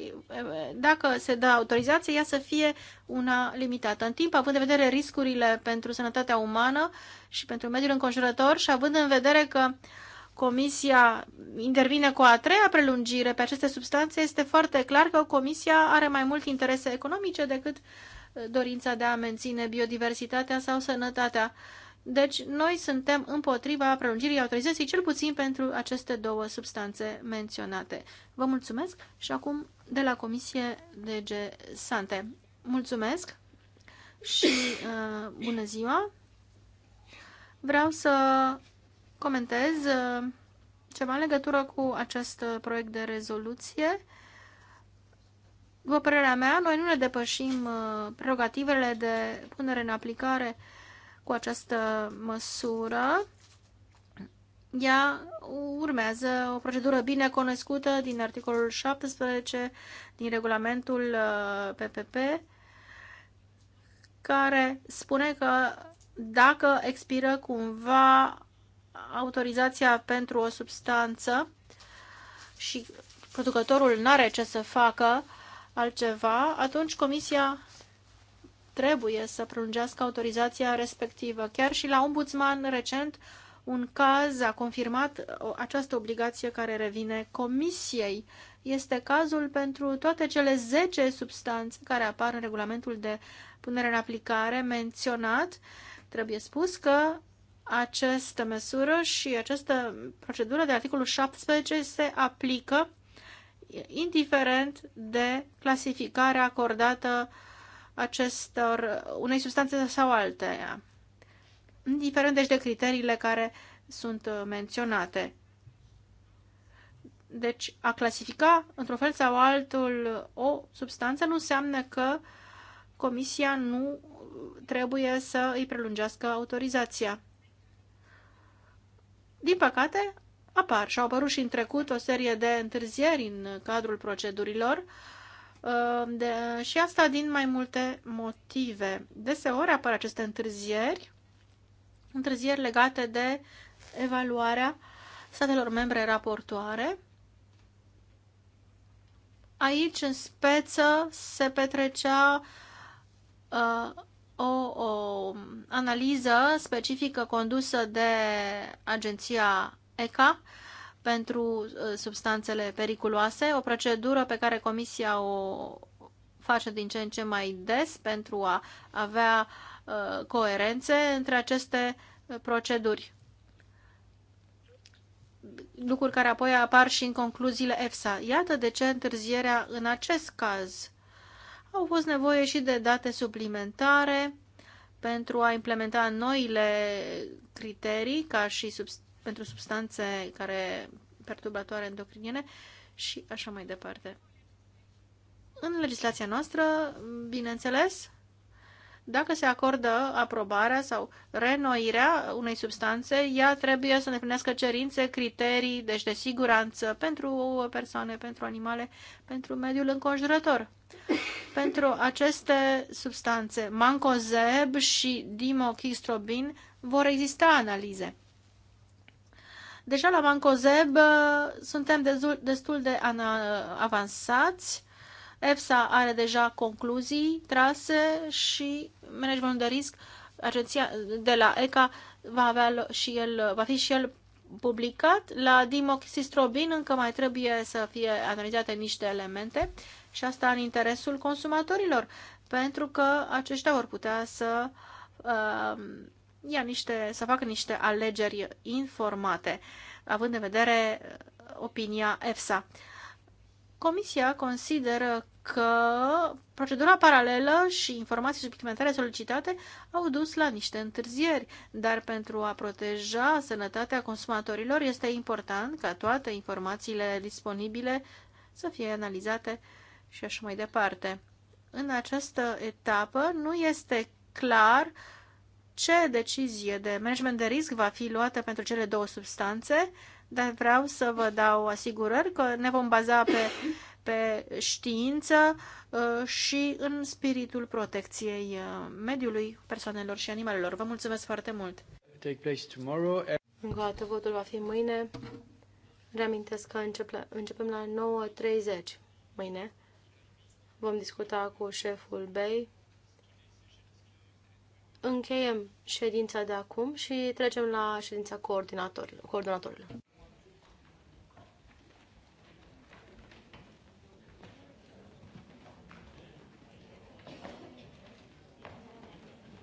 dacă se dă autorizație, ea să fie una limitată în timp, având în vedere riscurile pentru sănătatea umană și pentru mediul înconjurător și având în vedere că Comisia intervine cu a treia prelungire pe aceste substanțe, este foarte clar că Comisia are mai mult interese economice decât dorința de a menține biodiversitatea sau sănătatea uh, deci, noi suntem împotriva prelungirii autorizației, cel puțin pentru aceste două substanțe menționate. Vă mulțumesc și acum de la Comisie DG Sante. Mulțumesc și uh, bună ziua! Vreau să comentez uh, ceva în legătură cu acest proiect de rezoluție. După părerea mea, noi nu ne depășim uh, prerogativele de punere în aplicare uh, cu această măsură. Ea urmează o procedură bine cunoscută din articolul 17 din regulamentul PPP, uh, care spune că dacă expiră cumva autorizația pentru o substanță și producătorul nu are ce să facă altceva, atunci Comisia trebuie să prungească autorizația respectivă. Chiar și la ombudsman recent, un caz a confirmat uh, această obligație care revine comisiei. Este cazul pentru toate cele 10 substanțe care apar în regulamentul de punere în aplicare menționat. Trebuie spus că această măsură și această procedură de articolul 17 se aplică indiferent de clasificarea acordată uh, acestor, unei substanțe sau alteia, indiferent deci de criteriile care sunt uh, menționate. Deci, a clasifica într-un fel sau altul uh, o substanță nu înseamnă că comisia nu trebuie să îi prelungească autorizația. Din păcate, apar și au apărut și în trecut o serie de întârzieri în cadrul procedurilor Ehm, de, și asta din mai multe motive. Deseori apar aceste întârzieri, întârzieri legate de evaluarea statelor membre raportoare. Aici, în speță, se petrecea uh, o, o analiză specifică condusă de agenția ECA, uh, pentru uh, substanțele periculoase, o procedură pe care Comisia o face din ce în ce mai des pentru a avea uh, coerențe între aceste uh, proceduri. Lucruri care apoi apar și în concluziile EFSA. Iată de ce întârzierea în acest caz. Au fost nevoie și de date suplimentare pentru a implementa noile criterii ca și substanțe pentru substanțe care perturbatoare endocriniene și așa mai departe. În legislația noastră, bineînțeles, dacă se acordă aprobarea sau renoirea unei substanțe, ea trebuie să îndeplinească cerințe, criterii, deci de siguranță pentru persoane, pentru animale, pentru mediul înconjurător. pentru aceste substanțe, mancozeb și dimochistrobin, vor exista analize. Deja la Banco Zeb uh, suntem destul de avansați. EFSA are deja concluzii trase și managementul de risc agenția de la ECA va avea și el, va fi și el publicat. La dimoxistrobin încă mai trebuie să fie analizate niște elemente și asta în interesul consumatorilor, pentru că aceștia vor putea să uh, ia niște, să facă niște alegeri informate, având în vedere uh, opinia EFSA. Comisia consideră că procedura paralelă și informații suplimentare solicitate au dus la niște întârzieri, dar pentru a proteja sănătatea consumatorilor este important ca toate informațiile disponibile să fie analizate și așa mai departe. În această etapă nu este clar uh, ce decizie de management de risc va fi luată pentru cele două substanțe, dar vreau să vă dau asigurări că ne vom baza pe, pe știință uh, și în spiritul protecției uh, mediului, persoanelor și animalelor. Vă mulțumesc foarte mult! Încă o dată, votul va fi mâine. Reamintesc că începem la 9.30 mâine. Vom discuta cu șeful Bay. Încheiem ședința de acum și trecem la ședința coordonatorilor.